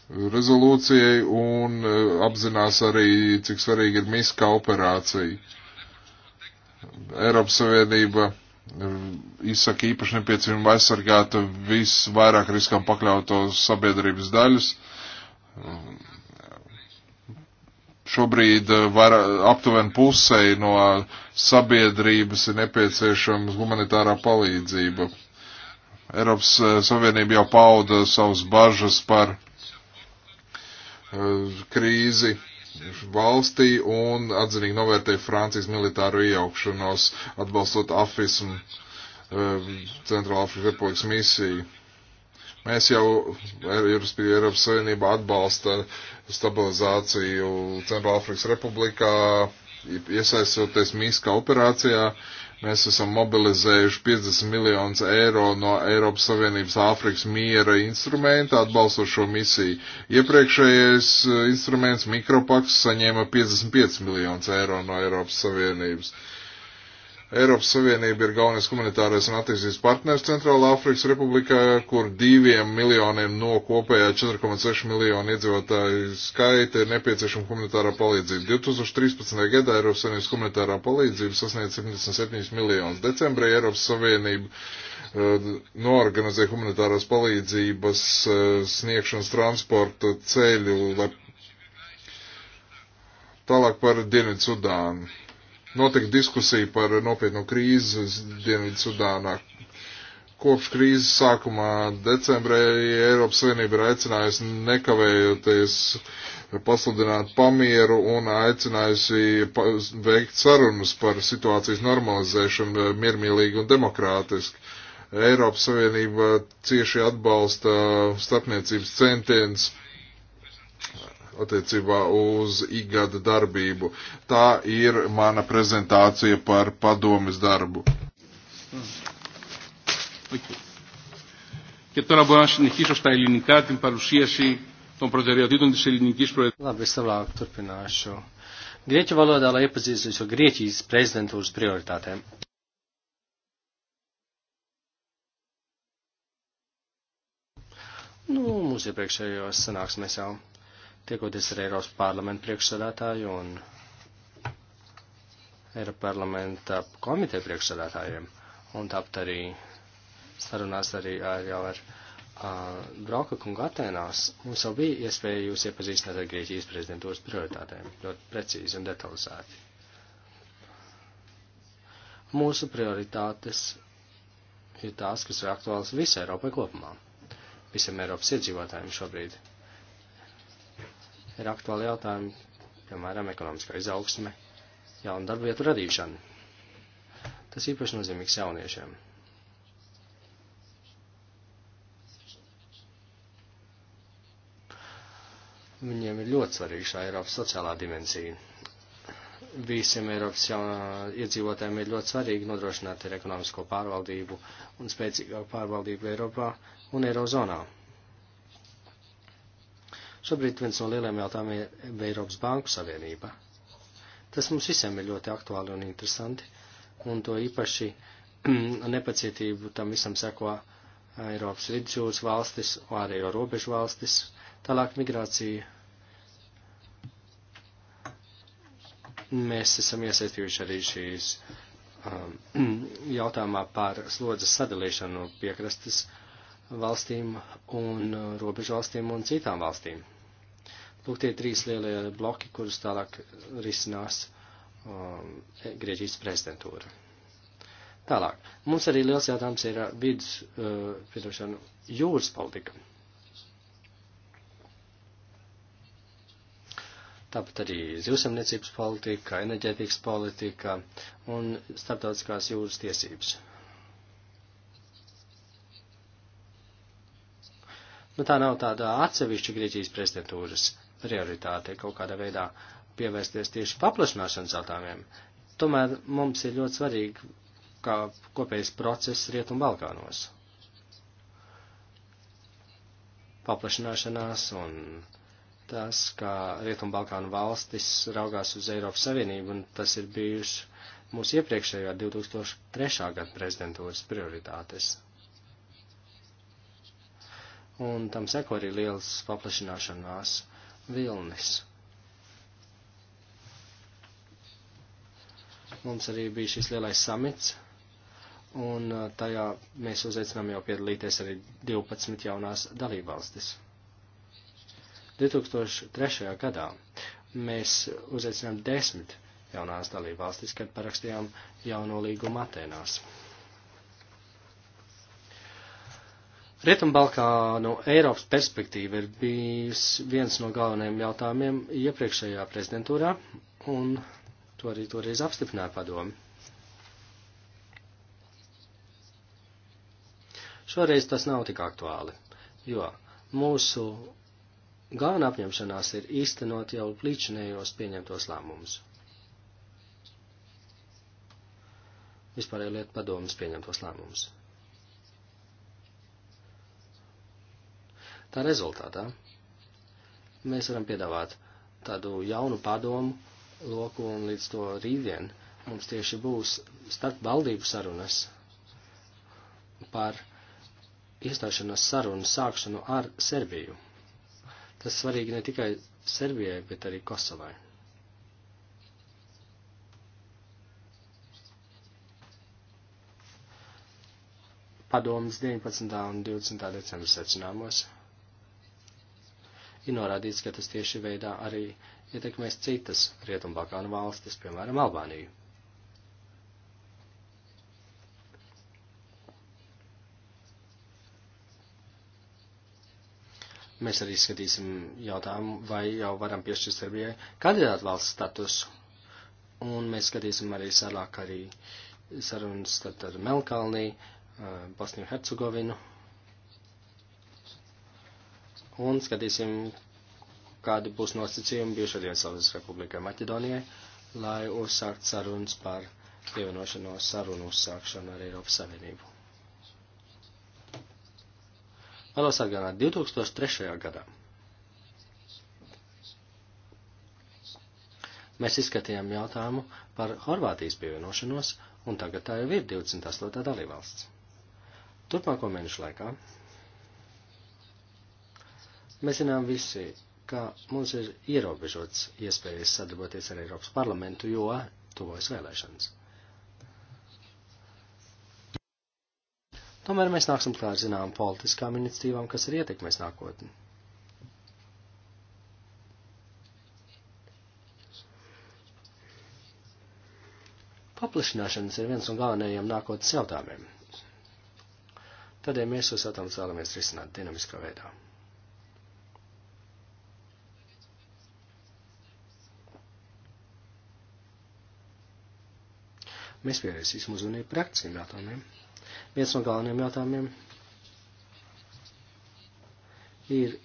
rezolūcijai un e, apzinās arī, cik svarīgi ir miska operācija. Eiropas Savienība e, izsaka īpaši nepieciešamību aizsargāt visvairāk riskam pakļautos sabiedrības daļus. Šobrīd e, var, aptuveni pusei no sabiedrības ir nepieciešama humanitārā palīdzība. Eiropas Savienība jau pauda savus bažas par Eh, krīzi valstī un atzinīgi novērtēja Francijas militāro iejaukšanos, atbalstot afismu eh, Centrāla Afrikas Republikas misiju. Mēs jau er, Eiropas Savienība atbalsta stabilizāciju Centrāla Afrikas Republikā, iesaistoties Mīska operācijā. Uh, Mēs esam mobilizējuši 50 miljonus eiro no Eiropas Savienības Āfrikas miera instrumenta atbalstot šo misiju. Iepriekšējais eh, instruments Mikropaks saņēma 55 miljonus eiro no Eiropas Savienības. Uh, Eiropas Savienība ir galvenais humanitārais un attīstības partners Centrālā Afrikas Republikā, kur diviem miljoniem no kopējā 4,6 miljonu iedzīvotāju skaita ir nepieciešama humanitārā palīdzība. 2013. gadā Eiropas Savienības humanitārā palīdzība sasniedz 77 miljonus. Decembrī Eiropas Savienība uh, eh, noorganizē humanitārās palīdzības uh, sniegšanas transporta ceļu. Tālāk par Dienvidu Sudānu notika diskusija par nopietnu krīzi Dienvidu Sudānā. Kopš krīzes sākumā decembrē Eiropas Savienība ir aicinājusi nekavējoties pasludināt pamieru un aicinājusi pa veikt sarunas par situācijas normalizēšanu miermīlīgi un demokrātiski. Eiropas Savienība cieši atbalsta starpniecības centienus attiecībā uz igada darbību. Tā ir mana prezentācija par padomes darbu. Hmm. Okay. Και τώρα μπορώ να συνεχίσω στα ελληνικά την παρουσίαση των προτεραιοτήτων της ελληνικής προεδρίας. Labi, labāk turpināšu. Grieķu valodā, lai iepazīstinātu ar Grieķijas prezidentūras prioritātēm. Nu, mūsu iepriekšējos sanāksmēs jau tiekoties ar Eiropas parlamentu priekšsēdētāju un Eiropas parlamenta komiteja priekšsēdētājiem, un tāpat arī sarunās arī ar, jau ar uh, Broka kungu Atenās, mums jau bija iespēja jūs iepazīstināt ar Grieķijas prezidentūras prioritātēm ļoti precīzi un detalizēti. Mūsu prioritātes ir tās, kas ir aktuālas visai Eiropai kopumā, visiem Eiropas iedzīvotājiem šobrīd ir aktuāli jautājumi, piemēram, ekonomiskā izaugsme, jaunu darbu vietu radīšana. Tas īpaši nozīmīgs jauniešiem. Viņiem ir ļoti svarīga šā Eiropas sociālā dimensija. Visiem Eiropas iedzīvotājiem ir ļoti svarīgi nodrošināt ar ekonomisko pārvaldību un spēcīgāku pārvaldību Eiropā un Eirozonā. Šobrīd viens no lieliem jautājumiem ir Eiropas Banku Savienība. Tas mums visiem ir ļoti aktuāli un interesanti, un to īpaši nepacietību tam visam seko Eiropas vidusjūras valstis, ārējo robežu valstis, tālāk migrācija. Mēs esam iesaistījuši arī šīs um, jautājumā par slodzes sadalīšanu piekrastes valstīm un robežu valstīm un citām valstīm. Lūk, tie trīs lielie bloki, kurus tālāk risinās um, Grieķijas prezidentūra. Tālāk. Mums arī liels jautājums ir uh, vidus, uh, pietošana, jūras politika. Tāpat arī zivsamniecības politika, enerģētikas politika un starptautiskās jūras tiesības. Nu, tā nav tāda atsevišķa Grieķijas prezidentūras prioritāte kaut kādā veidā pievērsties tieši paplašināšanas jautājumiem. Tomēr mums ir ļoti svarīgi, kā kopējs process Rietumbalkānos. Paplašināšanās un tas, kā Rietumbalkānu valstis raugās uz Eiropas Savienību, un tas ir bijuši mūsu iepriekšējā 2003. gada prezidentūras prioritātes. Un tam seko arī liels paplašināšanās uh, vilnis. Mums arī bija šis lielais samits, un uh, tajā mēs uzaicinām jau piedalīties arī 12 jaunās dalībvalstis. 2003. gadā mēs uzaicinām 10 jaunās dalībvalstis, kad parakstījām jauno līgumu Atēnās. Rietumbalkānu Eiropas perspektīva ir bijis viens no galvenajiem jautājumiem iepriekšējā prezidentūrā, un to arī toreiz apstiprināja padomi. Šoreiz tas nav tik aktuāli, jo mūsu galvenā apņemšanās ir īstenot jau līdzinējos pieņemtos lēmumus. Vispārējo lietu padomus pieņemtos lēmumus. Tā rezultātā mēs varam piedāvāt tādu jaunu padomu loku un līdz to rītdien mums tieši būs starp valdību sarunas par iestāšanās sarunu sākšanu ar Serbiju. Tas svarīgi ne tikai Serbijai, bet arī Kosovai. padomas 19. un 20. decembra secinājumos ir norādīts, ka tas tieši veidā arī ietekmēs citas Rietumbalkānu valstis, piemēram, Albāniju. Mēs arī skatīsim jautājumu, vai jau varam piešķirt Serbijai kandidātu valsts statusu. Un mēs skatīsim arī sarāk arī sarunas ar Melkalnī, eh, Bosniju Hercegovinu un skatīsim, kādi būs nosacījumi bijušajai Savas Republikai Maķedonijai, lai uzsākt sarunas par pievienošanos sarunu uzsākšanu ar Eiropas Savienību. Vēlos atgādināt 2003. gadā. Mēs izskatījām jautājumu par Horvātijas pievienošanos, un tagad tā jau ir 28. dalībvalsts. Turpmāko mēnešu laikā Mēs zinām visi, ka mums ir ierobežots iespējas sadarboties ar Eiropas parlamentu, jo tuvojas vēlēšanas. Tomēr mēs nāksim klāt zinām politiskām iniciatīvām, kas ir ietekmēs nākotni. Paplašināšanas ir viens no galvenajiem nākotnes jautājumiem. Tādēļ ja mēs šos jautājumus vēlamies risināt dinamiskā veidā. mēs pievērsīsim uzmanību praktiskiem jautājumiem. Viens no galvenajiem jautājumiem ir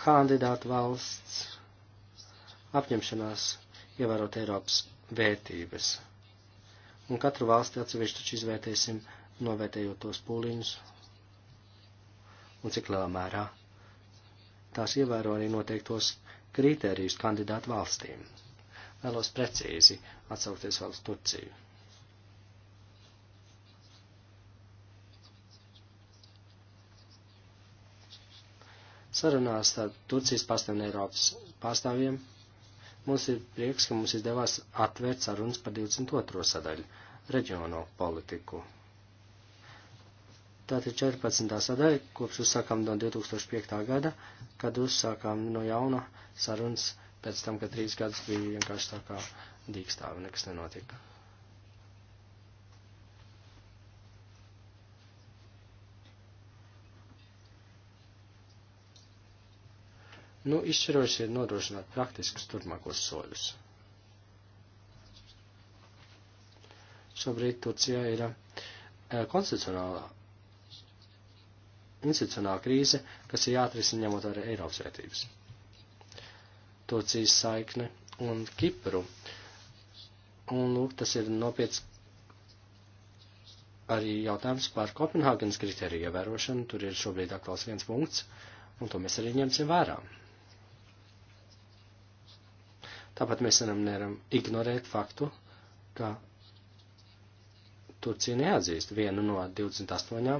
kandidāta valsts apņemšanās ievērot Eiropas vērtības. Un katru valsti atsevišķi taču izvērtēsim, novērtējot tos pūliņus un cik lielā mērā tās ievēro arī noteiktos kritērijus kandidātu valstīm. Vēlos precīzi atsaukties vēl uz Turciju. sarunās ar Turcijas pārstāvjiem un Eiropas pārstāvjiem. Mums ir prieks, ka mums izdevās atvērt sarunas par 22. sadaļu - reģiono politiku. Tātad 14. sadaļa, kopš uzsākām no 2005. gada, kad uzsākām no jauna sarunas pēc tam, ka trīs gadus bija vienkārši tā kā dīkstāve, nekas nenotika. Nu, izšķiroši ir nodrošināt praktiskus turpmākos soļus. Šobrīd Turcijā ir e, konstitucionālā institucionālā krīze, kas ir jāatrisina ņemot arī Eiropas vērtības. Turcijas saikne un Kipru. Un, lūk, tas ir nopietns arī jautājums par Kopenhāgenes kriteriju ievērošanu. Tur ir šobrīd aktuāls viens punkts, un to mēs arī ņemsim vērā. Tāpat mēs varam neram ignorēt faktu, ka Turcija neatzīst vienu no 28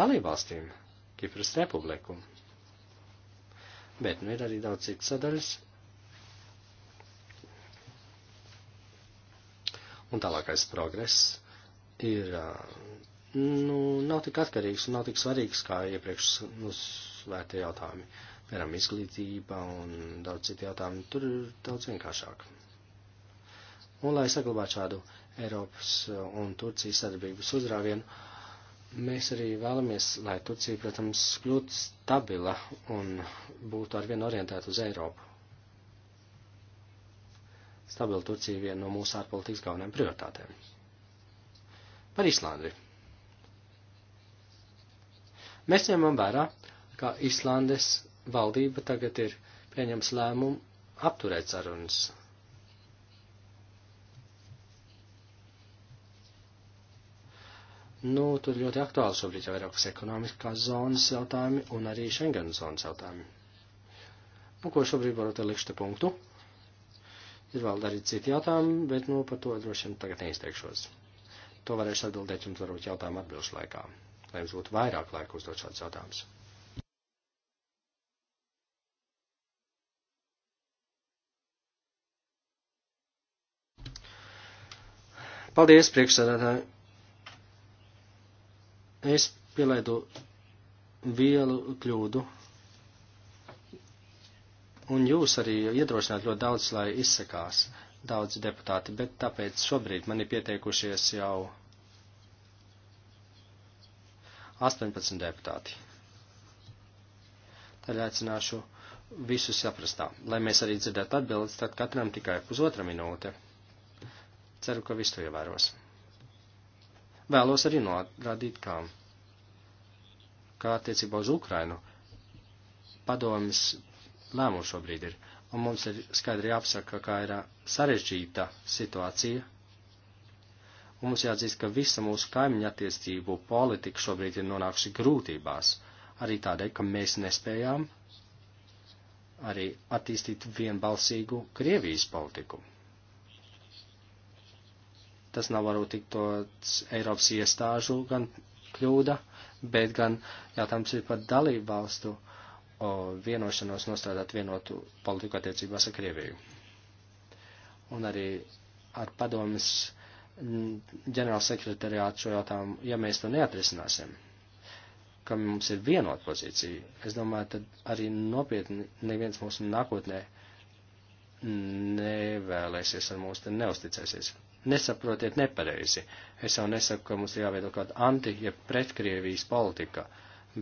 dalībvalstīm - Kipras republiku. Bet nu ir arī daudz citas sadaļas. Un tālākais progress ir, nu, nav tik atkarīgs un nav tik svarīgs kā iepriekš uzsvērtie jautājumi. Uh, piemēram, izglītība un daudz citu jautājumu, tur ir daudz vienkāršāk. Un, lai saglabātu šādu Eiropas un Turcijas sadarbības uzrāvienu, mēs arī vēlamies, lai Turcija, protams, kļūtu stabila un būtu arvien orientēta uz Eiropu. Stabila Turcija viena no mūsu ārpolitikas galvenajām prioritātēm. Par Islandi. Mēs ņemam vērā, ka Islandes valdība tagad ir pieņems lēmumu apturēt sarunas. Nu, tur ļoti aktuāli šobrīd jau Eiropas ekonomiskās zonas jautājumi un arī Schengen zonas jautājumi. Nu, ko šobrīd varu te likšķi punktu. Ir vēl arī citi jautājumi, bet, nu, par to droši vien tagad neizteikšos. To varēšu atbildēt jums varbūt jautājumu atbilšu laikā, lai jums būtu vairāk laika uzdot šādus jautājumus. Paldies, priekšsēdētāji. Es pielaidu vielu kļūdu. Un jūs arī iedrošināt ļoti daudz, lai izsakās daudz deputāti, bet tāpēc šobrīd man ir pieteikušies jau 18 deputāti. Tad aicināšu visus saprast tā, lai mēs arī dzirdētu atbildes, tad katram tikai pusotra minūte. Ceru, ka visu to ievēros. Vēlos arī norādīt, kā, kā attiecībā uz Ukrainu padomis lēmums šobrīd ir, un mums ir skaidri jāapsaka, kā ir uh, sarežģīta situācija, un mums jāatzīst, ka visa mūsu kaimiņa attiecību politika šobrīd ir nonākusi grūtībās, arī tādēļ, ka mēs nespējām arī attīstīt vienbalsīgu Krievijas politiku. Tas nav varbūt tik tots Eiropas iestāžu gan kļūda, bet gan jautājums ir par dalību valstu o, vienošanos nostrādāt vienotu politiku attiecībās ar Krieviju. Un arī ar padomis ģenerālsekretariātu šo jautājumu, ja mēs to neatrisināsim, ka mums ir vienota pozīcija, es domāju, tad arī nopietni neviens mūsu nākotnē nevēlēsies ar mūs, tad neusticēsies. Nesaprotiet nepareizi. Es jau nesaku, ka mums ir jāveido kāda anti, ja pretkrievijas politika,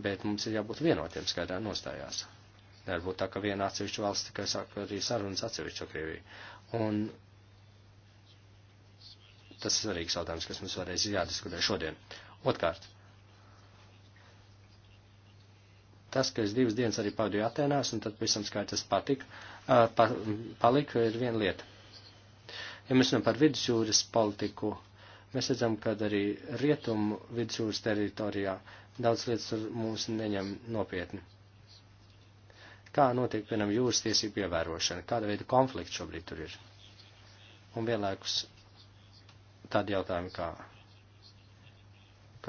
bet mums ir jābūt vienotiem skaidrā nostājās. Nevar būt tā, ka viena atsevišķa valsts tikai sāk arī sarunas atsevišķo Krieviju. Un tas ir svarīgs jautājums, kas mums vēlreiz ir jādiskutē šodien. Otkārt, tas, ka es divas dienas arī pavadīju Atenās, un tad pavisam skaidrs patika, pa, palika, ir viena lieta. Ja mēs runājam par vidusjūras politiku, mēs redzam, ka arī rietumu vidusjūras teritorijā daudz lietas tur mūs neņem nopietni. Kā notiek, piemēram, jūras tiesību ievērošana? Kāda veida konflikti šobrīd tur ir? Un vienlaikus tādi jautājumi kā,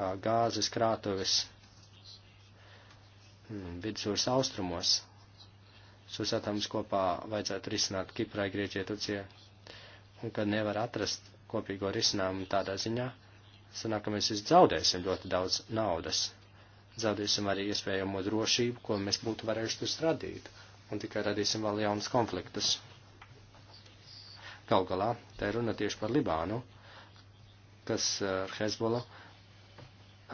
kā gāzes krātuves mm, vidusjūras austrumos, Susatams kopā vajadzētu risināt Kiprai, Grieķijai, Turcijai kad nevar atrast kopīgo risinājumu tādā ziņā, sanāk, ka mēs zaudēsim ļoti daudz naudas. Zaudēsim arī iespējamo drošību, ko mēs būtu varējuši tur radīt, un tikai radīsim vēl jaunas konfliktus. Gal galā, tā ir runa tieši par Libānu, kas ar eh, Hezbollah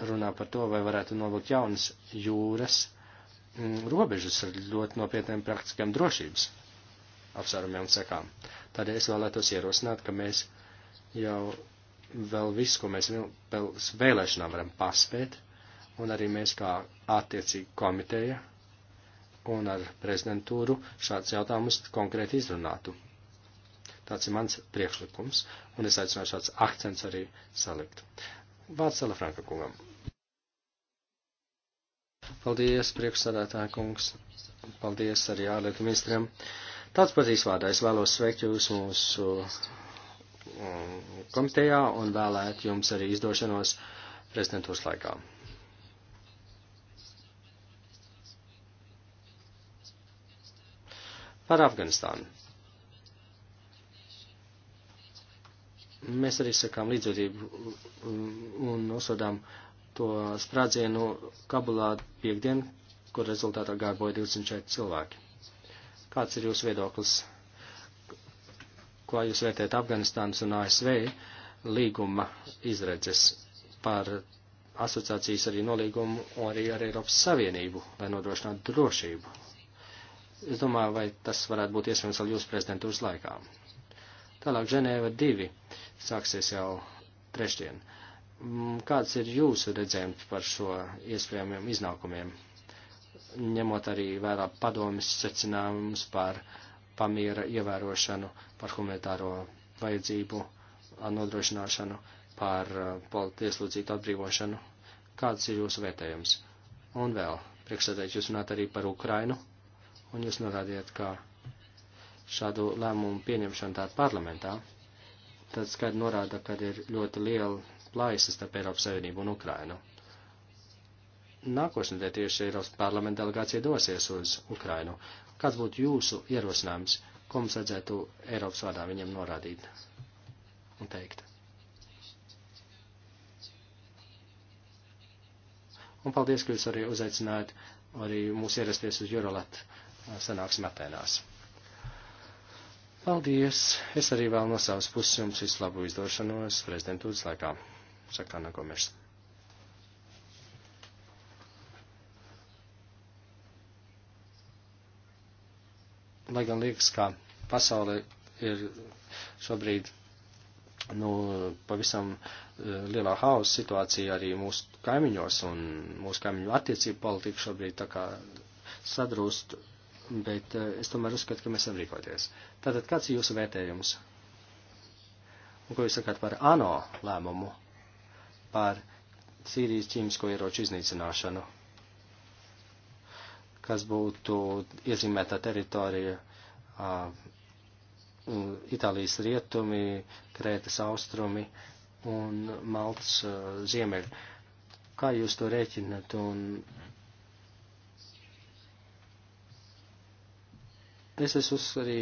runā par to, vai varētu novilkt jaunas jūras mm, robežas ar ļoti nopietniem praktiskiem drošības apsvērumiem un sekām. Tādēļ es vēlētos ierosināt, ka mēs jau vēl visu, ko mēs vēl vēlēšanām varam paspēt, un arī mēs kā attiecīgi komiteja un ar prezidentūru šāds jautājumus konkrēti izrunātu. Tāds ir mans priekšlikums, un es aicināju šāds akcents arī salikt. Vārds Salafranka kungam. Paldies, priekšsādātāja kungs. Paldies arī ārlietu ministriem. Uh, Tāds pazīs vārdā es vēlos sveikt jūs mūsu um, komitejā un vēlēt jums arī izdošanos prezidentūras laikā. Par Afganistānu. Mēs arī sakām līdzjūtību um, un nosodām to sprādzienu Kabulā piekdien, kur rezultātā gāja bojā 24 cilvēki. Kāds ir jūsu viedoklis? Kā jūs vērtējat Afganistānas un ASV līguma izredzes par asociācijas arī nolīgumu arī ar Eiropas Savienību, lai nodrošinātu drošību? Es domāju, vai tas varētu būt iespējams vēl jūsu prezidentūras laikā. Tālāk Ženēva 2 sāksies jau trešdien. Mm, kāds ir jūsu redzējums par šo iespējamiem iznākumiem? ņemot arī vērā padomjas secinājumus par pamiera ievērošanu, par humanitāro vajadzību nodrošināšanu, par politieslūdzītu atbrīvošanu. Kāds ir jūsu vērtējums? Un vēl, priekšsēdētājs, jūs runājat arī par Ukrainu, un jūs norādījat, ka šādu lēmumu pieņemšana tādā parlamentā, tad skaidri norāda, ka ir ļoti liela plaisa starp Eiropas Savienību un Ukrainu nākošanai tieši Eiropas parlamenta delegācija dosies uz Ukrainu. Kāds būtu jūsu ierosinājums, ko mums vajadzētu Eiropas vārdā viņiem norādīt un teikt? Un paldies, ka jūs arī uzaicinājāt arī mūs ierasties uz Jurolat uh, sanāksim Atēnās. Paldies! Es arī vēl no savas puses jums visu labu izdošanos prezidentūras laikā, saka Anna Gomeša. lai gan liekas, ka pasaule ir šobrīd, nu, pavisam eh, lielā hausa situācija arī mūsu kaimiņos un mūsu kaimiņu attiecību politika šobrīd tā kā sadrūst, bet eh, es tomēr uzskatu, ka mēs varam rīkoties. Tātad, kāds ir jūsu vērtējums? Un ko jūs sakāt par ANO lēmumu par Sīrijas ķīmisko ieroču iznīcināšanu? kas būtu iezīmēta teritorija uh, Itālijas rietumi, Krētas austrumi un Maltas uh, ziemeļi. Kā jūs to rēķinat? Un es esmu uz, arī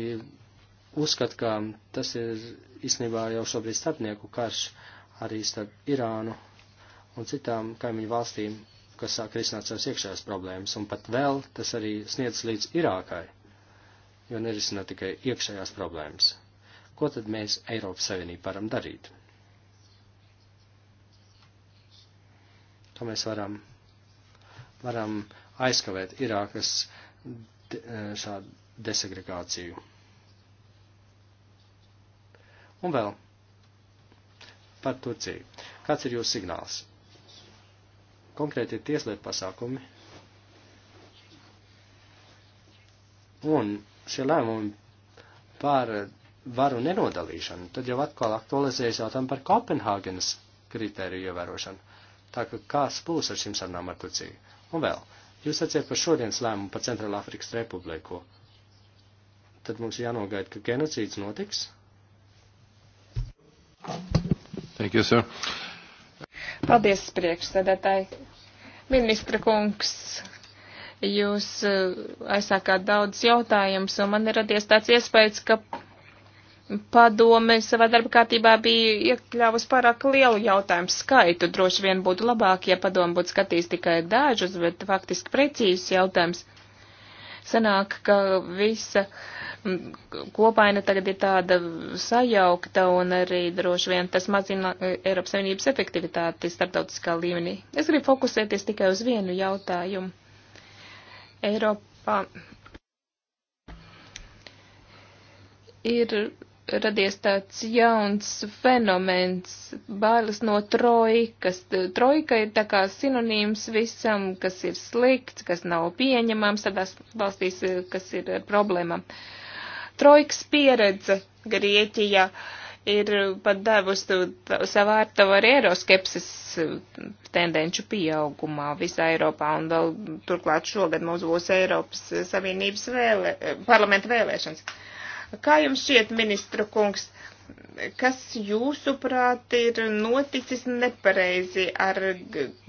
uzskatu, ka tas ir īstenībā jau šobrīd starpnieku karš arī starp Irānu un citām kaimiņu valstīm kas sāk risināt savas iekšējās problēmas, un pat vēl tas arī sniedz līdz Irākai, jo nerisina tikai iekšējās problēmas. Ko tad mēs Eiropas Savienībā varam darīt? Kā mēs varam, varam aizkavēt Irākas de, eh, šādu desegregāciju? Un vēl par Turciju. Kāds ir jūsu signāls? konkrēti ir tieslietu pasākumi. Un šie lēmumi par varu nenodalīšanu, tad jau atkal aktualizējas jautājumu par Kopenhāgenes kritēriju ievērošanu. Tā kā kāds būs ar šīm sarunām ar Turciju? Un vēl, jūs atciet par šodienas lēmumu par Centrālā Afrikas Republiku. Tad mums jānogaida, ka genocīds notiks? Thank you, sir. Paldies, priekšsēdētāji. Ministra kungs, jūs eh, aizsākāt daudz jautājumus, un man ir radies tāds iespējas, ka padome savā darba kārtībā bija iekļāvusi pārāk lielu jautājumu skaitu. Droši vien būtu labāk, ja padome būtu skatījis tikai dažus, bet faktiski precīzus jautājumus sanāk, ka visa kopaina tagad ir tāda sajaukta un arī droši vien tas mazina e, Eiropas Savienības efektivitāti starptautiskā līmenī. Es gribu fokusēties tikai uz vienu jautājumu. Eiropā ir radies tāds jauns fenomens, bailes no trojkas. Trojka ir tā kā sinonīms visam, kas ir slikts, kas nav pieņemams tādās valstīs, eh, kas ir eh, problēma. Trojkas pieredze Grieķijā ir pat devusi savā artavu arī eiroskepsis eh, tendenču pieaugumā visā Eiropā, un vēl turklāt šogad mums būs Eiropas Savienības vēlē, parlamenta vēlēšanas. Uh, Kā jums šķiet, ministra kungs, kas jūsuprāt ir noticis nepareizi ar,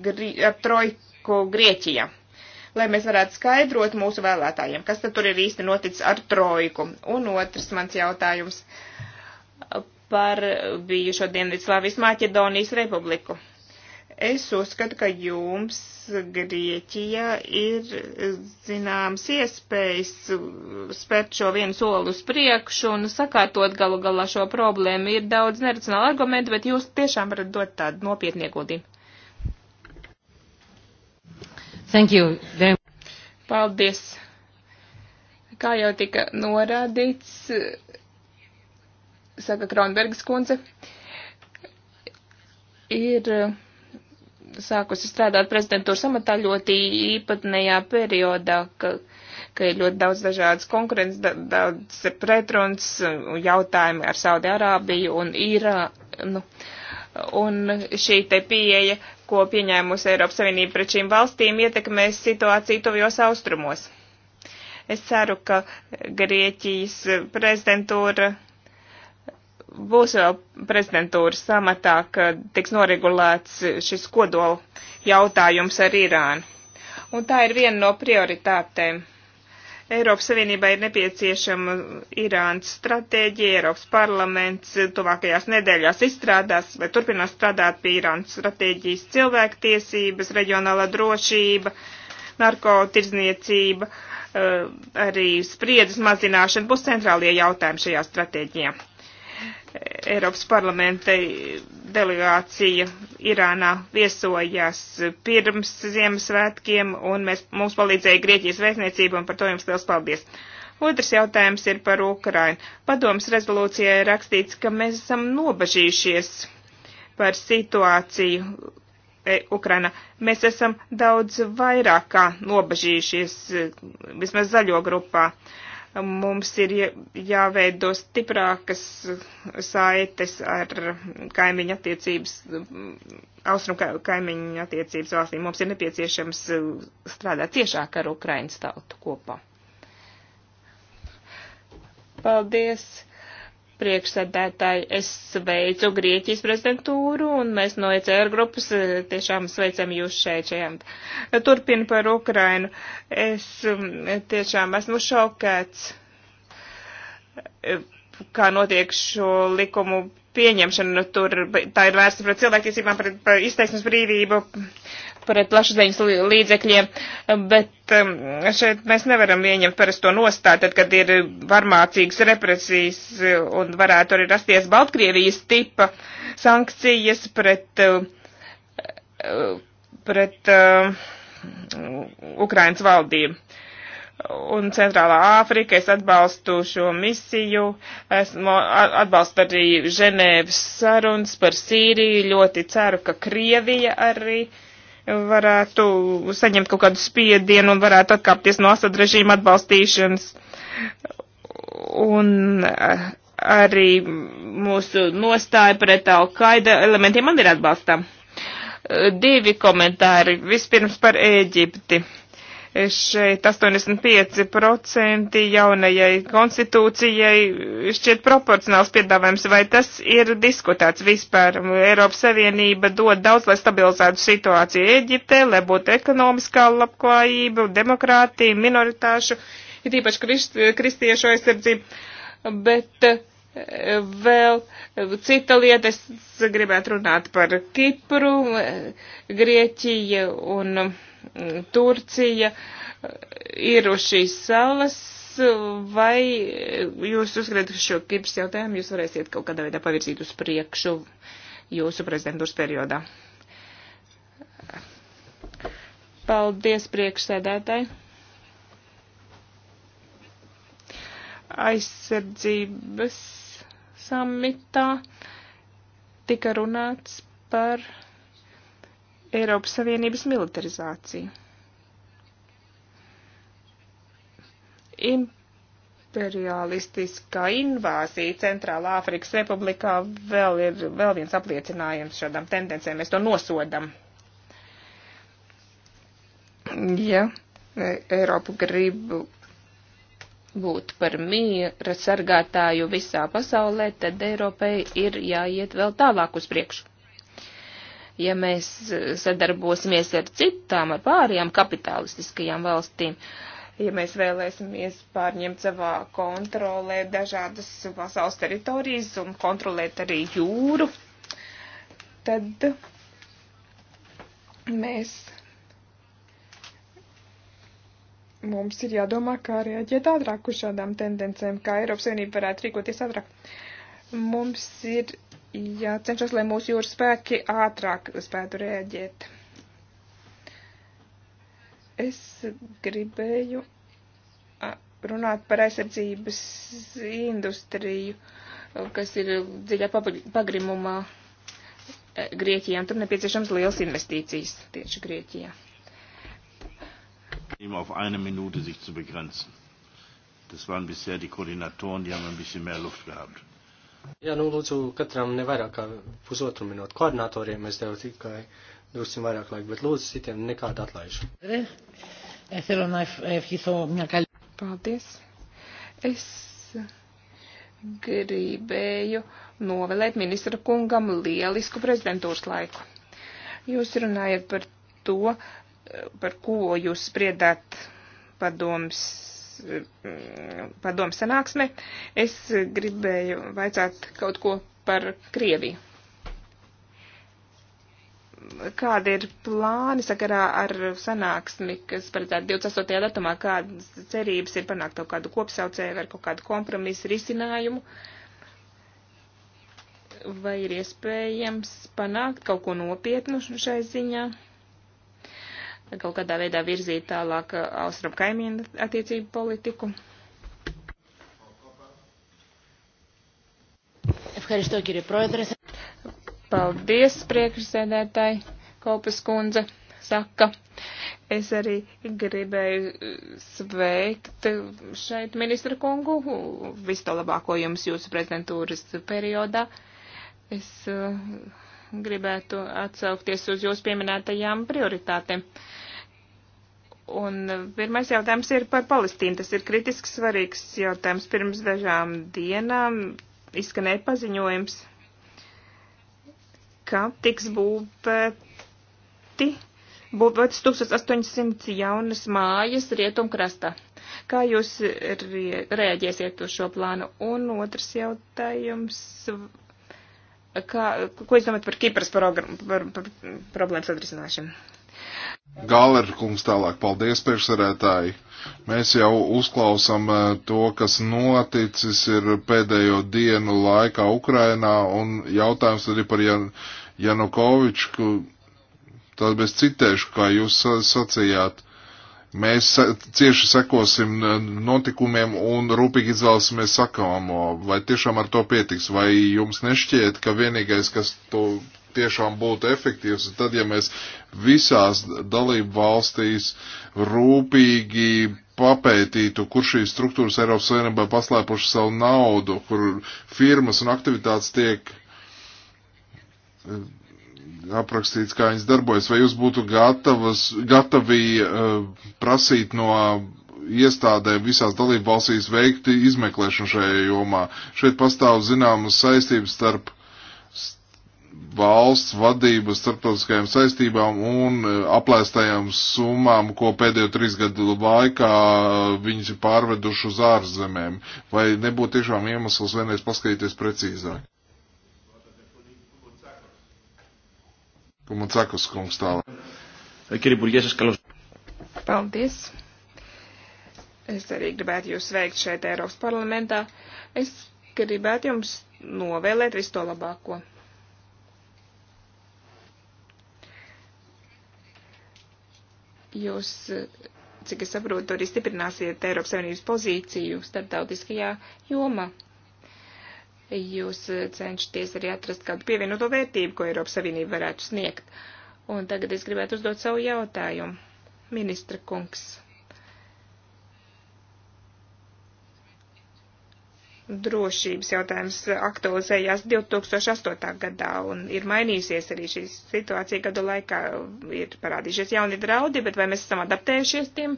gri, ar trojku Grieķijā? Lai mēs varētu skaidrot mūsu vēlētājiem, kas tad tur ir īsti noticis ar trojku. Un otrs mans jautājums par bijušo Dienvidslāvijas Maķedonijas republiku. Es uzskatu, ka jums Grieķijā ir zināms iespējas spērt šo vienu soli uz priekšu un sakārtot galu galā šo problēmu. Ir daudz neracionāla argumenta, bet jūs tiešām varat dot tādu nopietnu ieguldījumu. Thank you. Very... Paldies. Kā jau tika norādīts, saka Kronbergas kundze, ir. Uh, sākusi strādāt prezidentūras amatā ļoti īpatnējā periodā, ka, ka ir ļoti daudz dažādas konkurences, da, daudz pretruns, jautājumi ar Saudi Arābiju un Irānu. Un šī te pieeja, ko pieņēmusi Eiropas Savienība pret šīm valstīm, ietekmēs situāciju tuvjos austrumos. Es ceru, ka Grieķijas prezidentūra būs vēl prezidentūras samatā, kad tiks noregulēts šis kodola jautājums ar Irānu. Un tā ir viena no prioritātēm. Eiropas Savienībā ir nepieciešama Irānas stratēģija, Eiropas parlaments tuvākajās nedēļās izstrādās vai turpinās strādāt pie Irānas stratēģijas cilvēktiesības, reģionālā drošība, narkotirdzniecība, eh, arī spriedzes mazināšana būs centrālie jautājumi šajā stratēģijā. Eiropas parlamenta delegācija Irānā viesojās pirms Ziemassvētkiem, un mēs, mums palīdzēja Grieķijas vēstniecība, un par to jums liels paldies. Otrs jautājums ir par Ukrainu. Padomas rezolūcijā ir rakstīts, ka mēs esam nobažījušies par situāciju e, Ukraina. Mēs esam daudz vairāk kā nobažījušies, e, vismaz zaļo grupā. Uh, mums ir jāveido stiprākas saites ar kaimiņu attiecības, austrumu kaimiņu attiecības valstīm. Mums ir nepieciešams strādāt ciešāk ar Ukraiņas tautu kopā. Paldies! priekšsēdētāji, es sveicu Grieķijas prezidentūru un mēs no ECR grupas eh, tiešām sveicam jūs šeit šajām. Turpin par Ukrainu. Es mm, tiešām esmu šokēts, eh, kā notiek šo likumu pieņemšanu. Nu, tur tā ir vērsta pret cilvēktiesībām, pret, pret izteiksmes brīvību, pret plašsaziņas līdzekļiem, bet um, šeit mēs nevaram ieņemt parasto nostāju, tad, kad ir varmācīgas represijas un varētu arī rasties Baltkrievijas tipa sankcijas pret, uh, uh, pret uh, Ukrainas valdību un Centrālā Āfrika. Es atbalstu šo misiju, esmu atbalstu arī Ženēvas sarunas par Sīriju. Ļoti ceru, ka Krievija arī varētu saņemt kaut kādu spiedienu un varētu atkāpties no Asad režīma atbalstīšanas. Un eh, arī mūsu nostāja pret Alkaida elementiem man ir atbalstām. Eh, divi komentāri. Vispirms par Ēģipti. Uh, šeit 85% jaunajai konstitūcijai šķiet proporcionāls piedāvājums, vai tas ir diskutēts vispār. Eiropas Savienība dod daudz, lai stabilizētu situāciju Eģiptē, lai būtu ekonomiskā labklājība, demokrātija, minoritāšu, ir īpaši krist, kristiešu aizsardzība, bet uh, Vēl cita lieta, es gribētu runāt par Kipru, Grieķija un mm, Turcija ir uz šīs salas. Vai jūs uzskatāt, ka šo Kipras jautājumu jūs varēsiet kaut kādā veidā pavirzīt uz priekšu jūsu prezidentūras periodā? Paldies priekšsēdētāji! aizsardzības samitā tika runāts par Eiropas Savienības militarizāciju. Imperialistiskā invāzija Centrālā Āfrikas Republikā vēl ir vēl viens apliecinājums šādām tendencēm. Mēs to nosodam. Ja Eiropu gribu būt par miera sargātāju visā pasaulē, tad Eiropai ir jāiet vēl tālāk uz priekšu. Ja mēs sadarbosimies ar citām, ar pārējām kapitalistiskajām valstīm, ja mēs vēlēsimies pārņemt savā kontrolē dažādas pasaules teritorijas un kontrolēt arī jūru, tad mēs mums ir jādomā, kā reaģēt ātrāk uz šādām tendencēm, kā Eiropas Savienība varētu rīkoties ātrāk. Mums ir jācenšas, lai mūsu jūras spēki ātrāk spētu reaģēt. Es gribēju runāt par aizsardzības industriju, kas ir dziļā pagrimumā e, Grieķijā, un tur nepieciešams liels investīcijas tieši Grieķijā. Immer auf eine Minute sich zu begrenzen. Tas waren bisher die Koordinatoren, die haben ein bisschen mehr Luft gehabt. Jā, nu, lūdzu, katram ne vairāk kā pusotru minūtu. Koordinatoriem es tev tikai dosim vairāk laika, bet lūdzu, citiem nekādu atlaižu. Eh, Paldies. Es gribēju novēlēt ministra kungam lielisku prezidentūras laiku. Jūs runājat par to, par ko jūs spriedāt padoms, padoms sanāksme. Es gribēju vaicāt kaut ko par Krieviju. Kāda ir plāni sakarā ar sanāksmi, kas paredzēta 28. datumā, kādas cerības ir panākt kaut kādu kopsaucēju vai kaut kādu kompromisu risinājumu? Vai ir iespējams panākt kaut ko nopietnu šai ziņā? kaut kādā veidā virzīt tālāk uh, austram kaimienu attiecību politiku. Paldies, priekšsēdētāji, Kopas kundze saka. Es arī gribēju uh, sveikt šeit ministra kungu, visu to labāko jums jūsu prezidentūras periodā. Es uh, gribētu atsaukties uz jūsu pieminētajām prioritātēm. Uh, Un pirmais jautājums ir par Palestīnu. Tas ir kritiski svarīgs jautājums. Pirms dažām dienām izskanēja paziņojums, ka tiks būvēti, būvētas 1800 jaunas mājas rietumkrastā. Kā jūs reaģēsiet uz šo plānu? Un otrs jautājums, kā, ko jūs domājat par Kipras par, par, par problēmas atrisināšanu? Galer kungs tālāk, paldies priekšsarētāji. Mēs jau uzklausām eh, to, kas noticis ir pēdējo dienu laikā Ukrainā, un jautājums arī par Jan Janukoviču, tad es citēšu, kā jūs sacījāt. Mēs cieši sekosim eh, notikumiem un rūpīgi izvēlēsimies sakāmo, vai tiešām ar to pietiks, vai jums nešķiet, ka vienīgais, kas to tiešām būtu efektīvs, tad, ja mēs visās dalību valstīs rūpīgi papētītu, kur šīs struktūras Eiropas Savienībā paslēpuši savu naudu, kur firmas un aktivitātes tiek eh, aprakstīts, kā viņas darbojas, vai jūs būtu gatavas, gatavi uh, prasīt no iestādēm visās dalību valstīs veikti izmeklēšanu šajā jomā. Šeit pastāv zināmas saistības starp valsts vadības starptautiskajām saistībām un e, aplēstajām summām, ko pēdējo trīs gadu laikā e, viņas ir pārveduši uz ārzemēm? Vai nebūtu tiešām iemesls vienreiz paskatīties precīzāk? Kumuncakas kungs tālāk. Paldies! Es arī gribētu jūs sveikt šeit Eiropas parlamentā. Es gribētu jums novēlēt visu to labāko. Jūs, cik es saprotu, arī stiprināsiet Eiropas Savienības pozīciju starptautiskajā jomā. Jūs eh, cenšaties arī atrast kādu pievienoto vērtību, ko Eiropas Savienība varētu sniegt. Un tagad es gribētu uzdot savu jautājumu. Ministra kungs. drošības jautājums aktualizējās 2008. gadā un ir mainījusies arī šī situācija gadu laikā. Ir parādījušies jauni draudi, bet vai mēs esam adaptējušies tiem?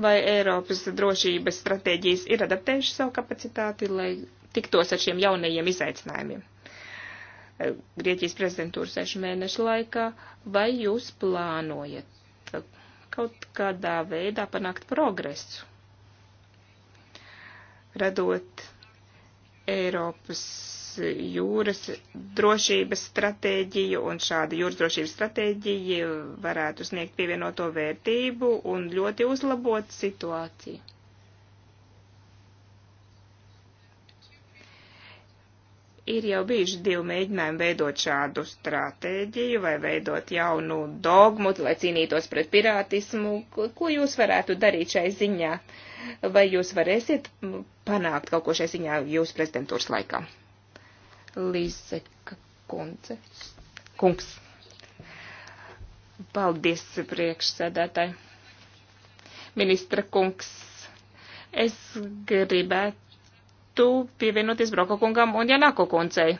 Vai Eiropas drošības stratēģijas ir adaptējušas savu kapacitāti, lai tiktos ar šiem jaunajiem izaicinājumiem? Grieķijas prezidentūras sešu mēnešu laikā, vai jūs plānojat kaut kādā veidā panākt progresu, radot Eiropas jūras drošības stratēģiju, un šāda jūras drošības stratēģija varētu sniegt pievienoto vērtību un ļoti uzlabot situāciju. Ir jau bijuši divi mēģinājumi veidot šādu stratēģiju vai veidot jaunu dogmu, lai cīnītos pret pirātismu. Ko jūs varētu darīt šai ziņā? Uh, Vai jūs varēsiet panākt kaut ko šai ziņā jūsu prezidentūras laikā? Līseka kundze. Kungs. Paldies, priekšsēdētāji. Ministra kungs, es gribētu pievienoties Broka kungam un Janako kundzei.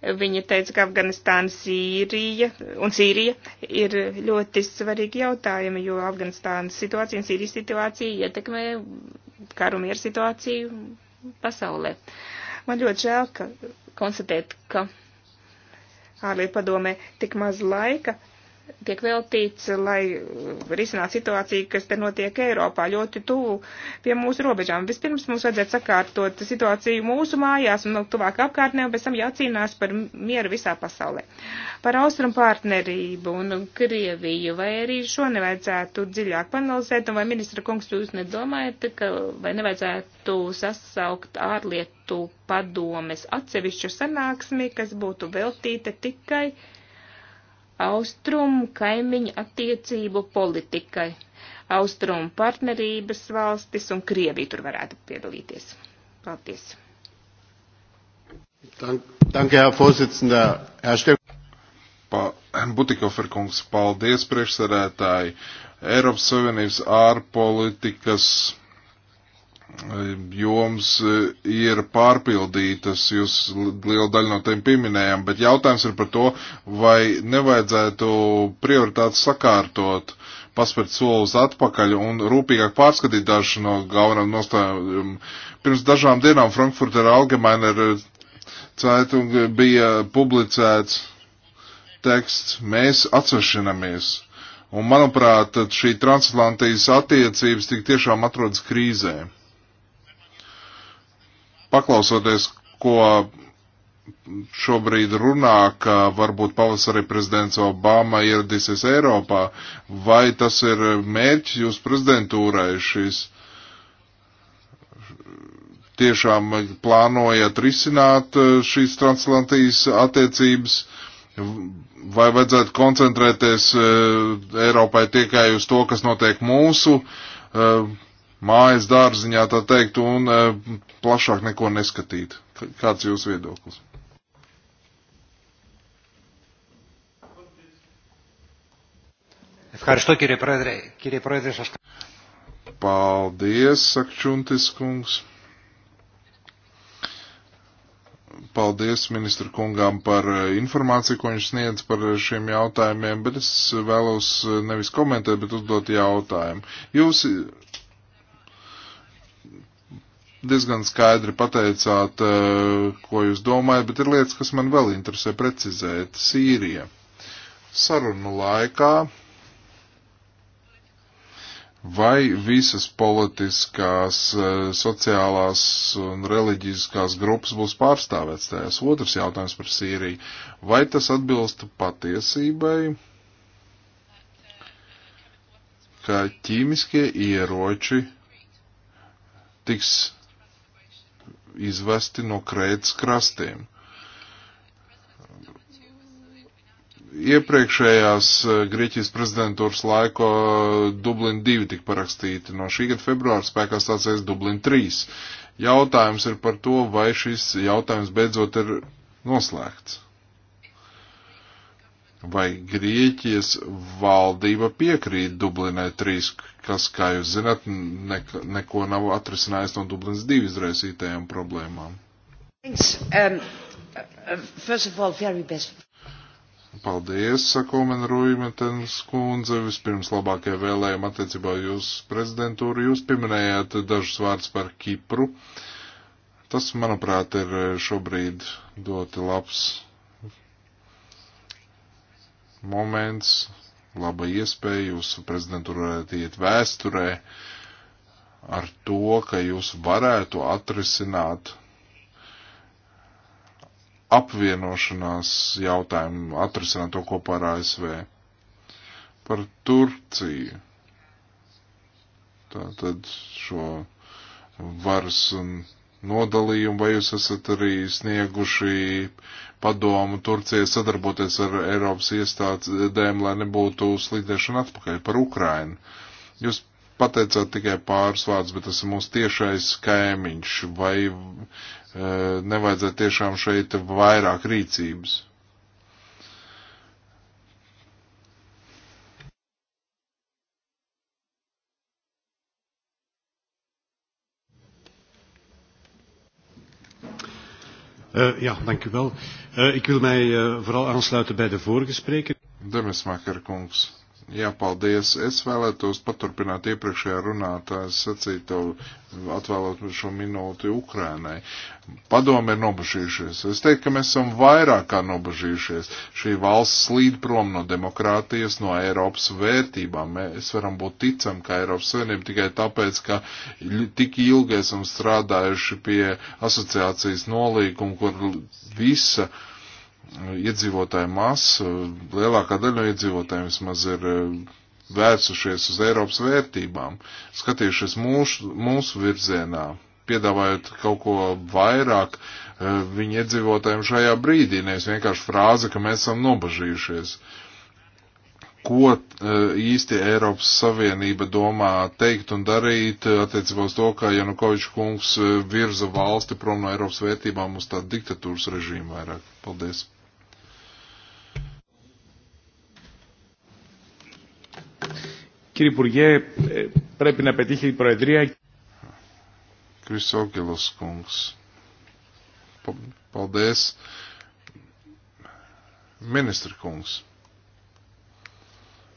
Viņa teica, ka Afganistāna Sīrija un Sīrija ir ļoti svarīgi jautājumi, jo Afganistānas situācija un Sīrijas situācija ietekmē karu mieru situāciju pasaulē. Man ļoti žēl, ka konstatēt, ka ārlietu padomē tik maz laika tiek veltīts, lai risinātu situāciju, kas te notiek Eiropā ļoti tuvu pie mūsu robežām. Vispirms mums vajadzētu sakārtot situāciju mūsu mājās un tuvāk apkārtnē, un pēc tam jācīnās par mieru visā pasaulē. Par austrumu partnerību un Krieviju, vai arī šo nevajadzētu dziļāk panalizēt, un vai ministra kungs jūs nedomājat, ka vai nevajadzētu sasaukt ārlietu padomes atsevišķu sanāksmi, kas būtu veltīta tikai austrumu kaimiņu attiecību politikai. Austrumu partnerības valstis un Krievija tur varētu piedalīties. Paldies. Danke, Herr Vorsitzender. Herr Steff. Pa, Butikofer kungs, paldies priekšsēdētāji. Eiropas Savienības ārpolitikas joms e, ir pārpildītas, jūs lielu daļu no tiem pieminējām, bet jautājums ir par to, vai nevajadzētu prioritātes sakārtot, paspērt solus atpakaļ un rūpīgāk pārskatīt dažu no galvenām nostājām. Pirms dažām dienām Frankfurter Allgemeiner Zeitung bija publicēts teksts Mēs atsevišķinamies. Un, manuprāt, šī transatlantijas attiecības tik tiešām atrodas krīzē paklausoties, ko šobrīd runā, ka varbūt pavasarī prezidents Obama ieradīsies Eiropā, vai tas ir mērķis jūs prezidentūrai šīs tiešām plānojat risināt uh, šīs transatlantijas attiecības, vai vajadzētu koncentrēties uh, Eiropai tikai uz to, kas notiek mūsu uh, mājas dārziņā, tā teikt, un e, plašāk neko neskatīt. Kāds jūsu viedoklis? Ευχαριστώ κύριε Πρόεδρε. Κύριε Πρόεδρε σας... Paldies, Sakčuntis kungs. Paldies ministru kungām par e, informāciju, ko viņš sniedz par e, šiem jautājumiem, bet es vēlos nevis komentēt, bet uzdot jautājumu. Jūs diezgan skaidri pateicāt, eh, ko jūs domājat, bet ir lietas, kas man vēl interesē precizēt. Sīrija. Sarunu laikā vai visas politiskās, eh, sociālās un reliģiskās grupas būs pārstāvēts tajās? Otrs jautājums par Sīriju. Vai tas atbilst patiesībai, ka ķīmiskie ieroči tiks izvesti no Krētas krastiem. Iepriekšējās eh, Grieķijas prezidentūras laiko eh, Dublin 2 tika parakstīti. No šī gada februāra spēkā stāsies Dublin 3. Jautājums ir par to, vai šis jautājums beidzot ir noslēgts vai Grieķijas valdība piekrīt Dublinai 3, kas, kā jūs zināt, ne, neko nav atrisinājis no Dublinas 2 izraisītajām problēmām. Thanks. Um, um, first of all, very best. Paldies, saka Omen Rūjimetens kundze. Vispirms labākie vēlējumi attiecībā jūs prezidentūru. Jūs pieminējāt dažus vārdus par Kipru. Tas, manuprāt, ir šobrīd ļoti labs moments, laba iespēja, jūs prezidentūra varētu iet vēsturē ar to, ka jūs varētu atrisināt apvienošanās jautājumu, atrisināt to kopā ar ASV. Par Turciju. Tātad šo varas un nodalījumu, vai jūs esat arī snieguši padomu Turcijai sadarboties ar Eiropas iestādēm, lai nebūtu slīdēšana atpakaļ par Ukrainu. Jūs pateicāt tikai pāris vārdus, bet tas ir mūsu tiešais kaimiņš, vai e, nevajadzētu tiešām šeit vairāk rīcības? Uh, ja, dank u wel. Uh, ik wil mij uh, vooral aansluiten bij de vorige spreker. Demesmaker, Kongs. Jā, paldies. Es vēlētos paturpināt iepriekšējā runātājas sacīto, atvēlot šo minūti Ukrainai. Padomi ir nobažījušies. Es teiktu, ka mēs esam vairāk kā nobažījušies. Šī valsts slīd prom no demokrātijas, no Eiropas vērtībām. Mēs varam būt ticam, ka Eiropas savienība tikai tāpēc, ka tik ilgi esam strādājuši pie asociācijas nolīguma, kur visa uh, iedzīvotāju masa, lielākā daļa no iedzīvotājiem vismaz ir eh, vērsušies uz Eiropas vērtībām, skatījušies mūsu, mūsu virzienā, piedāvājot kaut ko vairāk eh, viņu iedzīvotājiem šajā brīdī, nevis vienkārši frāze, ka mēs esam nobažījušies. Uh, ko e, īsti Eiropas Savienība domā teikt un darīt e, attiecībā uz to, ka Janukovičs kungs e, virza valsti prom no Eiropas vērtībām uz tādu diktatūras režīmu vairāk. Paldies! Κύριε Υπουργέ, πρέπει να πετύχει η Προεδρία. Κρυσόγγελος Κούγκς. Paldies. Ministra kungs.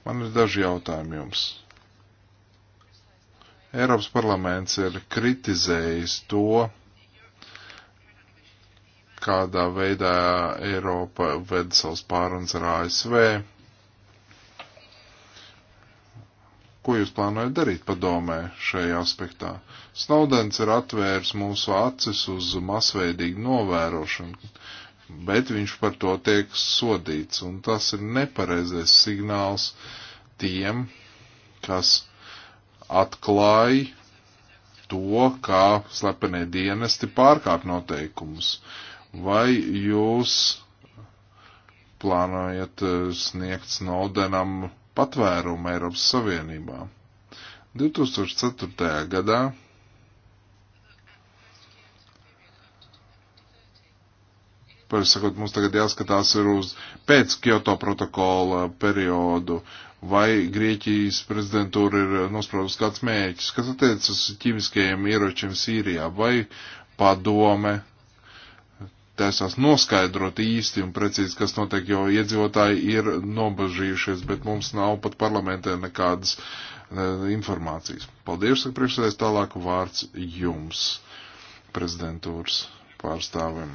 Man ir daži jautājumi jums. Eiropas parlaments ir kritizējis to, kādā veidā Eiropa ved savus pārunas ar ASV. Ko jūs plānojat darīt padomē šajā aspektā? Snowdens ir atvērs mūsu acis uz masveidīgu novērošanu, bet viņš par to tiek sodīts, un tas ir nepareizais signāls tiem, kas atklāja to, kā slepenie dienesti pārkāp noteikumus. Vai jūs plānojat eh, sniegt Snowdenam patvērumu Eiropas Savienībā? 2004. gadā Sakot, mums tagad jāskatās ir uz pēc Kyoto protokola periodu, vai Grieķijas prezidentūra ir nospraudusi kāds mēģis, kas attiecas uz ķīmiskajiem ieročiem Sīrijā, vai padome taisās noskaidrot īsti un precīzi, kas notiek, jo iedzīvotāji ir nobažījušies, bet mums nav pat parlamentē nekādas ne, informācijas. Paldies, saka priekšsēdētājs, tālāk vārds jums, prezidentūras pārstāvim.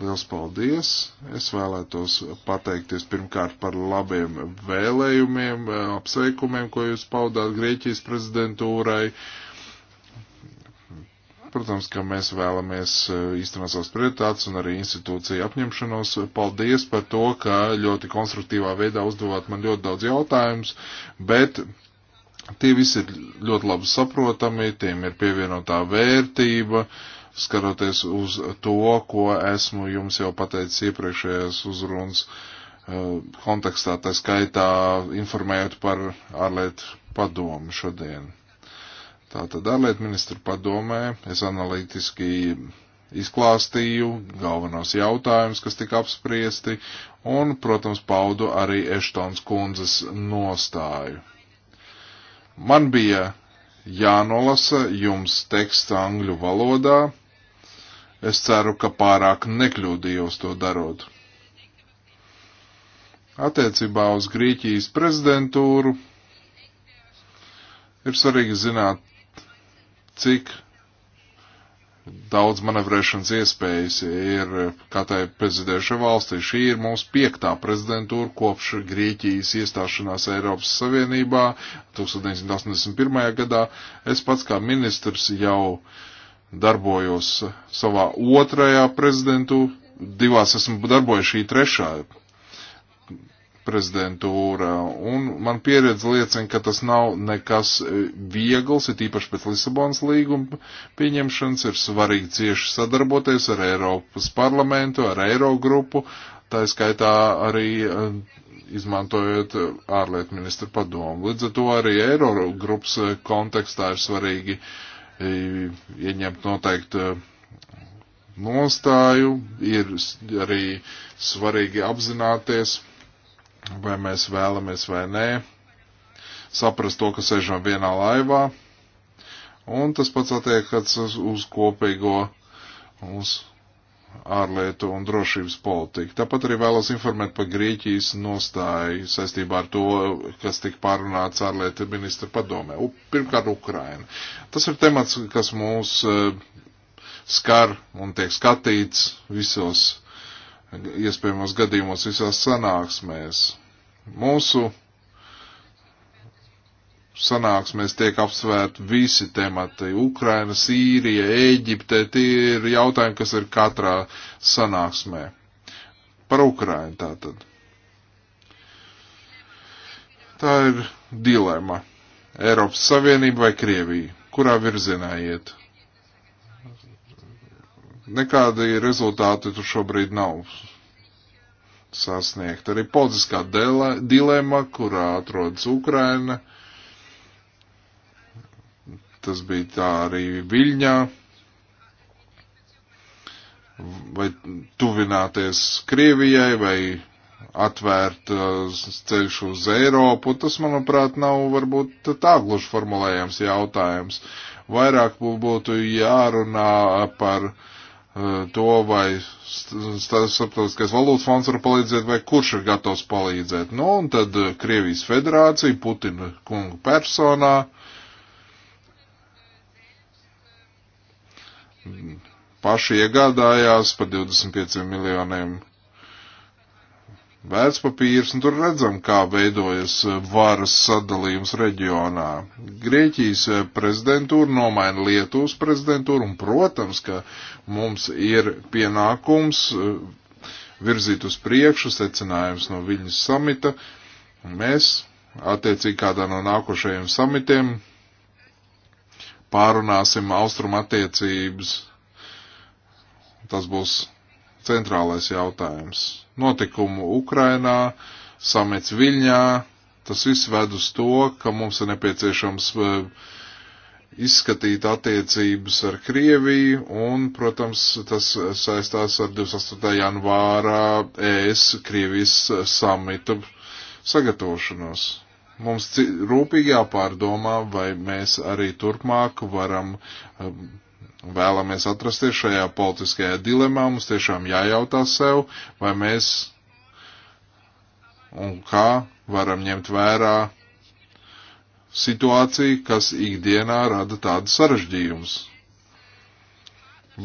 Liels paldies! Es vēlētos pateikties pirmkārt par labiem vēlējumiem, eh, apsveikumiem, ko jūs paudāt Grieķijas prezidentūrai. Protams, ka mēs vēlamies eh, īstenot savas prioritātes un arī institūciju apņemšanos. Paldies par to, ka ļoti konstruktīvā veidā uzdevāt man ļoti daudz jautājumus, bet tie visi ir ļoti labi saprotami, tiem ir pievienotā vērtība. Uh, skaroties uz to, ko esmu jums jau pateicis iepriekšējās uzrunas uh, kontekstā, tā skaitā informējot par ārlietu padomu šodien. Tātad ārlietu ministru padomē es analītiski izklāstīju galvenos jautājumus, kas tika apspriesti, un, protams, paudu arī Eštons kundzes nostāju. Man bija jānolasa jums teksts angļu valodā, Es ceru, ka pārāk nekļūdījos to darot. Attiecībā uz Grieķijas prezidentūru ir svarīgi zināt, cik daudz manevrēšanas iespējas ir katrai prezidēša valstī. Šī ir mūsu piektā prezidentūra kopš Grieķijas iestāšanās Eiropas Savienībā 1981. gadā. Es pats kā ministrs jau uh, darbojos savā otrajā prezidentu, divās esmu darbojies šī trešā prezidentūra, un man pieredze liecina, ka tas nav nekas e, viegls, ir īpaši pēc Lisabonas līguma pieņemšanas, ir svarīgi cieši sadarboties ar Eiropas parlamentu, ar Eirogrupu, tā skaitā arī e, izmantojot ārlietu ministru padomu. Līdz ar to arī Eirogrupas kontekstā ir svarīgi uh, ieņemt noteiktu eh, nostāju, ir arī svarīgi apzināties, vai mēs vēlamies vai nē, saprast to, ka sēžam vienā laivā, un tas pats attiekas uz kopīgo, uz ārlietu un drošības politiku. Tāpat arī vēlos informēt par Grieķijas nostāju saistībā ar to, kas tika pārunāts ārlietu ministra padomē. Pirmkārt, Ukraina. Tas ir temats, kas mūs e, skar un tiek skatīts visos iespējamos gadījumos, visās sanāksmēs. Mūsu sanāksmēs tiek apsvērti visi temati - Ukraina, Sīrija, Ēģipte, tie ir jautājumi, kas ir katrā sanāksmē. Par Ukrainu tātad. Tā ir dilema. Eiropas Savienība vai Krievija? Kurā virzienā iet? Nekādi rezultāti tur šobrīd nav sasniegt. Arī politiskā dilema, kurā atrodas Ukraina Tas bija tā arī Viļņā. Vai tuvināties Krievijai, vai atvērt uh, ceļš uz Eiropu, tas, manuprāt, nav varbūt tā gluži formulējams jautājums. Vairāk būtu jārunā par uh, to, vai starptautiskais valūtas fonds var palīdzēt, vai kurš ir gatavs palīdzēt. Nu, un tad Krievijas federācija, Putina kunga personā, paši iegādājās par 25 miljoniem vērtspapīrs, un tur redzam, kā veidojas eh, varas sadalījums reģionā. Grieķijas eh, prezidentūra nomaina Lietuvas prezidentūru, un, protams, ka mums ir pienākums eh, virzīt uz priekšu secinājums no viņas samita, un mēs, attiecīgi kādā no nākošajiem samitiem, pārunāsim austrumu attiecības. Tas būs centrālais jautājums. Notikumu Ukrainā, samets Viļņā, tas viss ved uz to, ka mums ir nepieciešams e, izskatīt attiecības ar Krieviju, un, protams, tas saistās ar 28. janvārā ES Krievijas samitu sagatavošanos. Mums rūpīgi jāpārdomā, vai mēs arī turpmāk varam, um, vēlamies atrasties šajā politiskajā dilemā. Mums tiešām jājautā sev, vai mēs un kā varam ņemt vērā situāciju, kas ikdienā rada tādu sarežģījumus.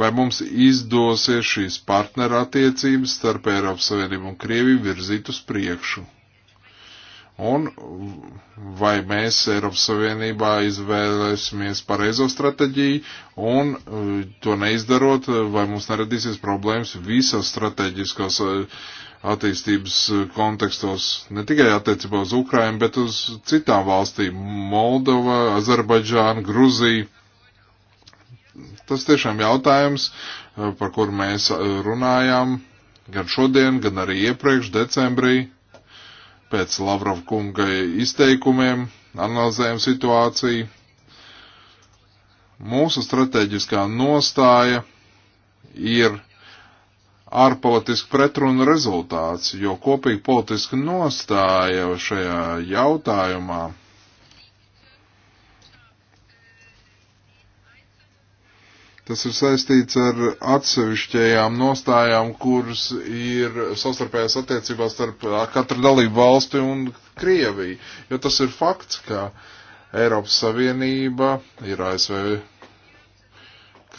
Vai mums izdosies šīs partnerattiecības starp Eiropas Savienību un Krieviju virzīt uz priekšu? Un vai mēs Eiropas Savienībā izvēlēsimies pareizo stratēģiju un uh, to neizdarot, uh, vai mums neradīsies problēmas visos strateģiskos uh, attīstības kontekstos, ne tikai attiecībā uz Ukrainu, bet uz citām valstīm - Moldova, Azerbaidžāna, Gruzija. Tas tiešām jautājums, par kuru mēs runājām gan šodien, gan arī iepriekš decembrī pēc Lavrov kunga izteikumiem, analizējam situāciju. Mūsu strateģiskā nostāja ir ārpolitiski pretrunu rezultāts, jo kopīgi politiska nostāja šajā jautājumā Tas ir saistīts ar atsevišķajām nostājām, kuras ir sastarpējās attiecībās starp katru dalību valsti un Krieviju. Jo tas ir fakts, ka Eiropas Savienība ir ASV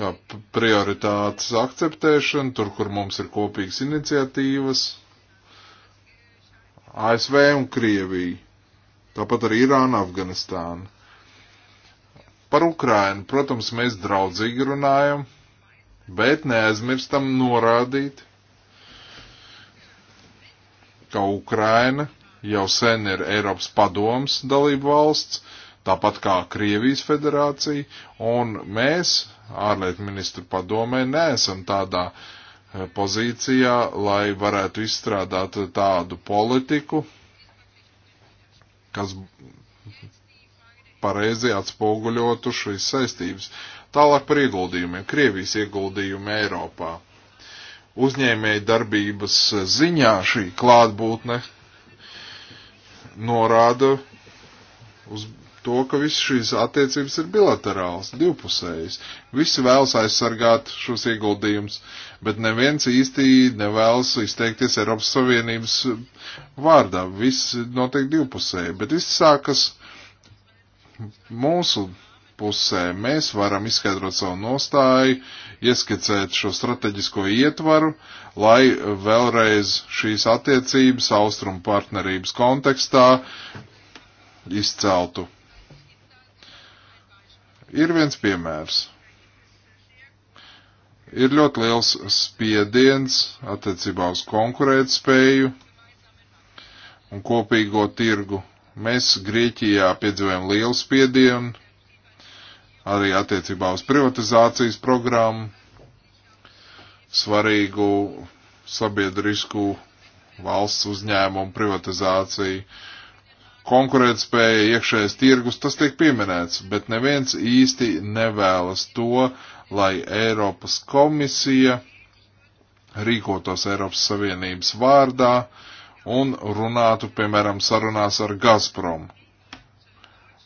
kā prioritātes akceptēšana, tur, kur mums ir kopīgas iniciatīvas, ASV un Krievija, tāpat arī Irāna, Afganistāna. Par Ukrainu, protams, mēs draudzīgi runājam, bet neaizmirstam norādīt, ka Ukraina jau sen ir Eiropas padoms dalību valsts, tāpat kā Krievijas federācija, un mēs, ārlietu ministru padomē, neesam tādā eh, pozīcijā, lai varētu izstrādāt eh, tādu politiku, kas pareizi atspoguļotu šīs saistības. Tālāk par ieguldījumiem, Krievijas ieguldījumu Eiropā. Uzņēmēja darbības ziņā šī klātbūtne norāda uz to, ka visas šīs attiecības ir bilaterāls, divpusējas. Visi vēlas aizsargāt šos ieguldījumus, bet neviens īsti nevēlas izteikties Eiropas Savienības vārdā. Viss notiek divpusēji, bet viss sākas mūsu pusē mēs varam izskaidrot savu nostāju, ieskicēt šo strateģisko ietvaru, lai vēlreiz šīs attiecības austrumu partnerības kontekstā izceltu. Ir viens piemērs. Ir ļoti liels spiediens attiecībā uz konkurētspēju un kopīgo tirgu Mēs Grieķijā piedzīvojam lielu spiedienu, arī attiecībā uz privatizācijas programmu, svarīgu sabiedrisku valsts uzņēmumu privatizāciju, konkurētspēja, iekšējais tirgus, tas tiek pieminēts, bet neviens īsti nevēlas to, lai Eiropas komisija rīkotos Eiropas Savienības vārdā, uh, un runātu, piemēram, sarunās ar Gazprom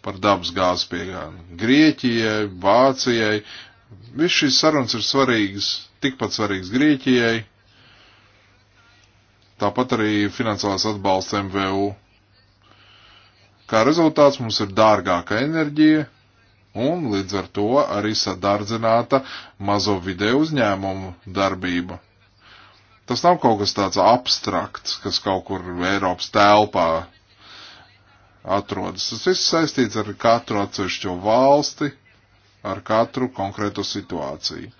par dabas gāzes piegādi. Grieķijai, Vācijai, viss šīs sarunas ir svarīgas, tikpat svarīgas Grieķijai, tāpat arī finansiālās atbalsts MVU. Kā rezultāts mums ir dārgāka enerģija un līdz ar to arī sadardzināta mazo video uzņēmumu darbība. Tas nav kaut kas tāds abstrakts, kas kaut kur Eiropas telpā atrodas. Tas viss saistīts ar katru atsevišķo valsti, ar katru konkrēto situāciju.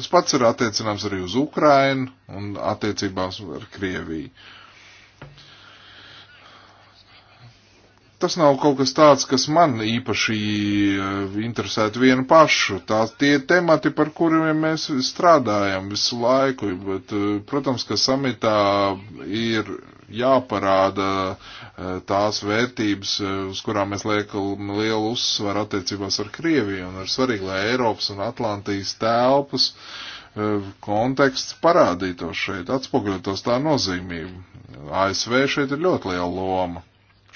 Tas pats ir attiecināms arī uz Ukrainu un attiecībās ar Krieviju tas nav kaut kas tāds, kas man īpaši e, interesētu vienu pašu. Tā tie temati, par kuriem mēs strādājam visu laiku, bet, e, protams, ka samitā ir jāparāda e, tās vērtības, uz kurām mēs liekam lielu uzsvaru attiecībās ar Krieviju un ir svarīgi, lai Eiropas un Atlantijas telpas konteksts parādītos šeit, atspoguļotos tā nozīmību. ASV šeit ir ļoti liela loma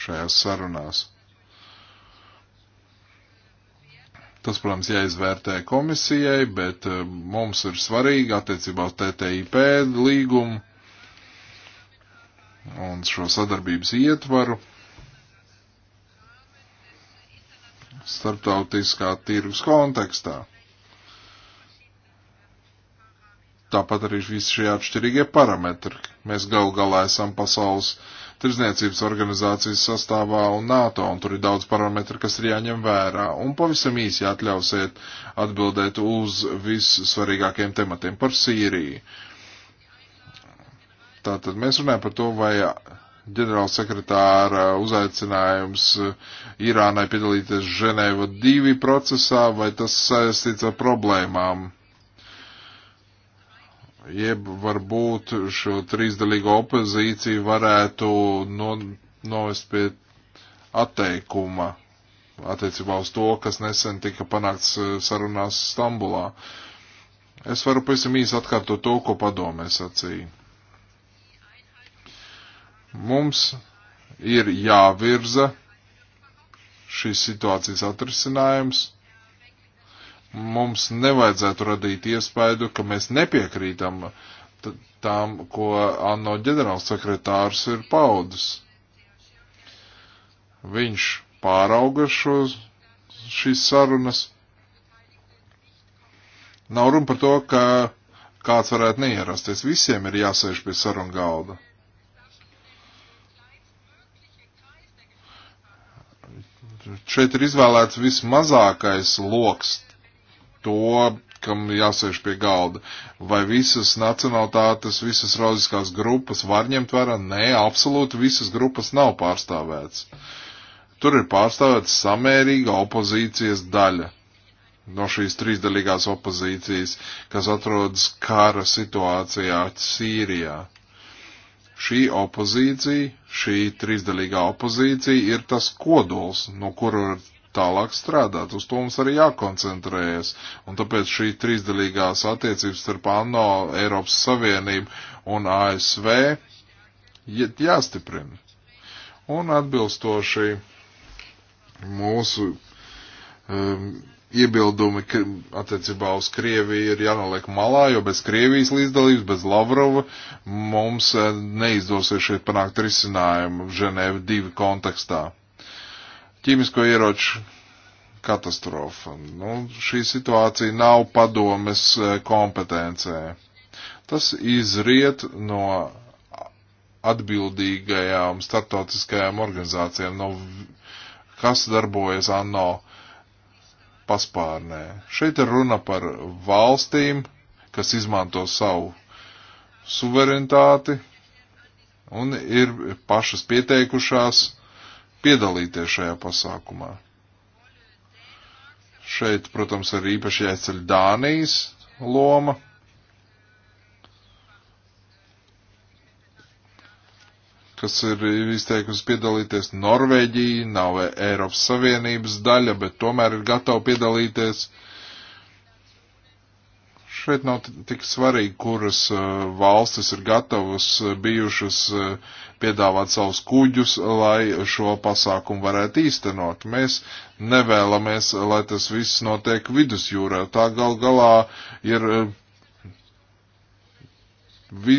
šajās sarunās. Tas, protams, jāizvērtē komisijai, bet eh, mums ir svarīgi attiecībā uz TTIP līgumu un šo sadarbības ietvaru. starptautiskā tirgus kontekstā. tāpat arī visi šie atšķirīgie parametri. Mēs gal galā esam pasaules tirzniecības organizācijas sastāvā un NATO, un tur ir daudz parametru, kas ir jāņem vērā. Un pavisam īsi atļausiet atbildēt uz vissvarīgākiem tematiem par Sīriju. Tātad mēs runājam par to, vai ģenerāla sekretāra uzaicinājums Irānai piedalīties Ženēva divi procesā, vai tas saistīts ar problēmām jeb varbūt šo trīsdalīgo opozīciju varētu no, novest pie atteikuma attiecībā uz to, kas nesen tika panākts eh, sarunās Stambulā. Es varu pavisam īsi atkārtot to, ko padomē sacīja. Mums ir jāvirza šīs situācijas atrisinājums mums nevajadzētu radīt iespēju, ka mēs nepiekrītam tām, ko ANO ģenerālsekretārs ir paudis. Viņš pārauga šos, šīs sarunas. Nav runa par to, ka kāds varētu neierasties. Visiem ir jāsēž pie sarunu galda. šeit ir izvēlēts vismazākais loks to, kam jāsēž pie galda. Vai visas nacionālitātes, visas rauziskās grupas var ņemt vērā? Nē, absolūti visas grupas nav pārstāvētas. Tur ir pārstāvēta samērīga opozīcijas daļa no šīs trīsdaļīgās opozīcijas, kas atrodas kara situācijā Sīrijā. Šī opozīcija, šī trīsdaļīgā opozīcija ir tas kodols, no kura tālāk strādāt. Uz to mums arī jākoncentrējas. Un tāpēc šī trīsdalīgās attiecības starp ANO, Eiropas Savienību un ASV jāstiprina. Un atbilstoši mūsu um, iebildumi attiecībā uz Krieviju ir jānoliek malā, jo bez Krievijas līdzdalības, bez Lavrova mums eh, neizdosies šeit panākt risinājumu Ženēva divi kontekstā ķīmisko ieroču katastrofa. Nu, šī situācija nav padomes eh, kompetencē. Tas izriet no atbildīgajām startautiskajām organizācijām, no kas darbojas ANO paspārnē. Šeit ir runa par valstīm, kas izmanto savu suverenitāti un ir pašas pieteikušās piedalīties šajā pasākumā. Šeit, protams, ir īpaši jāceļ Dānijas loma. kas ir izteikusi piedalīties Norvēģija, nav Eiropas Savienības daļa, bet tomēr ir gatava piedalīties uh, Šeit nav tik svarīgi, kuras valstis ir gatavas bijušas piedāvāt savus kuģus, lai šo pasākumu varētu īstenot. Mēs nevēlamies, lai tas viss notiek vidusjūrā. Tā gal galā ir vi,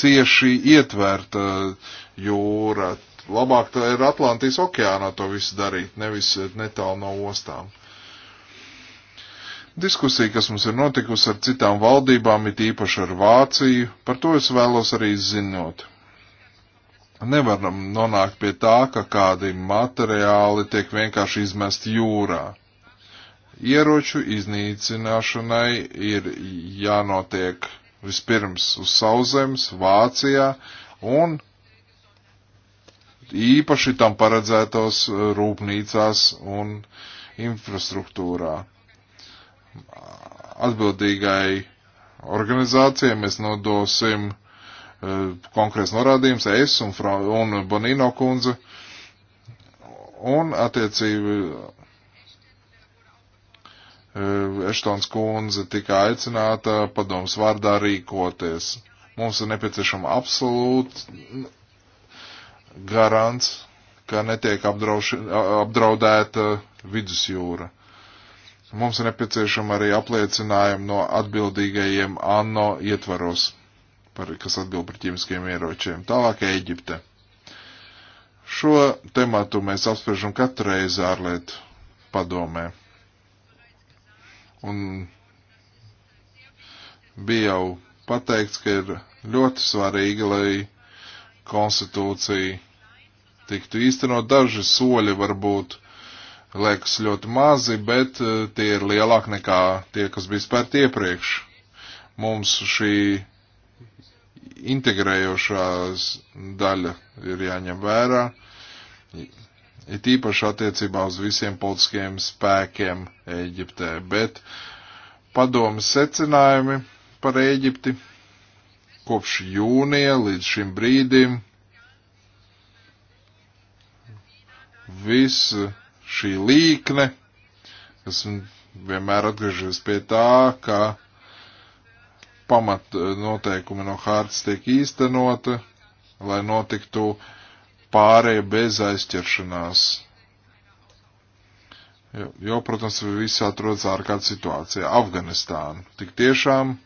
cieši ietvērta jūra. Labāk tā ir Atlantijas okeānā to visu darīt, nevis netālu no ostām. Diskusija, kas mums ir notikusi ar citām valdībām, it īpaši ar Vāciju, par to es vēlos arī zinot. Nevaram nonākt pie tā, ka kādi materiāli tiek vienkārši izmest jūrā. Ieroču iznīcināšanai ir jānotiek vispirms uz sauzemes, Vācijā, un īpaši tam paredzētos rūpnīcās un infrastruktūrā atbildīgai organizācijai mēs nodosim e, konkrēts norādījums, es un, Fra, un Bonino kundze, un attiecīgi e, Eštons kundze tika aicināta padoms vārdā rīkoties. Mums ir nepieciešama absolūta garants, ka netiek apdraudēta vidusjūra. Mums ir nepieciešama arī apliecinājuma no atbildīgajiem ANO ietvaros, par, kas atbild par ķīmiskiem ieročiem. Tālāk Eģipte. Šo tematu mēs apspriežam katru reizi ārlietu padomē. Un bija jau pateikts, ka ir ļoti svarīgi, lai konstitūcija tiktu īstenot daži soļi varbūt liekas ļoti mazi, bet eh, tie ir lielāki nekā tie, kas bija spērti iepriekš. Mums šī integrējošā daļa ir jāņem vērā, it īpaši attiecībā uz visiem politiskajiem spēkiem Eģiptē, bet padomas secinājumi par Eģipti kopš jūnija līdz šim brīdim viss šī līkne, kas vienmēr atgriežas pie tā, ka pamat eh, noteikumi no hārtas tiek īstenota, lai notiktu pārēja bez aizķeršanās. Jo, jo, protams, viss atrodas ārkārtas situācijā. Afganistāna. Tik tiešām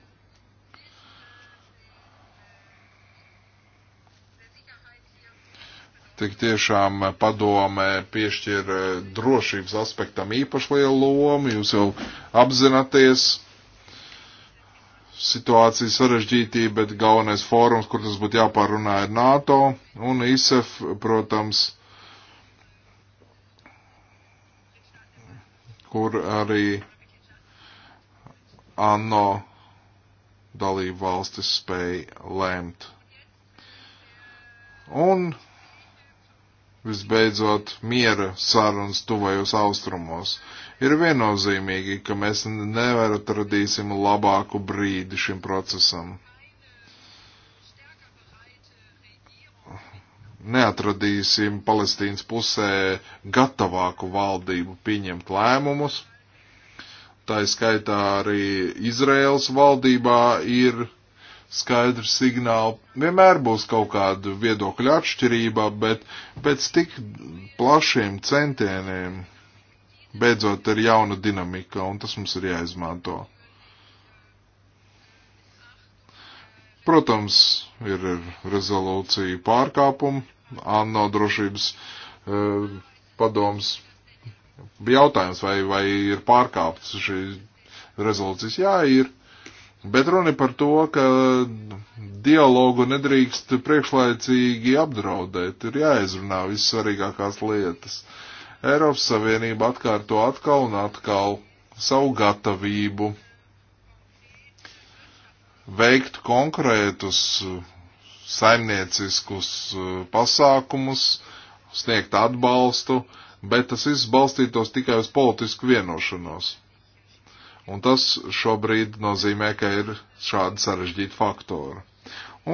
Tik tiešām padome piešķir eh, drošības aspektam īpaši lielu lomu, jūs jau apzināties situāciju sarežģītību, bet galvenais fórums, kur tas būtu jāpārunā, ir NATO un ISEF, protams, kur arī ANO dalību valstis spēja lēmt. Un visbeidzot miera sarunas tuvajos austrumos. Ir viennozīmīgi, ka mēs nevar atradīsim labāku brīdi šim procesam. Neatradīsim Palestīnas pusē gatavāku valdību pieņemt lēmumus. Tā ir skaitā arī Izraels valdībā ir skaidru signālu. Vienmēr būs kaut kāda viedokļa atšķirība, bet pēc tik plašiem centieniem beidzot ir jauna dinamika, un tas mums ir jāizmanto. Protams, ir rezolūcija pārkāpuma, ANO drošības eh, padoms jautājums, vai, vai ir pārkāptas šī rezolūcijas. Jā, ir. Bet runa par to, ka dialogu nedrīkst priekšlaicīgi apdraudēt, ir jāizrunā vissvarīgākās lietas. Eiropas Savienība atkārto atkal un atkal savu gatavību veikt konkrētus saimnieciskus eh, pasākumus, sniegt atbalstu, bet tas viss balstītos tikai uz politisku vienošanos. Un tas šobrīd nozīmē, ka ir šādi sarežģīti faktori.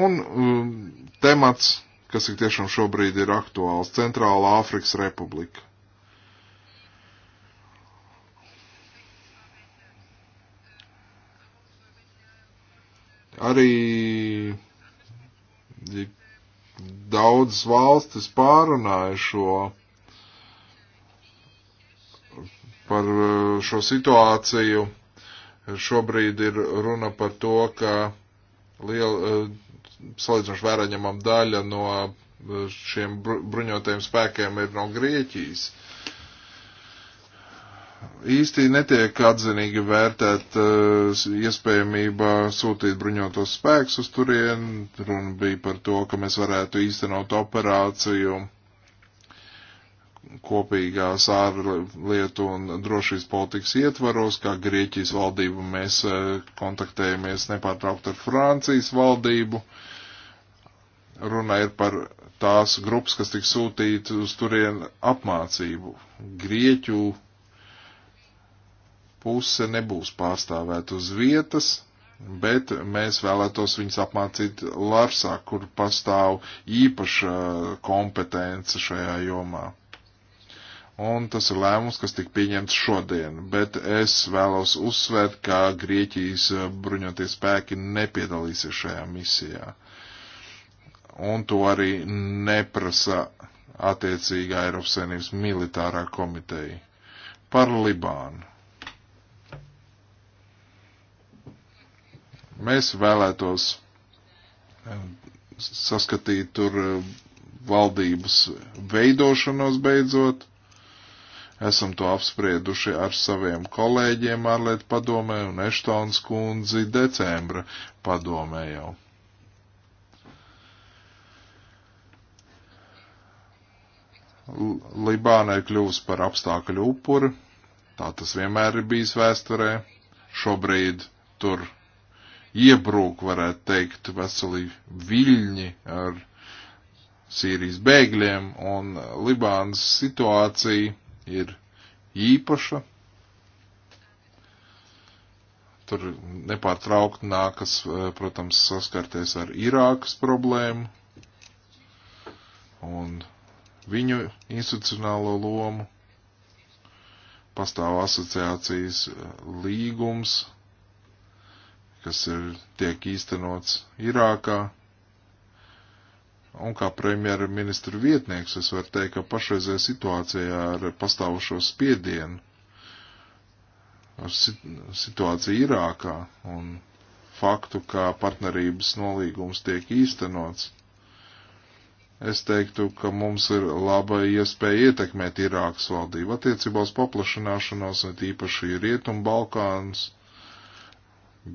Un um, temats, kas ir tiešām šobrīd ir aktuāls, Centrāla Āfrikas Republika. Arī daudz valstis pārunāja šo par uh, šo situāciju Šobrīd ir runa par to, ka liela, e, salīdzinoši vērā ņemam daļa no e, šiem bruņotajiem spēkiem ir no Grieķijas. Īsti netiek atzinīgi vērtēt uh, iespējamība sūtīt bruņotos spēkus uz turien. Runa bija par to, ka mēs varētu īstenot operāciju kopīgās ārlietu un drošības politikas ietvaros, kā Grieķijas valdību mēs eh, kontaktējamies nepārtraukt ar Francijas valdību. Runa ir par tās grupas, kas tiks sūtīti uz turien apmācību. Grieķu puse nebūs pārstāvēta uz vietas, bet mēs vēlētos viņus apmācīt Larsā, kur pastāv īpaša kompetence šajā jomā un tas ir lēmums, kas tika pieņemts šodien. Bet es vēlos uzsvērt, ka Grieķijas eh, bruņoties spēki nepiedalīsies šajā misijā. Un to arī neprasa attiecīgā Eiropas Savienības militārā komiteja. Par Libānu. Mēs vēlētos eh, saskatīt tur eh, valdības veidošanos beidzot Esam to apsprieduši ar saviem kolēģiem ārlietu padomē un Eštons kundzi decembra padomē jau. Libānai kļūs par apstākļu upuri, tā tas vienmēr ir bijis vēsturē. Šobrīd tur iebrūk, varētu teikt, veseli viļņi ar Sīrijas bēgļiem, un Libānas situācija ir īpaša. Tur nepārtraukt nākas, eh, protams, saskarties ar Irākas problēmu un viņu institucionālo lomu. Pastāv asociācijas eh, līgums, kas ir tiek īstenots Irākā. Un kā premjerministra vietnieks es varu teikt, ka pašreizē situācijā ar pastāvošo spiedienu, ar situāciju Irākā un faktu, kā partnerības nolīgums tiek īstenots, es teiktu, ka mums ir laba iespēja ietekmēt Irākas valdību attiecībā uz paplašanāšanos, un tīpaši Rietumu Balkāns,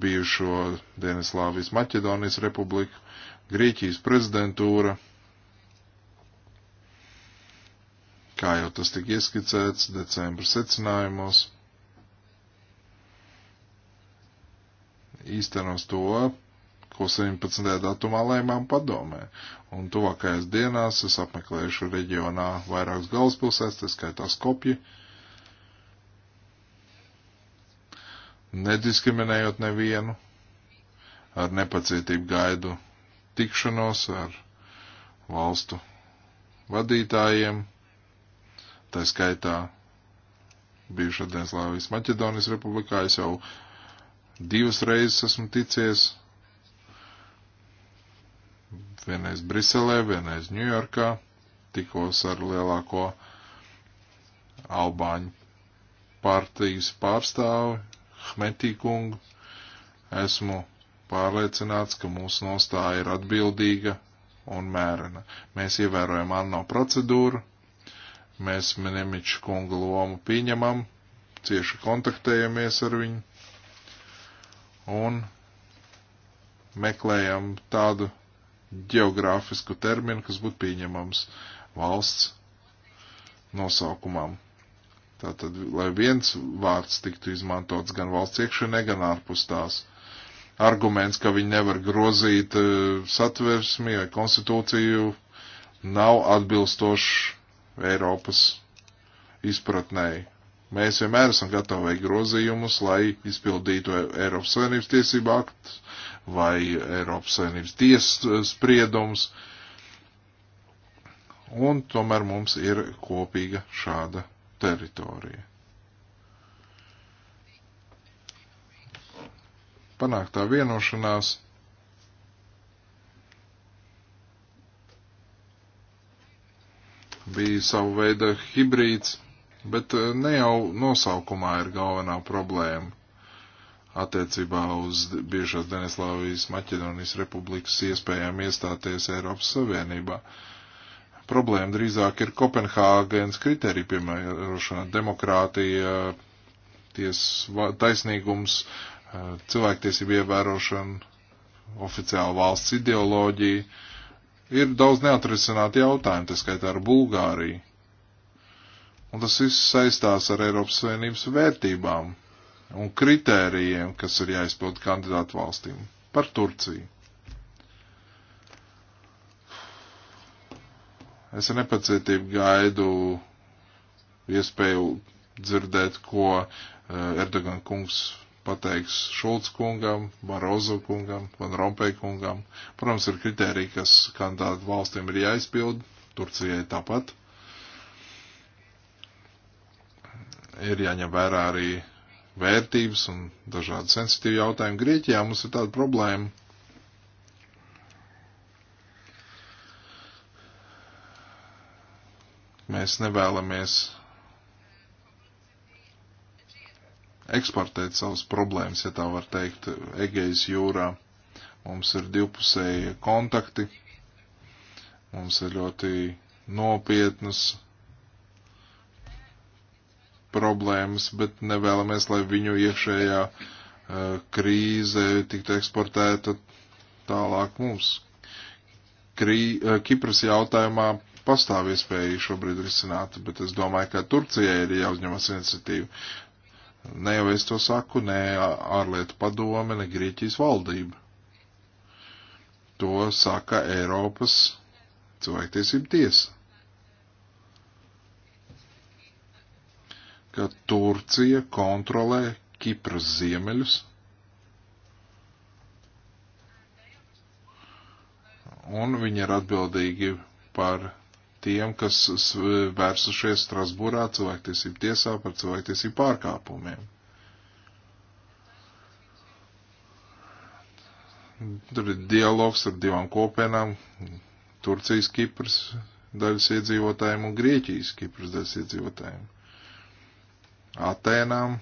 bijušo Dienaslāvijas Maķedonijas republiku, Grieķijas prezidentūra, kā jau tas tika ieskicēts decembra secinājumos, īstenos to, ko 17. datumā lēmām padomē. Un tuvākajās dienās es apmeklēšu reģionā vairākas galvaspilsētas, tā skaitā Skopju, nediskriminējot nevienu, ar nepacietību gaidu tikšanos ar valstu vadītājiem, tā skaitā bijušā Dienslāvijas Maķedonijas republikā. Es jau divas reizes esmu ticies, vienreiz Briselē, vienreiz Ņujorkā, tikos ar lielāko Albāņu partijas pārstāvi Hmetī kungu. Esmu pārliecināts, ka mūsu nostāja ir atbildīga un mērena. Mēs ievērojam anno procedūru, mēs Menemiču kunga lomu pieņemam, cieši kontaktējamies ar viņu un meklējam tādu geogrāfisku terminu, kas būtu pieņemams valsts nosaukumam. Tātad, lai viens vārds tiktu izmantots gan valsts iekšienē, gan ārpus tās arguments, ka viņi nevar grozīt e, satversmi vai konstitūciju, nav atbilstošs Eiropas izpratnēji. Mēs vienmēr esam gatavi veikt grozījumus, lai izpildītu Eiropas Savienības tiesību aktus vai Eiropas Savienības tiesas spriedumus. Un tomēr mums ir kopīga šāda teritorija. panāktā vienošanās bija savu veidu hibrīds, bet eh, ne jau nosaukumā ir galvenā problēma attiecībā uz biežās Deneslāvijas Maķedonijas republikas iespējām iestāties Eiropas Savienībā. Problēma drīzāk ir Kopenhāgenes kriterija piemērošana, demokrātija, ties, taisnīgums, cilvēktiesību ievērošanu, oficiālu valsts ideoloģiju. Ir daudz neatrisināti jautājumi, tas skaitā ar Bulgāriju. Un tas viss saistās ar Eiropas Savienības vērtībām un kritērijiem, kas ir jāizpild kandidātu valstīm par Turciju. Es ar nepacietību gaidu iespēju dzirdēt, ko eh, Erdogan kungs pateiks Šulc kungam, Barozo kungam, Van Rompēj kungam. Protams, ir kriteriji, kas kandidātu valstīm ir jāizpild, Turcijai tāpat. Ir jāņem vērā arī vērtības un dažādi sensitīvi jautājumi. Grieķijā mums ir tāda problēma. Mēs nevēlamies eksportēt savas problēmas, ja tā var teikt, Egejas jūrā. Mums ir divpusēji kontakti, mums ir ļoti nopietnas problēmas, bet nevēlamies, lai viņu iekšējā uh, krīze tiktu eksportēta tālāk mums. Krī, uh, Kipras jautājumā pastāv iespēja šobrīd risināt, bet es domāju, ka Turcijai ir jāuzņemas iniciatīva. Ne jau es to saku, ne ārlietu padome, ne Grieķijas valdība. To saka Eiropas cilvēktiesība tiesa. Ka Turcija kontrolē Kipras ziemeļus. Un viņi ir atbildīgi par tiem, kas vērsušies Strasbūrā cilvēktiesību tiesā par cilvēktiesību pārkāpumiem. Tur ir dialogs ar divām kopienām - Turcijas, Kipras daļas iedzīvotājiem un Grieķijas, Kipras daļas iedzīvotājiem. Atēnām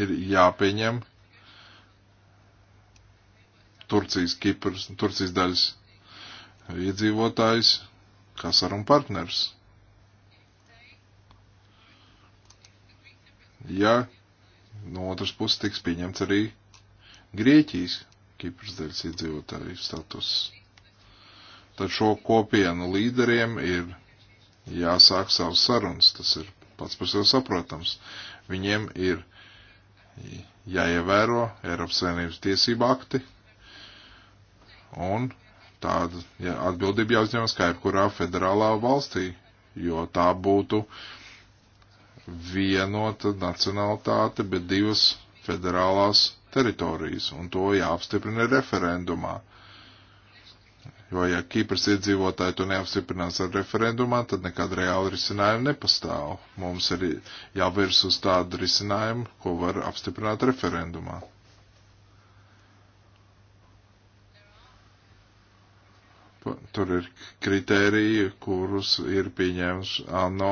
ir jāpieņem Turcijas, Kipras, Turcijas daļas iedzīvotājs, kā sarunu partners. Ja no otras puses tiks pieņemts arī Grieķijas Kipras daļas iedzīvotāju status, tad šo kopienu līderiem ir jāsāk savas sarunas. Tas ir pats par sevi saprotams. Viņiem ir jāievēro Eiropas Savienības tiesība akti un tāda ja, atbildība jāuzņemas kā jebkurā federālā valstī, jo tā būtu vienota nacionalitāte, bet divas federālās teritorijas, un to jāapstiprina referendumā. Jo, ja Kīpras iedzīvotāji to neapstiprinās ar referendumā, tad nekāda reāla risinājuma nepastāv. Mums ir jāvirs uz tādu risinājumu, ko var apstiprināt referendumā. Tur ir kritērija, kurus ir pieņēmis ANO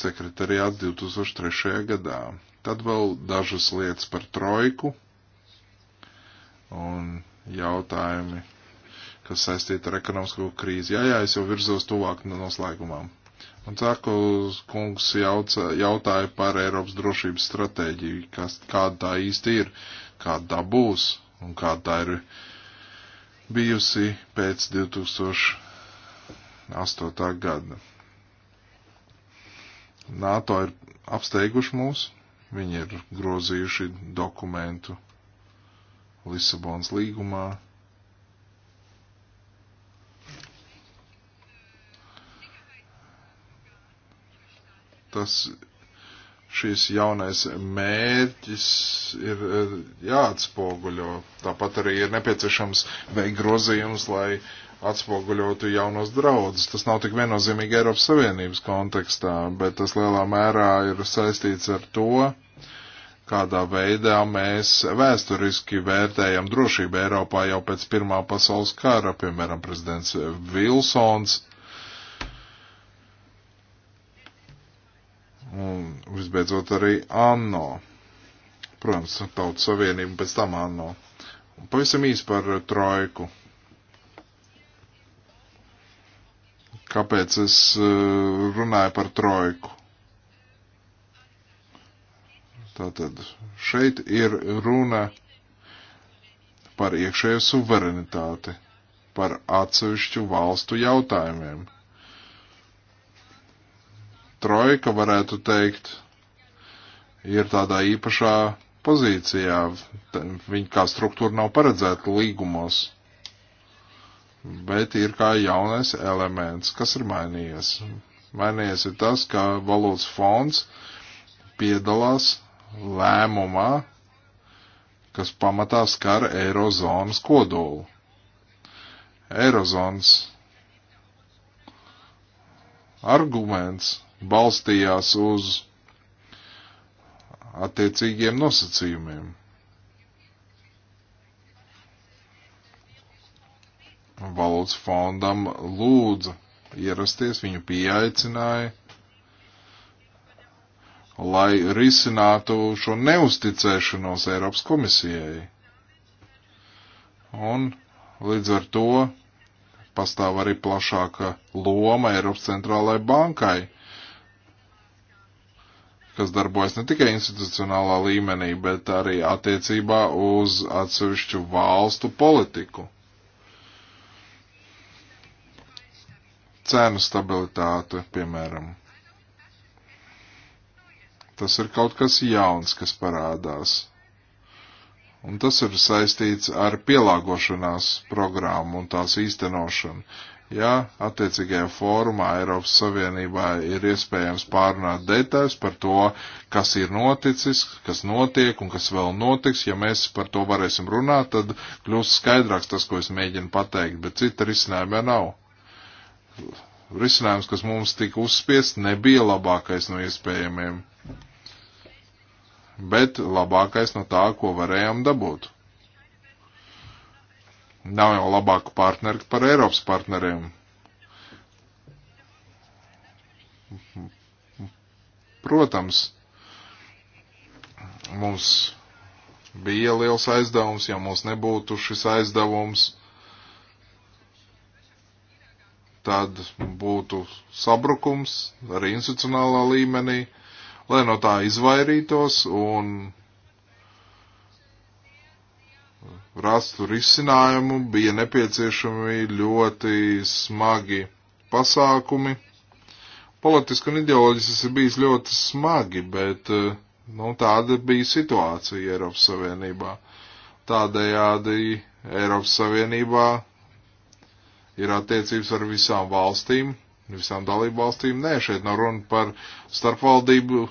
sekretariāts 2003. gadā. Tad vēl dažas lietas par trojku un jautājumi, kas saistīti ar ekonomisko krīzi. Jā, jā, es jau virzos tuvāk noslēgumam. Un Cārkos kungs jauca, jautāja par Eiropas drošības stratēģiju, kas, kāda tā īsti ir, kāda tā būs un kāda tā ir bijusi pēc 2008. gada. NATO ir apsteiguši mūs, viņi ir grozījuši dokumentu Lisabonas līgumā. Tas šīs jaunais mērķis ir jāatspoguļo. Tāpat arī ir nepieciešams veikt grozījumus, lai atspoguļotu jaunos draudus. Tas nav tik viennozīmīgi Eiropas Savienības kontekstā, bet tas lielā mērā ir saistīts ar to, kādā veidā mēs vēsturiski vērtējam drošību Eiropā jau pēc Pirmā pasaules kara, piemēram, prezidents Vilsons un visbeidzot arī ANO. Protams, Tautas Savienība un pēc tam ANO. Pavisam īsi par trojku. Kāpēc es eh, runāju par trojku? Tātad šeit ir runa par iekšējo suverenitāti, par atsevišķu valstu jautājumiem trojka, varētu teikt, ir tādā īpašā pozīcijā. Viņa kā struktūra nav paredzēta līgumos, bet ir kā jaunais elements, kas ir mainījies. Mainījies ir tas, ka valūtas fonds piedalās lēmumā, kas pamatā skar Eirozonas kodolu. Eirozonas arguments balstījās uz attiecīgiem nosacījumiem. Valūtas fondam lūdza ierasties, viņu pieaicināja, lai risinātu šo neusticēšanos Eiropas komisijai. Un līdz ar to pastāv arī plašāka loma Eiropas centrālajai bankai kas darbojas ne tikai institucionālā līmenī, bet arī attiecībā uz atsevišķu valstu politiku. Cēnu stabilitāte, piemēram. Tas ir kaut kas jauns, kas parādās. Un tas ir saistīts ar pielāgošanās programmu un tās īstenošanu ja attiecīgajā fórumā Eiropas Savienībā ir iespējams pārunāt detaļas par to, kas ir noticis, kas notiek un kas vēl notiks. Ja mēs par to varēsim runāt, tad kļūs skaidrāks tas, ko es mēģinu pateikt, bet cita risinājuma nav. Risinājums, kas mums tika uzspiests, nebija labākais no iespējamiem, bet labākais no tā, ko varējām dabūt. Nav jau labāku partneri par Eiropas partneriem. Protams, mums bija liels aizdevums, ja mums nebūtu šis aizdevums, tad būtu sabrukums arī institucionālā līmenī, lai no tā izvairītos un rastu risinājumu, bija nepieciešami ļoti smagi pasākumi. Politiski un ideoloģiski tas ir bijis ļoti smagi, bet eh, nu, tāda bija situācija Eiropas Savienībā. Tādējādi Eiropas Savienībā ir attiecības ar visām valstīm, visām dalību valstīm. Nē, šeit nav runa par starpvaldību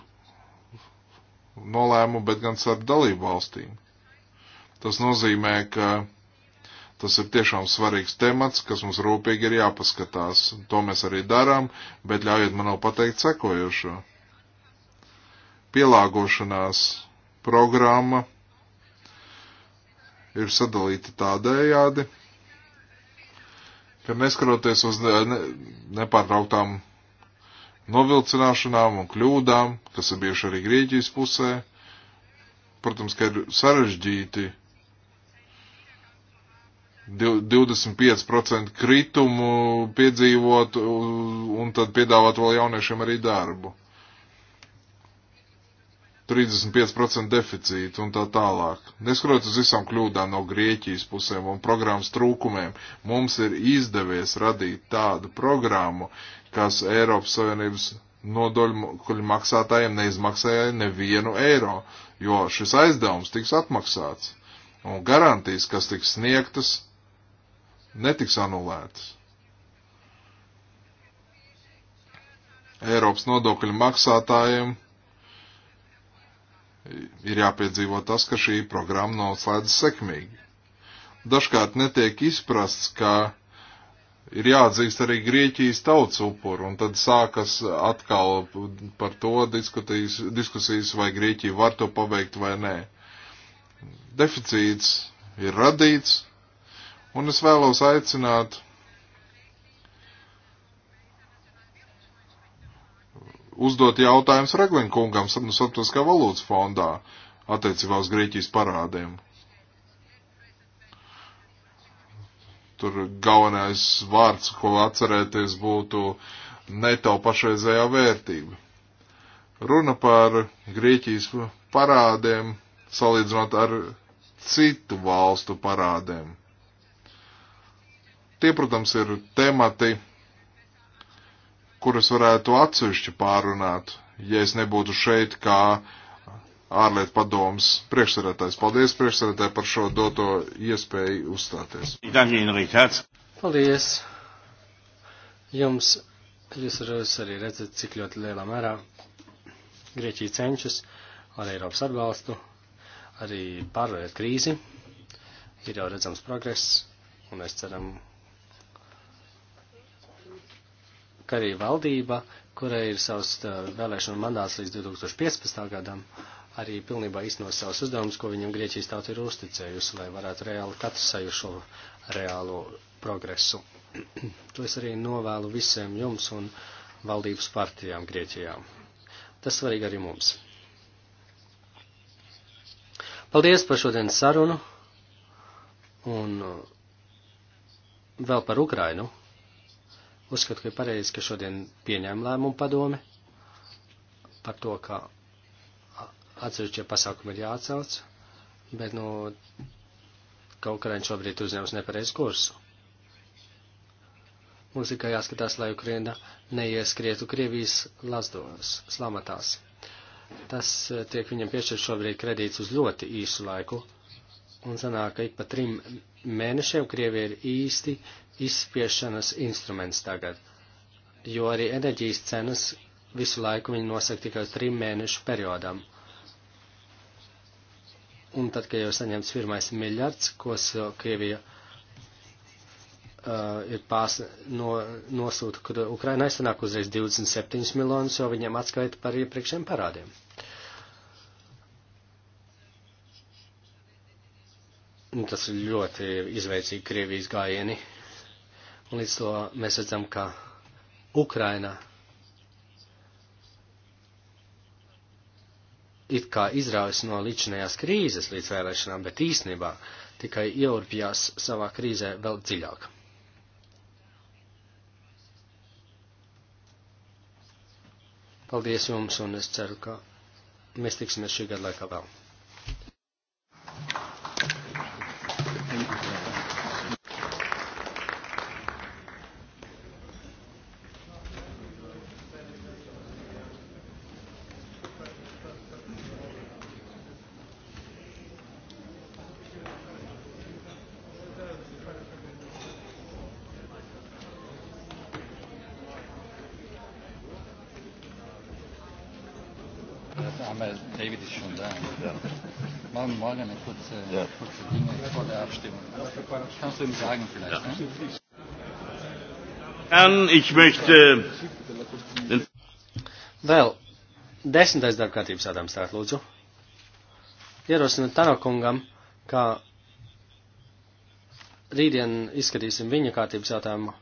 nolēmu, bet gan starp dalību valstīm. Tas nozīmē, ka Tas ir tiešām svarīgs temats, kas mums rūpīgi ir jāpaskatās. To mēs arī darām, bet ļaujiet man vēl pateikt sekojošo. Pielāgošanās programma ir sadalīta tādējādi, ka neskaroties uz ne, nepārtrauktām novilcināšanām un kļūdām, kas ir bijuši arī Grieķijas pusē, protams, ka ir sarežģīti 25% kritumu piedzīvot un tad piedāvāt vēl jauniešiem arī darbu. 35% deficīti un tā tālāk. Neskrot uz visām kļūdām no Grieķijas pusēm un programmas trūkumiem, mums ir izdevies radīt tādu programmu, kas Eiropas Savienības nodoļu maksātājiem neizmaksāja nevienu eiro, jo šis aizdevums tiks atmaksāts. Un garantijas, kas tiks sniegtas, netiks anulētas. Eiropas nodokļu maksātājiem ir jāpiedzīvo tas, ka šī programma noslēdz sekmīgi. Dažkārt netiek izprasts, ka ir jāatzīst arī Grieķijas tauts upuru, un tad sākas atkal par to diskutīs, diskusijas, vai Grieķija var to paveikt vai nē. Deficīts ir radīts, Un es vēlos aicināt uzdot jautājumus Reglinkungam, nu, Saptautiskā valūtas fondā, attiecībā uz Grieķijas parādiem. Tur galvenais vārds, ko atcerēties, būtu ne tev pašreizējā vērtība. Runa par Grieķijas parādiem salīdzinot ar citu valstu parādiem. Tie, protams, ir temati, kurus varētu atsevišķi pārunāt, ja es nebūtu šeit kā ārlietu padomas priekšsarētājs. Paldies priekšsarētāji par šo doto iespēju uzstāties. Paldies! Jums, jūs arī redzat, cik ļoti lielā mērā Grieķija cenšas ar Eiropas atbalstu arī pārvarēt krīzi. Ir jau redzams progress, un mēs ceram, ka arī valdība, kurai ir savs vēlēšanu mandāts līdz 2015. gadam, arī pilnībā iznos savus uzdevumus, ko viņam Grieķijas tauta ir uzticējusi, lai varētu reāli katrs saju šo reālo progresu. to es arī novēlu visiem jums un valdības partijām Grieķijā. Tas svarīgi arī mums. Paldies par šodienas sarunu un vēl par Ukrainu. Uzskatu, ka ir pareizi, ka šodien pieņēma lēmumu padome par to, ka atsevišķie pasākumi ir jāatcelts, bet, nu, ka Ukraina šobrīd uzņems nepareizu kursu. Mums tikai jāskatās, lai Ukraina neieskrietu Krievijas lazdos, slamatās. Tas eh, tiek viņam piešķirt šobrīd kredīts uz ļoti īsu laiku, un sanāk, ka ik pa trim mēnešiem Krievija ir īsti izspiešanas instruments tagad, jo arī enerģijas cenas visu laiku viņi nosaka tikai uz trim mēnešu periodam. Un tad, kad jau saņemts pirmais miljards, ko Krievija uh, ir pās, no, nosūta, kad Ukraina aizsanāk uzreiz 27 miljonus, jo viņiem atskaita par iepriekšējiem parādiem. Un tas ir ļoti izveicīgi Krievijas gājieni, Un līdz to mēs redzam, ka Ukraina it kā izraujas no līdzinējās krīzes līdz vēlēšanām, bet īstenībā tikai ieurpjās savā krīzē vēl dziļāk. Paldies jums, un es ceru, ka mēs tiksimies šī gada laikā vēl. kurze, äh, ja. kurze Dinge vor der Abstimmung. Kannst du ihm sagen vielleicht? Ja. Ne? Herren, ich möchte. Vēl desmitais darba kārtības ādams tāt lūdzu. Ierosinot Tanokungam, ka rītdien izskatīsim viņa kārtības jautājumu.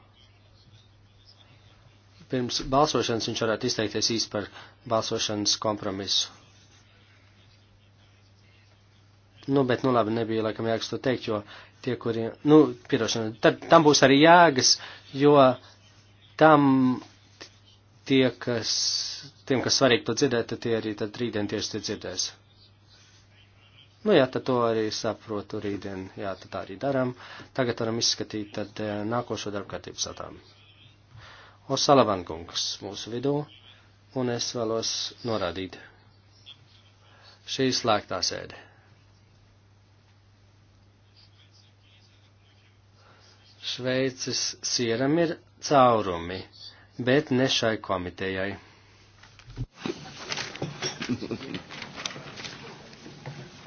Pirms balsošanas viņš varētu izteikties īsti par balsošanas kompromisu. Nu, bet, nu labi, nebija laikam jēgas to teikt, jo tie, kuri, nu, piedošana, tad tam būs arī jēgas, jo tam tie, kas, tiem, kas svarīgi to dzirdēt, tad tie arī tad rītdien tieši tie dzirdēs. Nu, jā, tad to arī saprotu rītdien, jā, tad tā arī daram. Tagad varam izskatīt tad eh, nākošo darbkārtības satām. Osalavan kungs mūsu vidū, un es vēlos norādīt. Šī slēgtā sēde. Šveices sieram ir caurumi, bet ne šai komitejai.